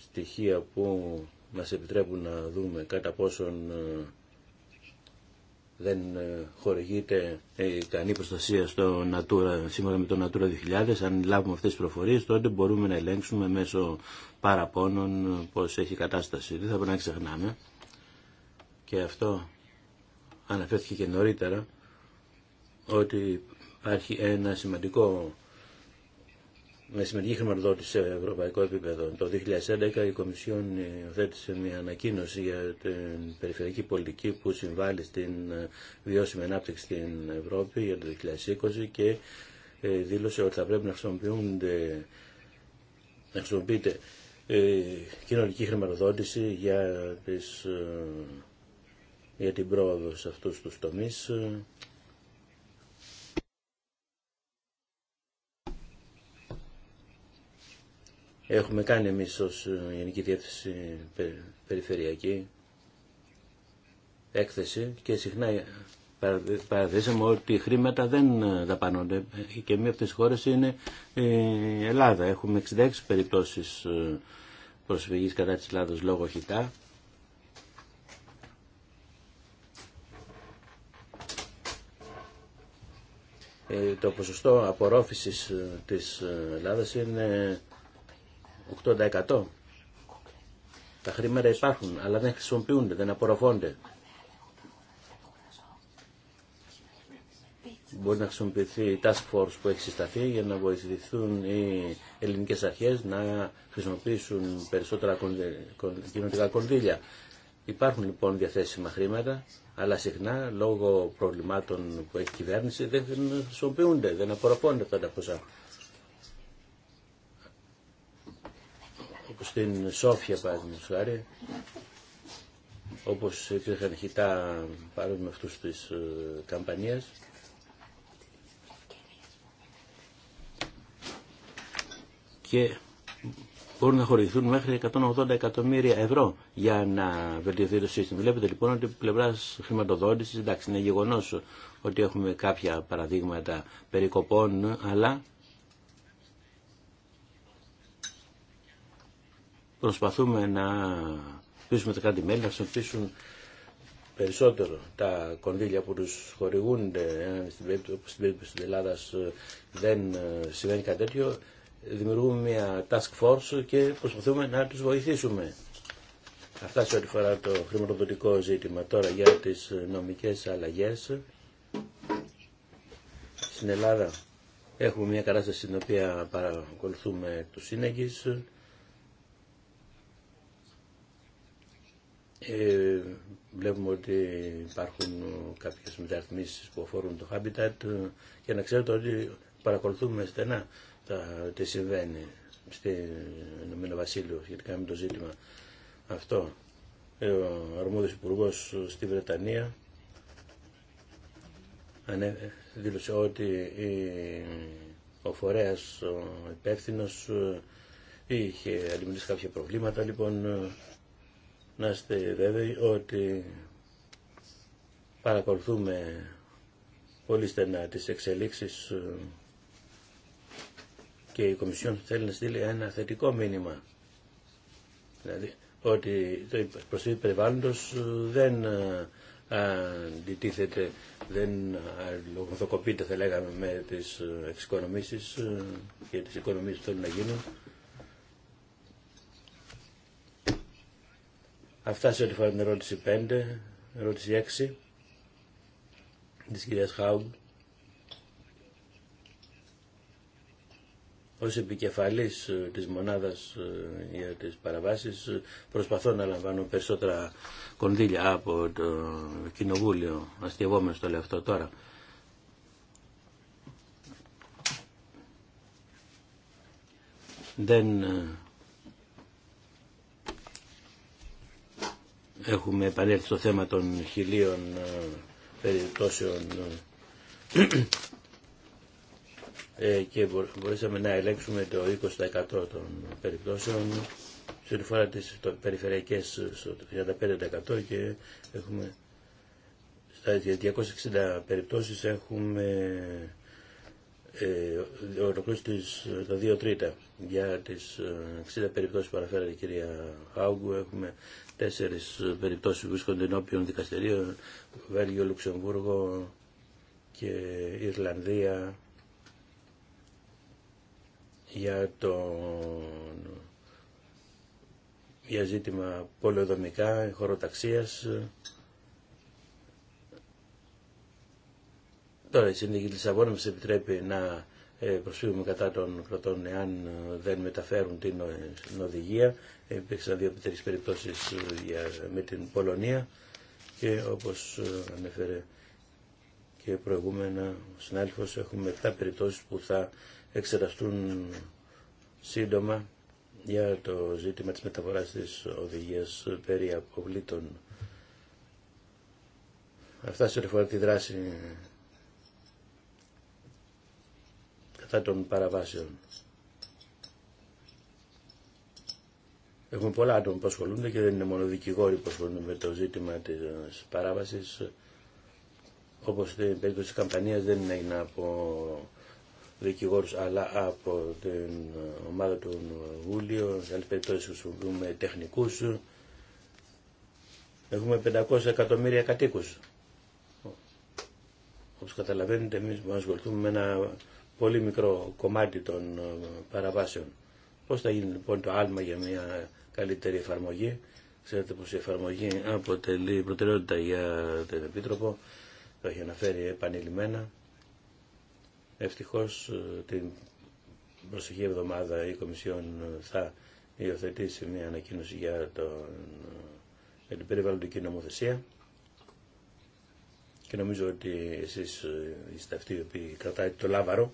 [SPEAKER 3] στοιχεία που μας επιτρέπουν να δούμε κατά πόσον δεν ε, χορηγείται ε, ικανή προστασία στο Natura, σύμφωνα με το Natura 2000. Αν λάβουμε αυτές τις προφορίες, τότε μπορούμε να ελέγξουμε μέσω παραπώνων ε, πώς έχει η κατάσταση. Δεν θα πρέπει να ξεχνάμε. Και αυτό αναφέρθηκε και νωρίτερα, ότι υπάρχει ένα σημαντικό με συμμετοχή χρηματοδότηση σε ευρωπαϊκό επίπεδο. Το 2011 η Κομισιόν υιοθέτησε μια ανακοίνωση για την περιφερειακή πολιτική που συμβάλλει στην βιώσιμη ανάπτυξη στην Ευρώπη για το 2020 και ε, δήλωσε ότι θα πρέπει να χρησιμοποιούνται να χρησιμοποιείται ε, κοινωνική χρηματοδότηση για, τις, ε, για την πρόοδο σε αυτούς τους τομείς έχουμε κάνει εμεί ω ε, Γενική Διεύθυνση Περιφερειακή έκθεση και συχνά ε, παραδείσαμε ότι χρήματα δεν ε, δαπανώνται και μία από τις χώρες είναι η Ελλάδα. Έχουμε 66 περιπτώσεις προσφυγής κατά της Ελλάδος λόγω χιτά. το ποσοστό απορρόφησης της Ελλάδας είναι 80%. Τα χρήματα υπάρχουν, αλλά δεν χρησιμοποιούνται, δεν απορροφώνται. Μπορεί να χρησιμοποιηθεί η task force που έχει συσταθεί για να βοηθηθούν οι ελληνικές αρχές να χρησιμοποιήσουν περισσότερα κοινωνικά κονδύλια. Υπάρχουν λοιπόν διαθέσιμα χρήματα, αλλά συχνά λόγω προβλημάτων που έχει η κυβέρνηση δεν χρησιμοποιούνται, δεν απορροφώνται αυτά τα ποσά. στην Σόφια παραδείγματος χάρη όπως υπήρχαν χιτά παρόν με αυτούς της ε, καμπανίας και μπορούν να χορηγηθούν μέχρι 180 εκατομμύρια ευρώ για να βελτιωθεί το σύστημα. Βλέπετε λοιπόν ότι πλευρά χρηματοδότηση, εντάξει, είναι γεγονό ότι έχουμε κάποια παραδείγματα περικοπών, αλλά Προσπαθούμε να πείσουμε τα κρατη μέλη να χρησιμοποιήσουν περισσότερο τα κονδύλια που τους χορηγούνται ε, στην περίπτωση της Ελλάδας ε, δεν ε, συμβαίνει κάτι τέτοιο δημιουργούμε μια task force και προσπαθούμε να τους βοηθήσουμε αυτά σε ό,τι φορά το χρηματοδοτικό ζήτημα τώρα για τις νομικές αλλαγές στην Ελλάδα έχουμε μια κατάσταση στην οποία παρακολουθούμε τους σύνεγγυ. Ε, βλέπουμε ότι υπάρχουν κάποιες μεταρρυθμίσεις που αφορούν το habitat και να ξέρετε ότι παρακολουθούμε στενά τα, τι συμβαίνει στην Ηνωμένο γιατί σχετικά με το ζήτημα αυτό. Ε, ο αρμόδιος υπουργό στη Βρετανία δήλωσε ότι ο φορέας ο είχε αντιμετωπίσει κάποια προβλήματα λοιπόν να είστε βέβαιοι ότι παρακολουθούμε πολύ στενά τις εξελίξεις ε, και η Κομισιόν θέλει να στείλει ένα θετικό μήνυμα. Δηλαδή ότι το προσφύγιο περιβάλλοντος ε, δεν ε, αντιτίθεται, δεν λογοθοκοπείται θα λέγαμε με τις εξοικονομήσεις και τις οικονομίες που θέλουν να γίνουν Αυτά σε ό,τι φορά την ερώτηση 5, ερώτηση 6 της κυρίας Χάουγκ. Ως επικεφαλής ε, της μονάδας ε, για τις παραβάσεις ε, προσπαθώ να λαμβάνω περισσότερα κονδύλια από το κοινοβούλιο αστευόμενος το λέω αυτό τώρα. Δεν έχουμε επανέλθει στο θέμα των χιλίων ε, περιπτώσεων ε, και μπορέσαμε να ελέγξουμε το 20% των περιπτώσεων σε φορά τις περιφερειακές στο 35% και έχουμε στα 260 περιπτώσεις έχουμε ε, ολοκλήρωση της, τα 2 τρίτα για τις 60 ε, περιπτώσεις που αναφέρατε κυρία Χάουγκου έχουμε Τέσσερι ε, περιπτώσει που βρίσκονται ενώπιον δικαστηρίων, Βέλγιο, Λουξεμβούργο και Ιρλανδία για το για ζήτημα πολεοδομικά, χωροταξίας. Τώρα η Συνδίκη Λισαβόνα μας επιτρέπει να ε, προσφύγουμε κατά των κρατών εάν ε, δεν μεταφέρουν την ε, οδηγία. Υπήρξαν δύο-τρει περιπτώσει με την Πολωνία και όπως ανέφερε και προηγούμενα ο συνάδελφος έχουμε 7 περιπτώσεις που θα εξεταστούν σύντομα για το ζήτημα της μεταφοράς της οδηγίας περί αποβλήτων. Αυτά σε αφορά τη δράση κατά των παραβάσεων. Έχουμε πολλά άτομα που ασχολούνται και δεν είναι μόνο δικηγόροι που ασχολούνται με το ζήτημα τη παράβαση, όπω στην περίπτωση τη καμπανία δεν είναι από δικηγόρους αλλά από την ομάδα του Βούλιο, σε άλλες περιπτώσεις χρησιμοποιούμε τεχνικούς. Έχουμε 500 εκατομμύρια κατοίκους. Όπω καταλαβαίνετε εμεί που ασχοληθούμε με ένα πολύ μικρό κομμάτι των ε, παραβάσεων. Πώς θα γίνει λοιπόν το άλμα για μια καλύτερη εφαρμογή. Ξέρετε πως η εφαρμογή αποτελεί προτεραιότητα για τον Επίτροπο. Το έχει αναφέρει επανειλημμένα. Ευτυχώς ε, την προσεχή εβδομάδα η Κομισιόν θα υιοθετήσει μια ανακοίνωση για, τον, ε, για την περιβαλλοντική νομοθεσία και νομίζω ότι εσείς είστε αυτοί οι οποίοι κρατάτε το λάβαρο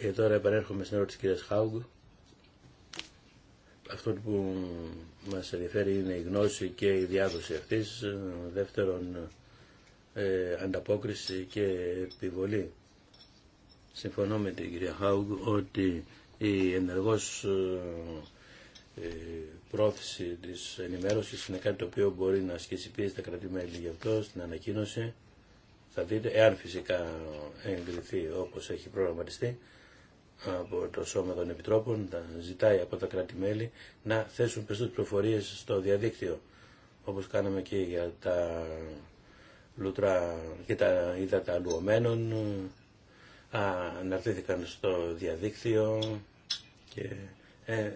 [SPEAKER 3] Και ε, τώρα επανέρχομαι στην ερώτηση της κυρίας Χάουγκ. Αυτό που μας ενδιαφέρει είναι η γνώση και η διάδοση αυτής. Δεύτερον, ε, ανταπόκριση και επιβολή. Συμφωνώ με την κυρία Χάουγκ ότι η ενεργός ε, ε πρόθεση της ενημέρωσης είναι κάτι το οποίο μπορεί να ασκήσει πίεση τα κρατημέλη γι' αυτό στην ανακοίνωση. Θα δείτε, εάν φυσικά εγκριθεί όπως έχει προγραμματιστεί, από το Σώμα των Επιτρόπων, τα ζητάει από τα κράτη-μέλη να θέσουν περισσότερες πληροφορίες στο διαδίκτυο, όπως κάναμε και για τα λουτρά και τα ύδατα αλουωμένων, αναρτήθηκαν στο διαδίκτυο και ε,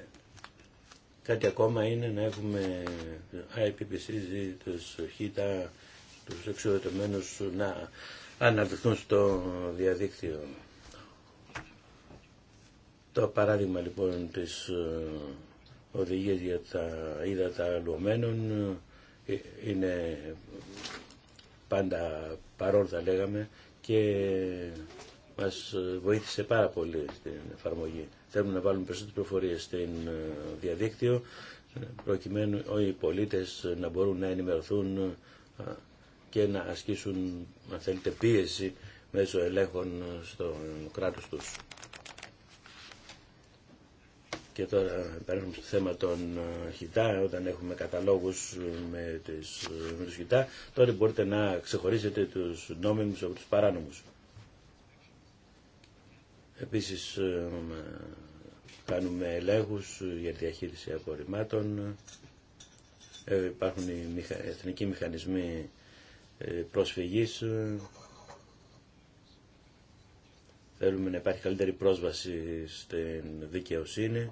[SPEAKER 3] κάτι ακόμα είναι να έχουμε IPPC, τους ΧΙΤΑ, τους εξοδετωμένους να αναρτηθούν στο διαδίκτυο. Το παράδειγμα λοιπόν της ε, οδηγίας για τα ύδατα λουμένων ε, είναι πάντα παρόν θα λέγαμε και μας βοήθησε πάρα πολύ στην εφαρμογή. Θέλουμε να βάλουμε περισσότερες προφορίες στην ε, διαδίκτυο προκειμένου οι πολίτες να μπορούν να ενημερωθούν και να ασκήσουν αν θέλετε πίεση μέσω ελέγχων στο κράτος τους. Και τώρα παίρνουμε στο θέμα των ε, χιτά, όταν έχουμε καταλόγους ε, με, τις, ε, με τους χιτά, τότε μπορείτε να ξεχωρίσετε τους νόμιμους από τους παράνομους. Επίσης κάνουμε ελέγχους για διαχείριση απορριμμάτων. Υπάρχουν οι εθνικοί μηχανισμοί προσφυγής. Θέλουμε να υπάρχει καλύτερη πρόσβαση στην δικαιοσύνη.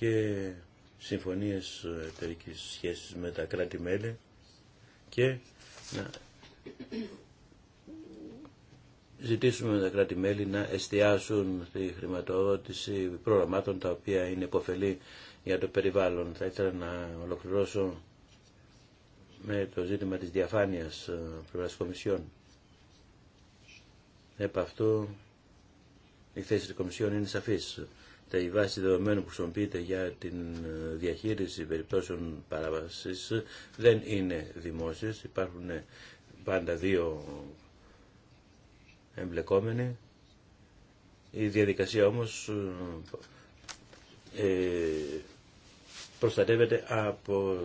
[SPEAKER 3] και συμφωνίες τελικής σχέσης με τα κράτη-μέλη και να ζητήσουμε τα κράτη-μέλη να εστιάσουν τη χρηματοδότηση προγραμμάτων τα οποία είναι υποφελή για το περιβάλλον. Θα ήθελα να ολοκληρώσω με το ζήτημα της διαφάνειας ε, πλευράς Κομισιόν. Επ' αυτού η θέση της Κομισιόν είναι σαφής η βάση δεδομένων που χρησιμοποιείται για την ε, διαχείριση περιπτώσεων παράβασης δεν είναι δημόσιες. Υπάρχουν ε, πάντα δύο εμπλεκόμενοι. Η διαδικασία όμως ε, προστατεύεται από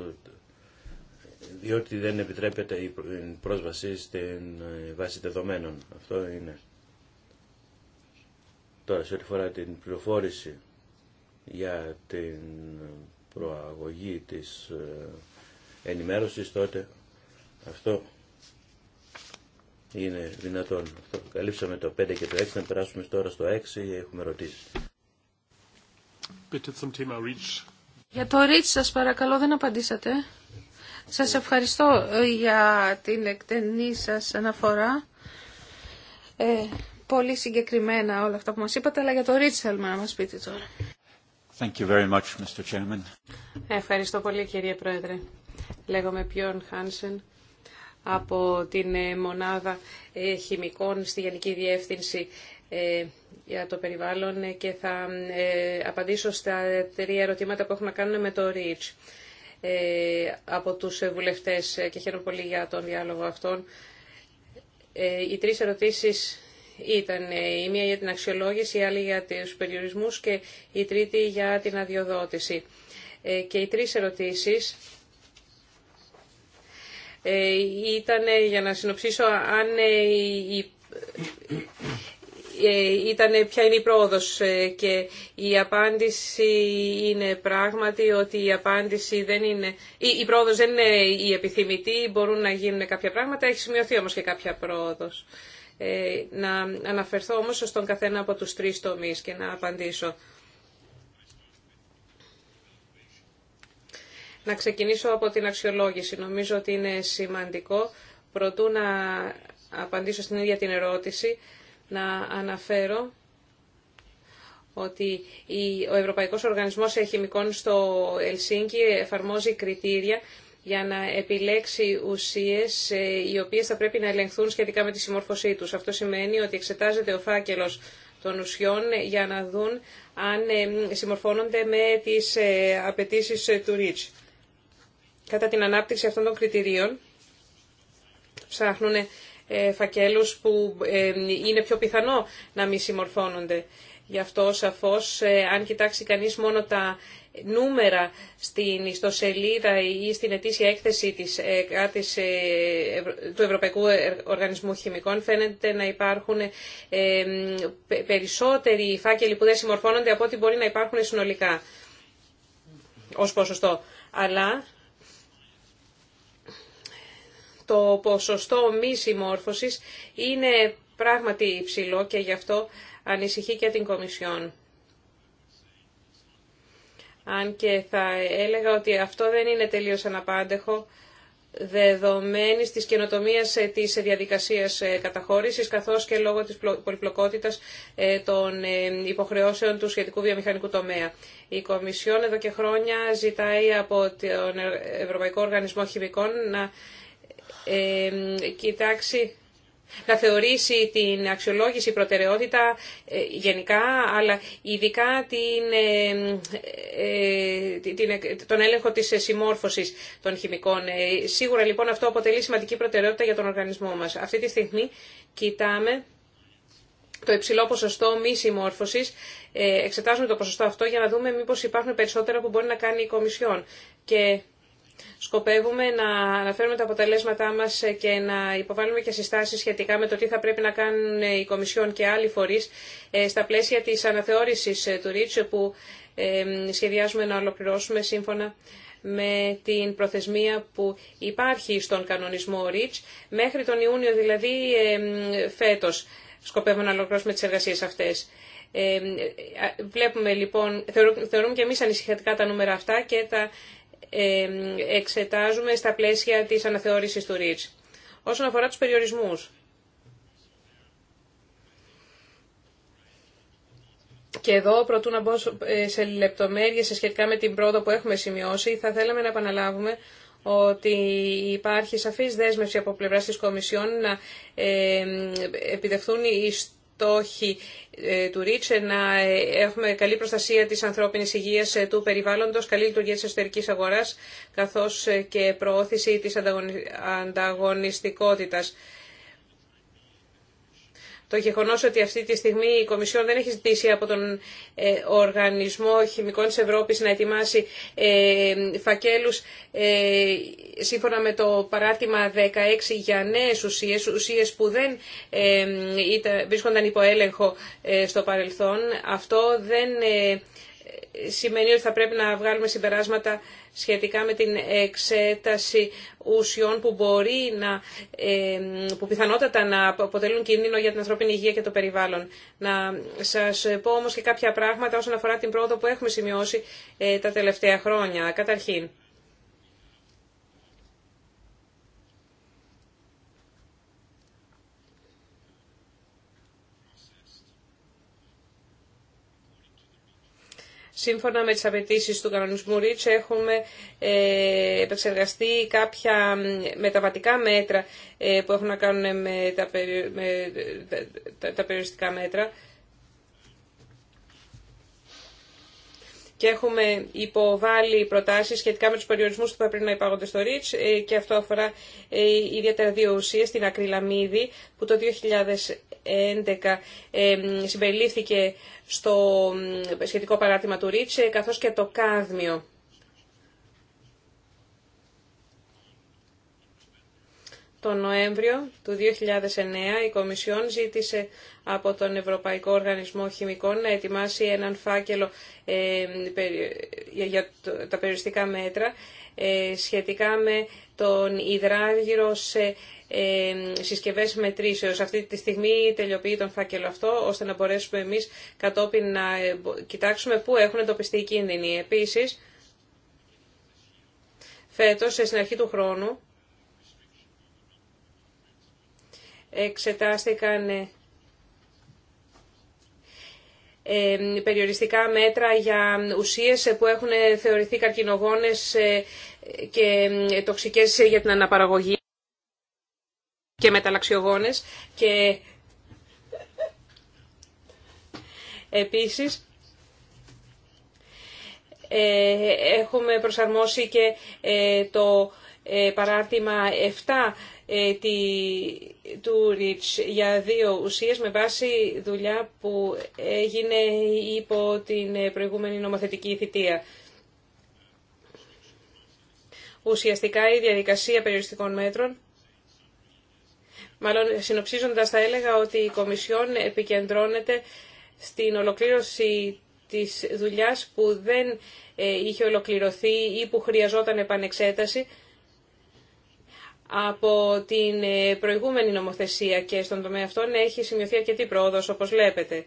[SPEAKER 3] διότι δεν επιτρέπεται η πρόσβαση στην βάση δεδομένων. Αυτό είναι Τώρα, σε ό,τι φορά την πληροφόρηση για την προαγωγή της ε, ενημέρωσης, τότε αυτό είναι δυνατόν. Αυτό καλύψαμε το 5 και το 6, να περάσουμε τώρα στο 6, έχουμε reach.
[SPEAKER 2] Για το REACH σας παρακαλώ δεν απαντήσατε. Σας ευχαριστώ ε, για την εκτενή σας αναφορά. Ε, πολύ συγκεκριμένα όλα αυτά που μας είπατε, αλλά για το Ρίτσελμα
[SPEAKER 4] να μας πείτε τώρα.
[SPEAKER 3] Thank you very much, Mr. Chairman.
[SPEAKER 4] Ευχαριστώ πολύ κύριε Πρόεδρε. Λέγομαι Πιόν Χάνσεν από την ε, Μονάδα ε, Χημικών στη Γενική Διεύθυνση ε, για το Περιβάλλον και θα απαντήσω στα τρία ερωτήματα που έχουν να κάνουν με το REACH από τους βουλευτές και χαίρομαι πολύ για τον διάλογο αυτόν. Οι τρεις ερωτήσεις ήταν ε, η μία για την αξιολόγηση, η άλλη για τους περιορισμούς και η τρίτη για την αδειοδότηση. Ε, και οι τρεις ερωτήσεις ε, ήταν, για να συνοψίσω, αν η ήταν ποια είναι η πρόοδος και η απάντηση είναι πράγματι ότι η απάντηση δεν είναι, η, η πρόοδος δεν είναι η επιθυμητή, μπορούν να γίνουν κάποια πράγματα, έχει σημειωθεί όμως και κάποια πρόοδος. Ε, να αναφερθώ όμως στον καθένα από τους τρεις τομείς και να απαντήσω. Να ξεκινήσω από την αξιολόγηση. Νομίζω ότι είναι σημαντικό, προτού να απαντήσω στην ίδια την ερώτηση, να αναφέρω ότι ο Ευρωπαϊκός Οργανισμός Χημικών στο Ελσίνκι εφαρμόζει κριτήρια για να επιλέξει ουσίες ε, οι οποίες θα πρέπει να ελεγχθούν σχετικά με τη συμμόρφωσή τους. Αυτό σημαίνει ότι εξετάζεται ο φάκελος των ουσιών για να δουν αν ε, συμμορφώνονται με τις ε, απαιτήσει του REACH. Κατά την ανάπτυξη αυτών των κριτηρίων ψάχνουν φακέλους που είναι πιο πιθανό να μη συμμορφώνονται. Γι' αυτό σαφώς αν κοιτάξει κανείς μόνο τα νούμερα στην ιστοσελίδα ή στην ετήσια έκθεση της, ε, του Ευρωπαϊκού Οργανισμού Χημικών φαίνεται να υπάρχουν ε, περισσότεροι φάκελοι που δεν συμμορφώνονται από ό,τι μπορεί να υπάρχουν συνολικά ως ποσοστό. Αλλά το ποσοστό μη συμμόρφωσης είναι πράγματι υψηλό και γι' αυτό ανησυχεί και την Κομισιόν αν και θα έλεγα ότι αυτό δεν είναι τελείως αναπάντεχο δεδομένης της καινοτομίας ε, της διαδικασίας ε, καταχώρησης καθώς και λόγω της πολυπλοκότητας ε, των υποχρεώσεων του σχετικού βιομηχανικού τομέα. Η Κομισιόν εδώ και χρόνια ζητάει από τον Ευρωπαϊκό Οργανισμό Χημικών να κοιτάξει να θεωρήσει την αξιολόγηση προτεραιότητα ε, γενικά, αλλά ειδικά την, ε, ε, τον έλεγχο της συμμόρφωσης των χημικών. Σίγουρα λοιπόν αυτό αποτελεί σημαντική προτεραιότητα για τον οργανισμό μας. Αυτή τη στιγμή κοιτάμε το υψηλό ποσοστό μη συμμόρφωσης, εξετάζουμε το ποσοστό αυτό για να δούμε μήπως υπάρχουν περισσότερα που μπορεί να κάνει η Κομισιόν. Και Σκοπεύουμε να αναφέρουμε τα αποτελέσματά μας και να υποβάλουμε και συστάσεις σχετικά με το τι θα πρέπει να κάνουν οι Κομισιόν και άλλοι φορεί ε, στα πλαίσια της αναθεώρησης ε, του ΡΙΤΣ που ε, σχεδιάζουμε να ολοκληρώσουμε σύμφωνα με την προθεσμία που υπάρχει στον κανονισμό ΡΙΤΣ μέχρι τον Ιούνιο δηλαδή φέτος σκοπεύουμε να ολοκληρώσουμε τις εργασίες αυτές. βλέπουμε λοιπόν, θεωρούμε, και εμείς ανησυχητικά τα νούμερα αυτά και τα εξετάζουμε στα πλαίσια της αναθεώρησης του ΡΙΤΣ. Όσον αφορά τους περιορισμούς και εδώ προτού να μπω ε, σε λεπτομέρειες σχετικά με την πρόοδο που έχουμε σημειώσει θα θέλαμε να επαναλάβουμε ότι υπάρχει σαφής δέσμευση από πλευράς της Κομισιόν να ε, επιδεχθούν οι στόχοι ε, του Ρίτσε να ε, έχουμε καλή προστασία της ανθρώπινης υγείας ε, του περιβάλλοντος, καλή λειτουργία της εσωτερικής αγοράς, καθώς και προώθηση της ανταγωνιστικότητας το γεγονός ότι αυτή τη στιγμή η Κομισιόν δεν έχει ζητήσει από τον ε, Οργανισμό Χημικών της Ευρώπης να ετοιμάσει ε, φακέλους ε, σύμφωνα με το παράρτημα 16 για νέες ουσίες, ουσίες που δεν βρίσκονταν υπό έλεγχο στο παρελθόν. Αυτό δεν σημαίνει ότι θα πρέπει να βγάλουμε συμπεράσματα σχετικά με την εξέταση ουσιών που μπορεί να, ε, που πιθανότατα να αποτελούν κίνδυνο για την ανθρώπινη υγεία και το περιβάλλον. Να σας πω όμως και κάποια πράγματα όσον αφορά την πρόοδο που έχουμε σημειώσει ε, τα τελευταία χρόνια. Καταρχήν, Σύμφωνα με τις απαιτήσει του κανονισμού ΡΙΤΣ έχουμε ε, επεξεργαστεί κάποια μεταβατικά μέτρα ε, που έχουν να κάνουν με τα, περι... περιοριστικά μέτρα και έχουμε υποβάλει προτάσεις σχετικά με τους περιορισμούς που πρέπει να υπάγονται στο ΡΙΤΣ ε, και αυτό αφορά ιδιαίτερα δύο ουσίες, την ακριλαμίδη που το συμπεριλήφθηκε στο σχετικό παράρτημα του Ρίτσε, καθώς και το κάδμιο. τον Νοέμβριο του 2009 η Κομισιόν ζήτησε από τον Ευρωπαϊκό Οργανισμό Χημικών να ετοιμάσει έναν φάκελο ε, για τα περιοριστικά μέτρα ε, σχετικά με τον υδράργυρο σε ε, συσκευές μετρήσεως. Αυτή τη στιγμή τελειοποιεί τον φάκελο αυτό, ώστε να μπορέσουμε εμείς κατόπιν να κοιτάξουμε πού έχουν εντοπιστεί οι κίνδυνοι. Επίσης, φέτος, σε συναρχή του χρόνου, εξετάστηκαν ε, ε, περιοριστικά μέτρα για ουσίες που έχουν θεωρηθεί καρκινογόνες ε, και τοξικές για την αναπαραγωγή και μεταλλαξιογόνες και επίσης έχουμε προσαρμόσει και το παράρτημα 7 ε, του ΡΙΤΣ για δύο ουσίες με βάση δουλειά που έγινε υπό την προηγούμενη νομοθετική θητεία. Ουσιαστικά η διαδικασία περιοριστικών μέτρων Μάλλον συνοψίζοντας θα έλεγα ότι η Κομισιόν επικεντρώνεται στην ολοκλήρωση της δουλειάς που δεν ε, είχε ολοκληρωθεί ή που χρειαζόταν επανεξέταση από την ε, προηγούμενη νομοθεσία και στον τομέα αυτόν έχει σημειωθεί αρκετή πρόοδος, όπως βλέπετε.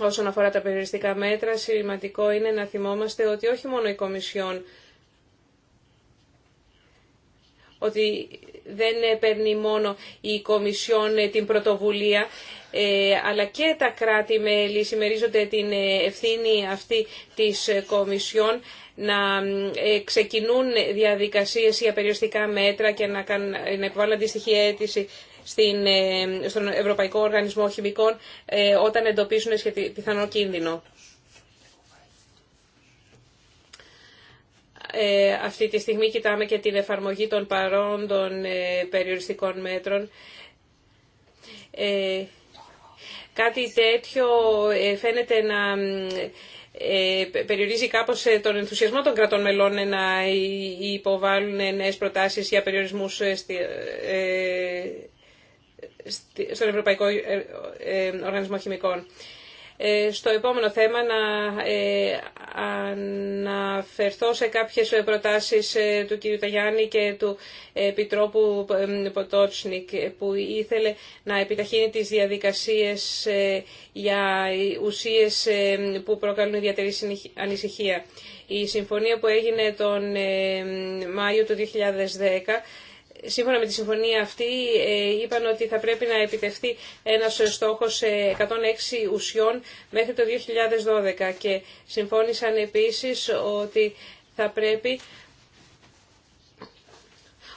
[SPEAKER 4] Όσον αφορά τα περιοριστικά μέτρα, σημαντικό είναι να θυμόμαστε ότι όχι μόνο η Κομισιόν ότι δεν παίρνει μόνο η Κομισιόν ε, την πρωτοβουλία, ε, αλλά και τα κράτη-μέλη συμμερίζονται την ευθύνη αυτή της Κομισιόν να ε, ξεκινούν διαδικασίες για περιοριστικά μέτρα και να, κάνουν, να επιβάλλουν αντίστοιχη αίτηση στην, ε, στον Ευρωπαϊκό Οργανισμό Χημικών ε, όταν εντοπίσουν σχετι, πιθανό κίνδυνο. Αυτή τη στιγμή κοιτάμε και την εφαρμογή των παρόντων περιοριστικών μέτρων. Κάτι τέτοιο φαίνεται να ε, περιορίζει κάπως ε, τον ενθουσιασμό των κρατών μελών ε, να υποβάλουν νέες προτάσεις για περιορισμούς στον Ευρωπαϊκό Οργανισμό Χημικών. Ε, στο επόμενο θέμα να ε, αναφερθώ σε κάποιες προτάσεις ε, του κ. Ταγιάννη και του Επιτρόπου Ποτότσνικ που ήθελε να επιταχύνει τις διαδικασίες για ουσίες που προκαλούν ιδιαίτερη ανησυχία. Η συμφωνία που έγινε τον Μάιο του 2010 σύμφωνα με τη συμφωνία αυτή ε, είπαν ότι θα πρέπει να επιτευχθεί ένας στόχος 106 ε, ουσιών μέχρι το 2012 και συμφώνησαν επίσης ότι θα πρέπει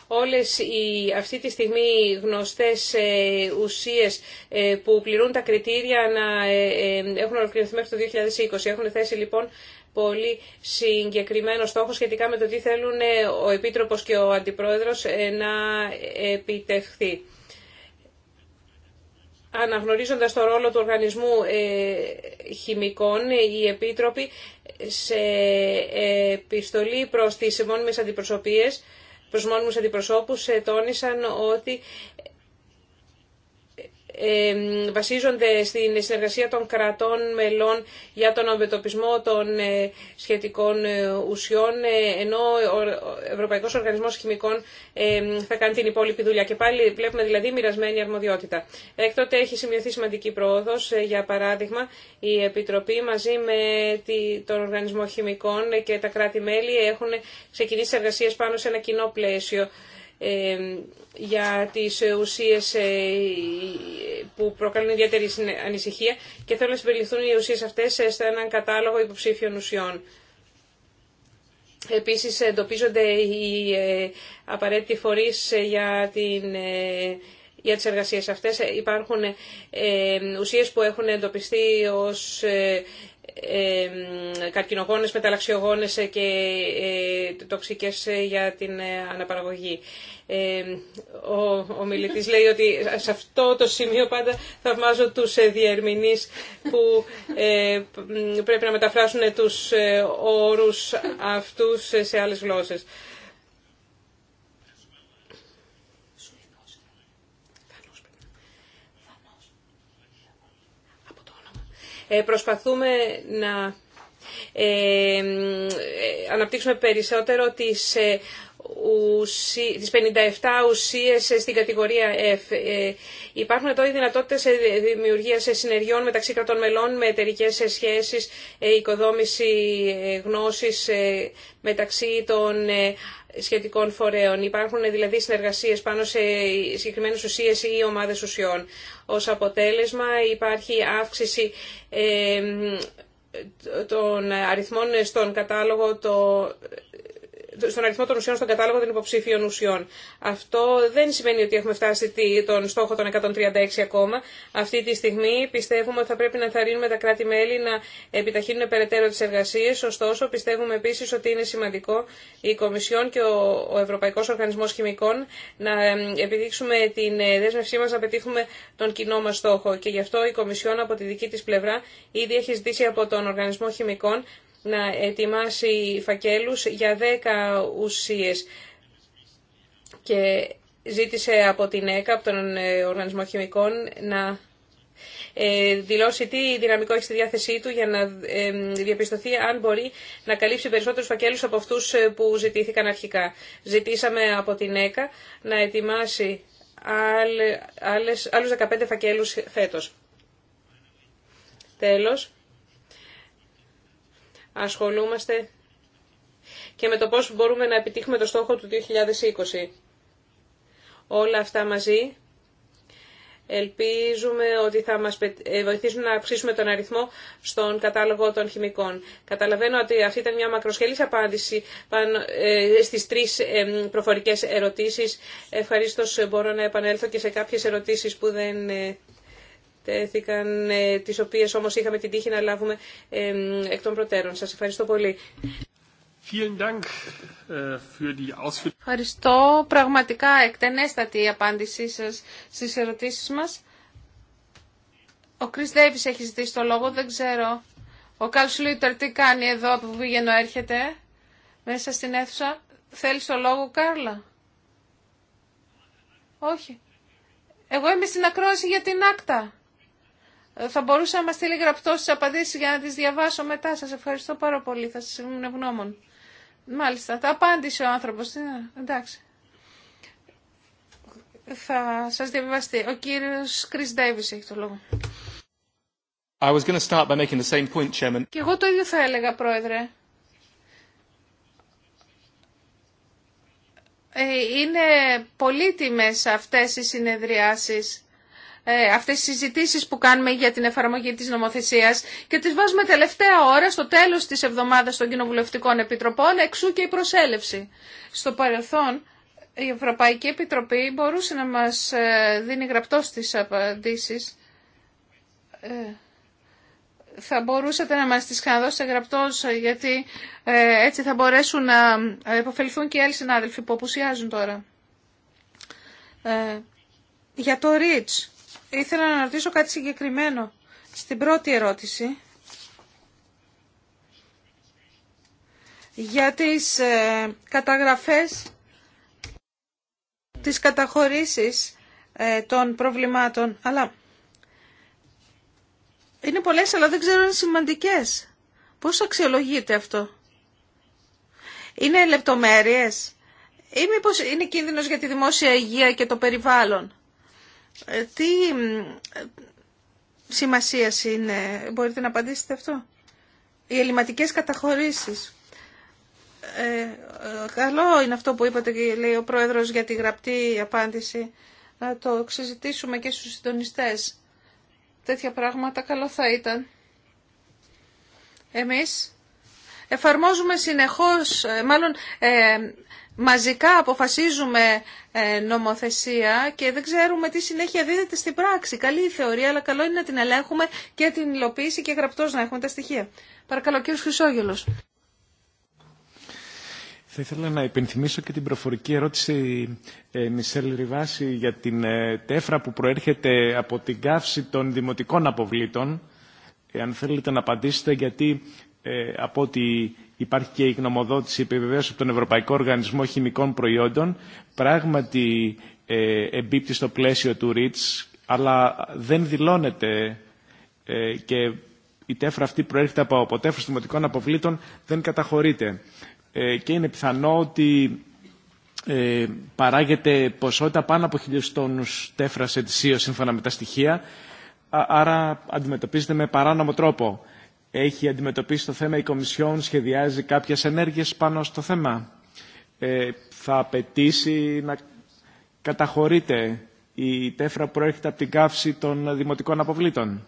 [SPEAKER 4] όλες οι αυτή τη στιγμή γνωστές ε, ουσίες που πληρούν τα κριτήρια να έχουν ολοκληρωθεί μέχρι το 2020. Έχουν θέσει λοιπόν πολύ συγκεκριμένο στόχο σχετικά με το τι θέλουν ε, ο Επίτροπος και ο Αντιπρόεδρος ε, να επιτευχθεί. Αναγνωρίζοντας το ρόλο του οργανισμού ε, χημικών, οι Επίτροποι σε επιστολή προς τις μόνιμες αντιπροσωπείες, προς μόνιμους αντιπροσώπους, τόνισαν ότι βασίζονται στην συνεργασία των κρατών μελών για τον αντιμετωπισμό των ε, σχετικών ε, ουσιών, ε, ενώ ο Ευρωπαϊκός Οργανισμός Χημικών θα κάνει την υπόλοιπη δουλειά. Και πάλι βλέπουμε δηλαδή μοιρασμένη αρμοδιότητα. Έκτοτε έχει σημειωθεί σημαντική πρόοδος, για παράδειγμα, η Επιτροπή μαζί με τον Οργανισμό Χημικών και τα κράτη-μέλη έχουν ξεκινήσει εργασίες πάνω σε ένα κοινό πλαίσιο για τις ε, ουσίες ε, που προκαλούν ιδιαίτερη ανησυχία και θέλω να συμπεριληφθούν οι ουσίες αυτές ε, σε έναν κατάλογο υποψήφιων ουσιών. Επίσης εντοπίζονται οι απαραίτητοι φορείς για, την, για τις εργασίες αυτές. Υπάρχουν ουσίες που έχουν εντοπιστεί ως καρκινογόνες, μεταλλαξιογόνες και τοξικές για την αναπαραγωγή. Ε, ο, ο λέει ότι σε αυτό το σημείο πάντα θαυμάζω τους ε, διερμηνεί που ε, πρέπει να μεταφράσουν τους όρους αυτούς σε άλλες γλώσσες. Προσπαθούμε να αναπτύξουμε περισσότερο τις τις 57 ουσίες στην κατηγορία F. Ε, υπάρχουν τώρα οι δυνατότητες ε, δημιουργίας ε, συνεργειών μεταξύ κρατών μελών με εταιρικέ σχέσεις, οικοδόμηση γνώσης μεταξύ των σχετικών φορέων. Υπάρχουν δηλαδή συνεργασίες πάνω σε συγκεκριμένε ουσίες ή ομάδες ουσιών. Ως αποτέλεσμα υπάρχει αύξηση των αριθμών στον κατάλογο το, στον αριθμό των ουσιών στον κατάλογο των υποψήφιων ουσιών. Αυτό δεν σημαίνει ότι έχουμε φτάσει τον στόχο των 136 ακόμα. Αυτή τη στιγμή πιστεύουμε ότι θα πρέπει να ενθαρρύνουμε τα κράτη-μέλη να επιταχύνουν περαιτέρω τι εργασίε. Ωστόσο, πιστεύουμε επίση ότι είναι σημαντικό η Κομισιόν και ο Ευρωπαϊκό Οργανισμό Χημικών να επιδείξουμε την ε, δέσμευσή μα να πετύχουμε τον κοινό μα στόχο. Και γι' αυτό η Κομισιόν από τη δική τη πλευρά ήδη έχει ζητήσει από τον Οργανισμό Χημικών να ετοιμάσει φακέλους για 10 ουσίες και ζήτησε από την ΕΚΑ, από τον ε, Οργανισμό Χημικών, να ε, δηλώσει τι δυναμικό έχει στη διάθεσή του για να ε, διαπιστωθεί αν μπορεί να καλύψει περισσότερους φακέλους από αυτούς που ζητήθηκαν αρχικά. Ζητήσαμε από την ΕΚΑ να ετοιμάσει άλλες, άλλους 15 φακέλους φέτος. Τέλος, ασχολούμαστε και με το πώς μπορούμε να επιτύχουμε το στόχο του 2020. Όλα αυτά μαζί ελπίζουμε ότι θα μας ε, βοηθήσουν να αυξήσουμε τον αριθμό στον κατάλογο των χημικών. Καταλαβαίνω ότι αυτή ήταν μια μακροσχελής απάντηση ε, στις τρεις προφορικές ερωτήσεις. Ευχαριστώ μπορώ να επανέλθω και σε κάποιες ερωτήσεις που δεν ε, τέθηκαν, ε, τις οποίες όμως είχαμε την τύχη να λάβουμε ε, εκ των προτέρων. Σας ευχαριστώ πολύ.
[SPEAKER 1] Ε,
[SPEAKER 2] ευχαριστώ πραγματικά εκτενέστατη η απάντησή σας στις ερωτήσεις μας. Ο Κρίς Δέβης έχει ζητήσει το λόγο, δεν ξέρω. Ο Καλ Σλούιτερ τι κάνει εδώ από που πήγαινε έρχεται μέσα στην αίθουσα. Θέλεις το λόγο Κάρλα. Όχι. Εγώ είμαι στην ακρόαση για την άκτα. Ε, θα μπορούσα να μα στείλει γραπτό στι απαντήσει για να τι διαβάσω μετά. Σας ευχαριστώ πάρα πολύ. Θα σα ήμουν ευγνώμων. Μάλιστα. Τα απάντησε ο άνθρωπος. Εντάξει. Θα σας διαβιβαστεί. Ο κύριο Κρι Ντέιβις έχει το λόγο.
[SPEAKER 5] I was going to start by making the same point, Chairman.
[SPEAKER 2] Και εγώ το ίδιο θα έλεγα, Πρόεδρε. Ε, είναι πολύτιμες αυτές οι συνεδριάσεις ε, αυτές τις συζητήσεις που κάνουμε για την εφαρμογή της νομοθεσίας και τις βάζουμε τελευταία ώρα στο τέλος της εβδομάδας των Κοινοβουλευτικών Επιτροπών, εξού και η προσέλευση. Στο παρελθόν, η Ευρωπαϊκή Επιτροπή μπορούσε να μας ε, δίνει γραπτό τις απαντήσεις. Ε, θα μπορούσατε να μας τις ξαναδώσετε γραπτός, γιατί έτσι θα μπορέσουν να υποφελθούν και οι άλλοι συνάδελφοι που απουσιάζουν τώρα. Για το REACH ήθελα να ρωτήσω κάτι συγκεκριμένο. Στην πρώτη ερώτηση, για τις ε, καταγραφές, τις καταχωρήσεις ε, των προβλημάτων. Αλλά είναι πολλές, αλλά δεν ξέρω αν είναι σημαντικές. Πώς αξιολογείται αυτό. Είναι λεπτομέρειες ή μήπως είναι κίνδυνος για τη δημόσια υγεία και το περιβάλλον. Ε, τι σημασία είναι, μπορείτε να απαντήσετε αυτό. Οι ελληματικές καταχωρήσεις. Ε, καλό είναι αυτό που είπατε και λέει ο Πρόεδρος για τη γραπτή απάντηση. Να το συζητήσουμε και στους συντονιστές. Τέτοια πράγματα καλό θα ήταν. Εμείς εφαρμόζουμε συνεχώς, ε, μάλλον ε, μαζικά αποφασίζουμε ε, νομοθεσία και δεν ξέρουμε τι συνέχεια δίδεται στην πράξη. Καλή η θεωρία, αλλά καλό είναι να την ελέγχουμε και την υλοποίηση και γραπτός να έχουμε τα στοιχεία. Παρακαλώ, κύριος Χρυσόγελος.
[SPEAKER 5] Θα ήθελα να υπενθυμίσω και την προφορική ερώτηση ε, Μισελ Ριβάση για την ε, τέφρα που προέρχεται από την καύση των δημοτικών αποβλήτων. Ε, αν θέλετε να απαντήσετε γιατί ε, από ότι υπάρχει και η γνωμοδότηση επιβεβαίωση από τον Ευρωπαϊκό Οργανισμό Χημικών Προϊόντων, πράγματι ε, εμπίπτει στο πλαίσιο του ΡΙΤΣ, αλλά δεν δηλώνεται ε, και η τέφρα αυτή προέρχεται από αποτέφρωση δημοτικών αποβλήτων, δεν καταχωρείται. Ε, και είναι πιθανό ότι ε, παράγεται ποσότητα πάνω από χιλίους τόνους τέφρας ετησίως σύμφωνα με τα στοιχεία, άρα αντιμετωπίζεται με παράνομο τρόπο έχει αντιμετωπίσει το θέμα η Κομισιόν, σχεδιάζει κάποιες ενέργειες πάνω στο θέμα. Ε, θα απαιτήσει να καταχωρείται η τέφρα που προέρχεται από την καύση των δημοτικών αποβλήτων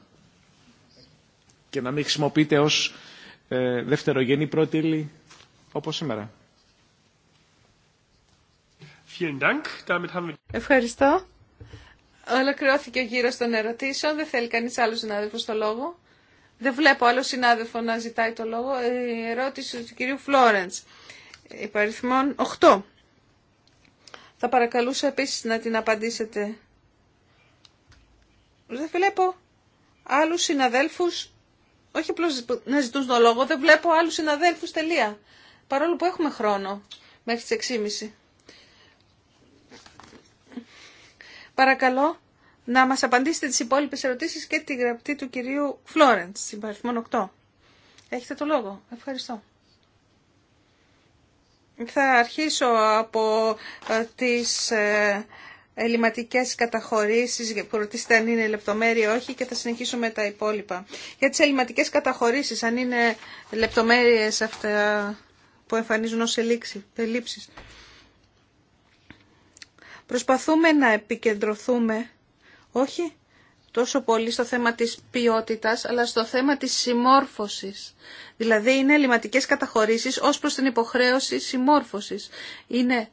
[SPEAKER 5] και να μην χρησιμοποιείται ως ε, δευτερογενή πρώτη ύλη όπως σήμερα. Ευχαριστώ.
[SPEAKER 2] Ολοκληρώθηκε ο γύρος των ερωτήσεων. Δεν θέλει κανείς άλλος συνάδελφος το λόγο. Δεν βλέπω άλλο συνάδελφο να ζητάει το λόγο. Ε, η ερώτηση του κυρίου Φλόρεντς, υπαριθμών 8. Θα παρακαλούσα επίσης να την απαντήσετε. Δεν βλέπω άλλους συναδέλφους, όχι απλώ να ζητούν το λόγο, δεν βλέπω άλλους συναδέλφους, τελεία. Παρόλο που έχουμε χρόνο μέχρι τις 6.30. Παρακαλώ να μας απαντήσετε τις υπόλοιπες ερωτήσεις και τη γραπτή του κυρίου Φλόρεντς, συμπαριθμόν 8. Έχετε το λόγο. Ευχαριστώ. Θα αρχίσω από ε, τις ε, ελληματικές καταχωρήσεις, που ρωτήσετε αν είναι λεπτομέρεια όχι και θα συνεχίσω με τα υπόλοιπα. Για τις ελληματικές καταχωρήσεις, αν είναι λεπτομέρειες αυτά που εμφανίζουν ως ελλείψεις. Προσπαθούμε να επικεντρωθούμε όχι τόσο πολύ στο θέμα της ποιότητας, αλλά στο θέμα της συμμόρφωσης. Δηλαδή είναι ελληματικές καταχωρήσεις ως προς την υποχρέωση συμμόρφωσης. Είναι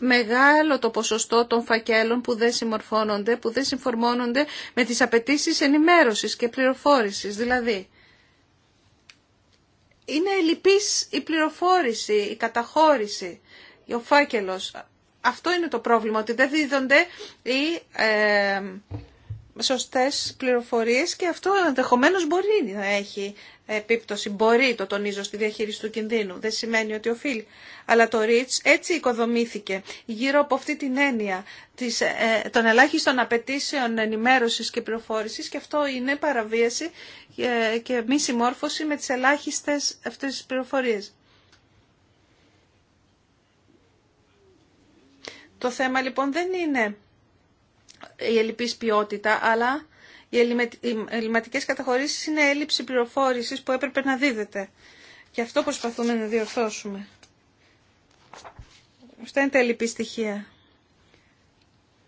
[SPEAKER 2] μεγάλο το ποσοστό των φακέλων που δεν συμμορφώνονται, που δεν συμφορμώνονται με τις απαιτήσεις ενημέρωσης και πληροφόρησης. Δηλαδή, είναι ελλειπής η πληροφόρηση, η καταχώρηση, ο φάκελος. Αυτό είναι το πρόβλημα, ότι δεν δίδονται οι ε, σωστές πληροφορίες και αυτό ενδεχομένω μπορεί να έχει επίπτωση. Μπορεί, το τονίζω, στη διαχείριση του κινδύνου. Δεν σημαίνει ότι οφείλει. Αλλά το REACH έτσι οικοδομήθηκε γύρω από αυτή την έννοια της, ε, των ελάχιστων απαιτήσεων ενημέρωσης και πληροφόρησης και αυτό είναι παραβίαση και, ε, και μη συμμόρφωση με τις ελάχιστες αυτές τις πληροφορίες. Το θέμα λοιπόν δεν είναι η ελλειπής ποιότητα, αλλά οι ελληματικές καταχωρήσεις είναι έλλειψη πληροφόρησης που έπρεπε να δίδεται. Και αυτό προσπαθούμε να διορθώσουμε. Αυτά είναι τα ελλειπή στοιχεία.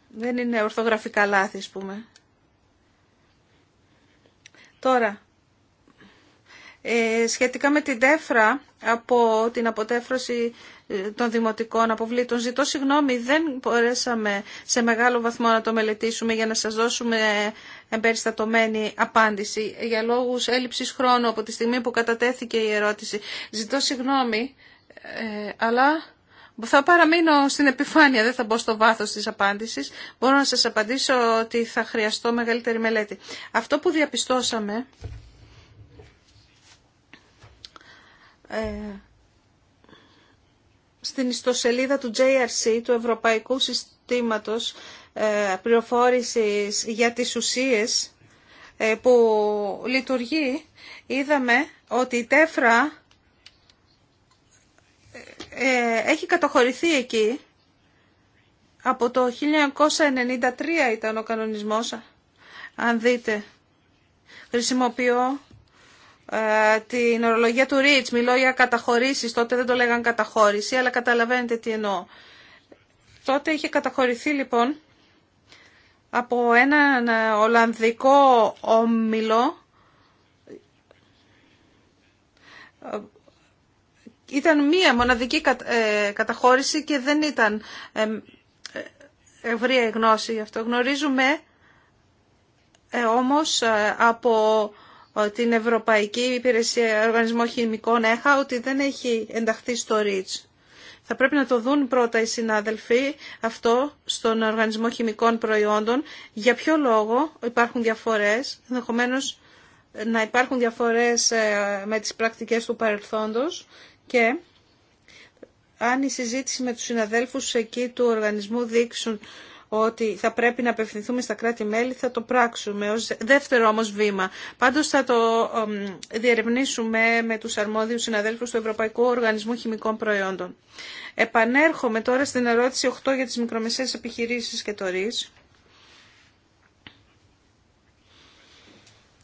[SPEAKER 2] Δεν είναι ορθογραφικά λάθη, ας πούμε. Τώρα, ε, σχετικά με την τέφρα από την αποτέφρωση ε, των δημοτικών αποβλήτων. Ζητώ συγγνώμη, δεν μπορέσαμε σε μεγάλο βαθμό να το μελετήσουμε για να σας δώσουμε εμπεριστατωμένη απάντηση για λόγους έλλειψης χρόνου από τη στιγμή που κατατέθηκε η ερώτηση. Ζητώ συγγνώμη, ε, αλλά θα παραμείνω στην επιφάνεια, δεν θα μπω στο βάθος της απάντησης. Μπορώ να σας απαντήσω ότι θα χρειαστώ μεγαλύτερη μελέτη. Αυτό που διαπιστώσαμε Ε, στην ιστοσελίδα του JRC, του Ευρωπαϊκού Συστήματος ε, Πληροφόρησης για τις Ουσίες ε, που λειτουργεί, είδαμε ότι η τέφρα έχει κατοχωρηθεί εκεί. Από το 1993 ήταν ο κανονισμός, αν δείτε. Χρησιμοποιώ ε, την ορολογία του Ρίτς. Μιλώ για καταχωρήσεις. Τότε δεν το λέγαν καταχώρηση, αλλά καταλαβαίνετε τι εννοώ. Τότε είχε καταχωρηθεί λοιπόν από έναν Ολλανδικό όμιλο ήταν μία μοναδική ε, καταχώρηση και δεν ήταν ε, ευρία η γνώση γι' αυτό. Γνωρίζουμε όμως από την Ευρωπαϊκή Υπηρεσία Οργανισμό Χημικών ΕΧΑ ότι δεν έχει ενταχθεί στο ΡΙΤΣ. Θα πρέπει να το δουν πρώτα οι συνάδελφοι αυτό στον Οργανισμό Χημικών Προϊόντων. Για ποιο λόγο υπάρχουν διαφορές, ενδεχομένω να υπάρχουν διαφορές ε, με τις πρακτικές του παρελθόντος και αν η συζήτηση με τους συναδέλφους εκεί του οργανισμού δείξουν ότι θα πρέπει να απευθυνθούμε στα κράτη-μέλη, θα το πράξουμε ως δεύτερο όμως βήμα. Πάντως θα το διερευνήσουμε με τους αρμόδιους συναδέλφους του Ευρωπαϊκού Οργανισμού Χημικών Προϊόντων. Επανέρχομαι τώρα στην ερώτηση 8 για τις μικρομεσαίες επιχειρήσεις και το ΡΙΣ.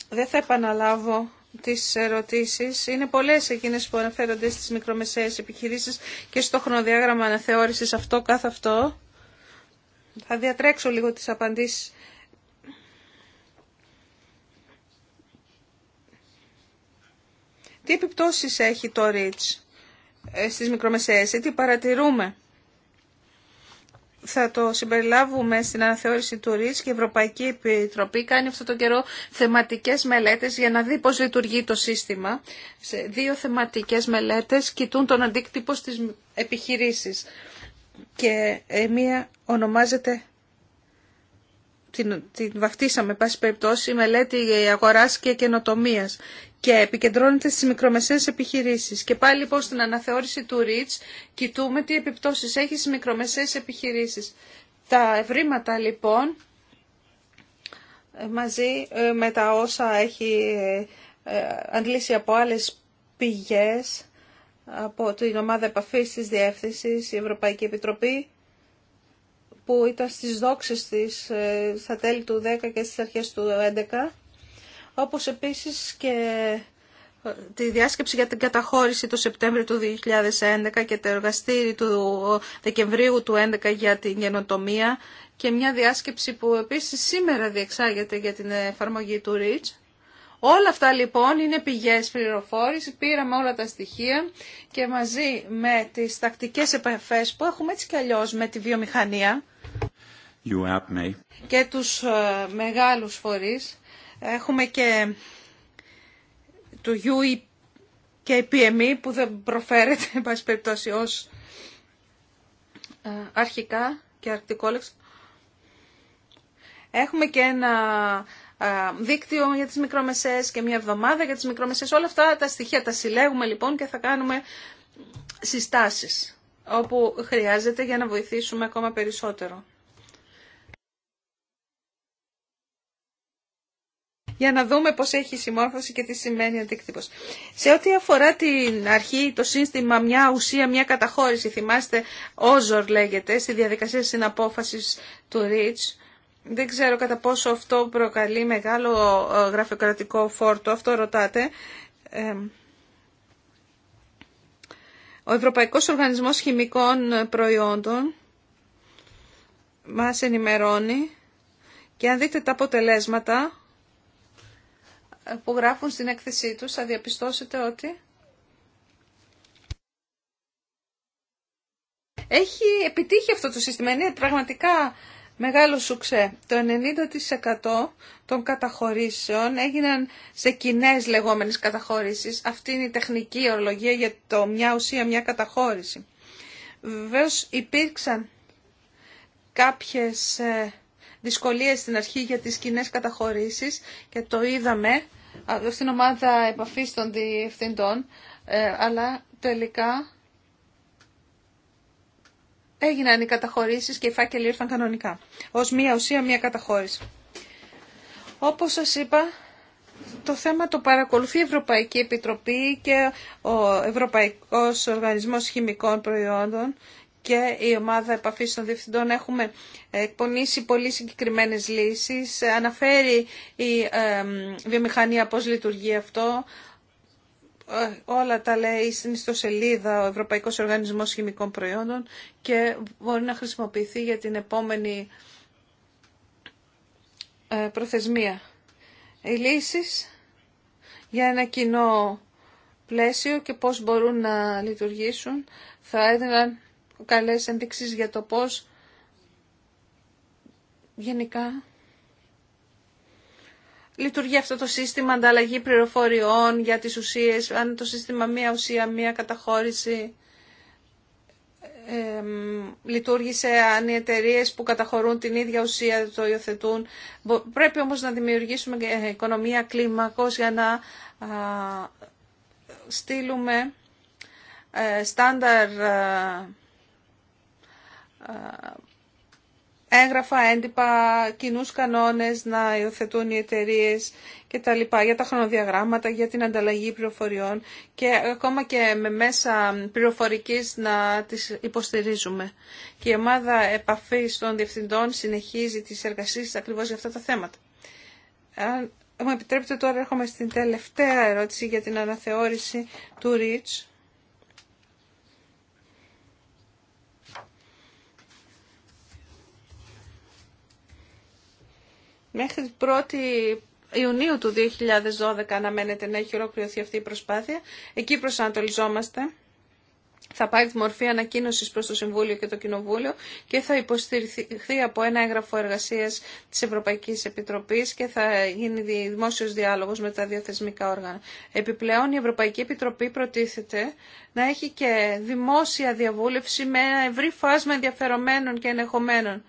[SPEAKER 2] Δεν θα επαναλάβω τις ερωτήσεις. Είναι πολλές εκείνες που αναφέρονται στις μικρομεσαίες επιχειρήσεις και στο χρονοδιάγραμμα αναθεώρησης αυτό καθ' αυτό. Θα διατρέξω λίγο τις απαντήσεις. Τι επιπτώσεις έχει το REACH ε, στις μικρομεσαίες τι παρατηρούμε. Θα το συμπεριλάβουμε στην αναθεώρηση του ΡΙΣ και η Ευρωπαϊκή Επιτροπή κάνει αυτό το καιρό θεματικές μελέτες για να δει πώς λειτουργεί το σύστημα. Σε δύο θεματικές μελέτες κοιτούν τον αντίκτυπο στις επιχειρήσεις και ε, μία ονομάζεται την, την βαφτίσαμε πάση περιπτώσει μελέτη αγοράς και καινοτομίας και επικεντρώνεται στις μικρομεσαίες επιχειρήσεις. Και πάλι λοιπόν στην αναθεώρηση του REACH κοιτούμε τι επιπτώσεις έχει στις μικρομεσαίες επιχειρήσεις. Τα ευρήματα λοιπόν ε, μαζί ε, με τα όσα έχει αντλήσει από άλλες πηγές από την ομάδα επαφής της Διεύθυνσης, η Ευρωπαϊκή Επιτροπή, που ήταν στις δόξες της ε, στα τέλη του 10 και στις αρχές του 11, όπως επίσης και ε, τη διάσκεψη για την καταχώρηση το Σεπτέμβριο του 2011 και το εργαστήρι του Δεκεμβρίου του 2011 για την γενοτομία και μια διάσκεψη που επίσης σήμερα διεξάγεται για την εφαρμογή του REACH Όλα αυτά λοιπόν είναι πηγές πληροφόρηση, πήραμε όλα τα στοιχεία και μαζί με τις τακτικές επαφές που έχουμε έτσι κι αλλιώς με τη βιομηχανία και τους ε, μεγάλους φορείς, έχουμε και το UE και PME που δεν προφέρεται εν πάση περιπτώσει ως ε, αρχικά και αρκτικόλεξη, Έχουμε και ένα δίκτυο για τις μικρομεσαίες και μια εβδομάδα για τις μικρομεσαίες. Όλα αυτά τα στοιχεία τα συλλέγουμε λοιπόν και θα κάνουμε συστάσεις όπου χρειάζεται για να βοηθήσουμε ακόμα περισσότερο. για να δούμε πώς έχει η συμμόρφωση και τι σημαίνει αντίκτυπος. Σε ό,τι αφορά την αρχή, το σύστημα, μια ουσία, μια καταχώρηση, θυμάστε, όζορ λέγεται, στη διαδικασία συναπόφασης του Ριτς δεν ξέρω κατά πόσο αυτό προκαλεί μεγάλο ε, γραφειοκρατικό φόρτο, αυτό ρωτάτε. Ε, ο Ευρωπαϊκός Οργανισμός Χημικών Προϊόντων μας ενημερώνει και αν δείτε τα αποτελέσματα που γράφουν στην έκθεσή τους θα διαπιστώσετε ότι έχει επιτύχει αυτό το σύστημα. Είναι πραγματικά μεγάλο σουξέ. Το 90% των καταχωρήσεων έγιναν σε κοινέ λεγόμενες καταχωρήσει. Αυτή είναι η τεχνική ορολογία για το μια ουσία, μια καταχώρηση. Βεβαίω υπήρξαν κάποιες ε, δυσκολίες στην αρχή για τις κοινέ καταχωρήσει και το είδαμε στην ομάδα επαφή των διευθυντών, ε, αλλά τελικά έγιναν οι καταχωρήσει και οι φάκελοι ήρθαν κανονικά. ω μία ουσία μία καταχώρηση. Όπως σα είπα, το θέμα το παρακολουθεί η Ευρωπαϊκή Επιτροπή και ο Ευρωπαϊκός Οργανισμός Χημικών Προϊόντων και η ομάδα Επαφή των διευθυντών έχουμε εκπονήσει πολύ συγκεκριμένες λύσεις. Αναφέρει η βιομηχανία πώς λειτουργεί αυτό, όλα τα λέει στην ιστοσελίδα ο Ευρωπαϊκός Οργανισμός Χημικών Προϊόντων και μπορεί να χρησιμοποιηθεί για την επόμενη ε, προθεσμία. Οι λύσεις για ένα κοινό πλαίσιο και πώς μπορούν να λειτουργήσουν θα έδιναν καλές ενδείξεις για το πώς γενικά λειτουργεί αυτό το σύστημα ανταλλαγή πληροφοριών για τις ουσίες, αν το σύστημα μία ουσία, μία καταχώρηση ε, λειτουργήσε, αν οι εταιρείε που καταχωρούν την ίδια ουσία το υιοθετούν. Πρέπει όμως να δημιουργήσουμε ε, οικονομία κλίμακος για να α, στείλουμε ε, στάνταρ ε, έγγραφα, έντυπα, κοινού κανόνε να υιοθετούν οι εταιρείε και τα λοιπά, για τα χρονοδιαγράμματα, για την ανταλλαγή πληροφοριών και ακόμα και με μέσα πληροφορικής να τις υποστηρίζουμε. Και η ομάδα επαφής των διευθυντών συνεχίζει τις εργασίες ακριβώς για αυτά τα θέματα. Αν μου επιτρέπετε τώρα έρχομαι στην τελευταία ερώτηση για την αναθεώρηση του REACH Μέχρι την 1η Ιουνίου του 2012 αναμένεται να έχει ολοκληρωθεί αυτή η προσπάθεια. Εκεί προσανατολιζόμαστε. Θα πάρει τη μορφή ανακοίνωση προ το Συμβούλιο και το Κοινοβούλιο και θα υποστηριχθεί από ένα έγγραφο εργασία τη Ευρωπαϊκή Επιτροπή και θα γίνει δημόσιο διάλογο με τα δύο θεσμικά όργανα. Επιπλέον, η Ευρωπαϊκή Επιτροπή προτίθεται να έχει και δημόσια διαβούλευση με ένα ευρύ φάσμα ενδιαφερομένων και ενεχομένων.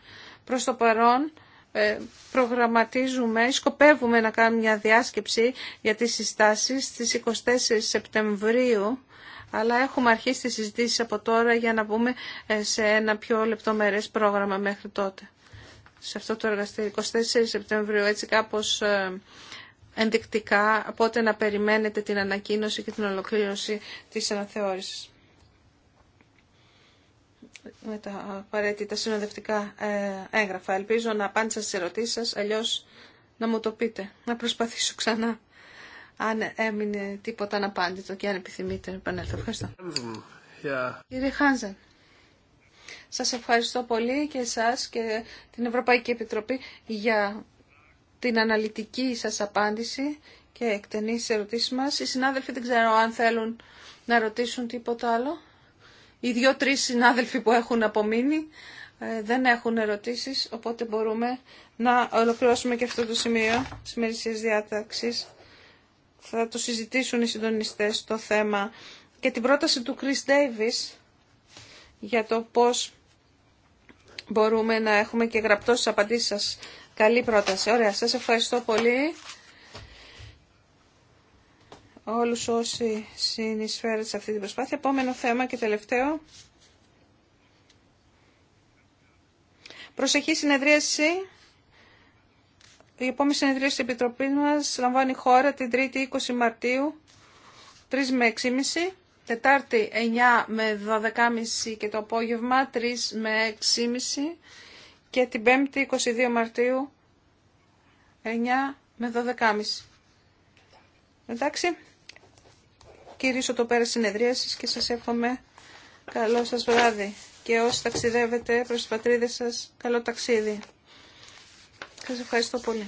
[SPEAKER 2] Προ το παρόν, ε, προγραμματίζουμε, σκοπεύουμε να κάνουμε μια διάσκεψη για τις συστάσεις στις 24 Σεπτεμβρίου αλλά έχουμε αρχίσει τις συζητήσεις από τώρα για να μπούμε ε, σε ένα πιο λεπτομερές πρόγραμμα μέχρι τότε. Σε αυτό το εργαστήριο, 24 Σεπτεμβρίου, έτσι κάπως ε, ενδεικτικά, πότε να περιμένετε την ανακοίνωση και την ολοκλήρωση της αναθεώρησης με τα απαραίτητα συνοδευτικά ε, έγγραφα. Ελπίζω να απάντησα στις ερωτήσεις σας, αλλιώς να μου το πείτε. Να προσπαθήσω ξανά. Αν έμεινε τίποτα αναπάντητο και αν επιθυμείτε, επανέλθω. Ευχαριστώ. Yeah. Κύριε Χάνζεν, σας ευχαριστώ πολύ και εσάς και την Ευρωπαϊκή Επιτροπή για την αναλυτική σας απάντηση και εκτενείς ερωτήσεις μας. Οι συνάδελφοι δεν ξέρω αν θέλουν να ρωτήσουν τίποτα άλλο. Οι δύο-τρεις συνάδελφοι που έχουν απομείνει ε, δεν έχουν ερωτήσεις, οπότε μπορούμε να ολοκληρώσουμε και αυτό το σημείο της μερισίας διάταξης. Θα το συζητήσουν οι συντονιστές το θέμα και την πρόταση του Chris Davis για το πώς μπορούμε να έχουμε και γραπτό απαντήσεις σας. Καλή πρόταση. Ωραία, σας ευχαριστώ πολύ όλους όσοι συνεισφέρετε σε αυτή την προσπάθεια. Επόμενο θέμα και τελευταίο. Προσεχή συνεδρίαση. Η επόμενη συνεδρίαση της Επιτροπής μας λαμβάνει χώρα την 3η 20 Μαρτίου, 3 με 6.30. Τετάρτη 9 με 12.30 και το απόγευμα 3 με 6.30 και την 5η 22 Μαρτίου 9 με 12.30. Εντάξει κηρύσω το πέρα συνεδρίασης και σας εύχομαι καλό σας βράδυ. Και όσοι ταξιδεύετε προς τις πατρίδες σας, καλό ταξίδι. Σας ευχαριστώ
[SPEAKER 5] πολύ.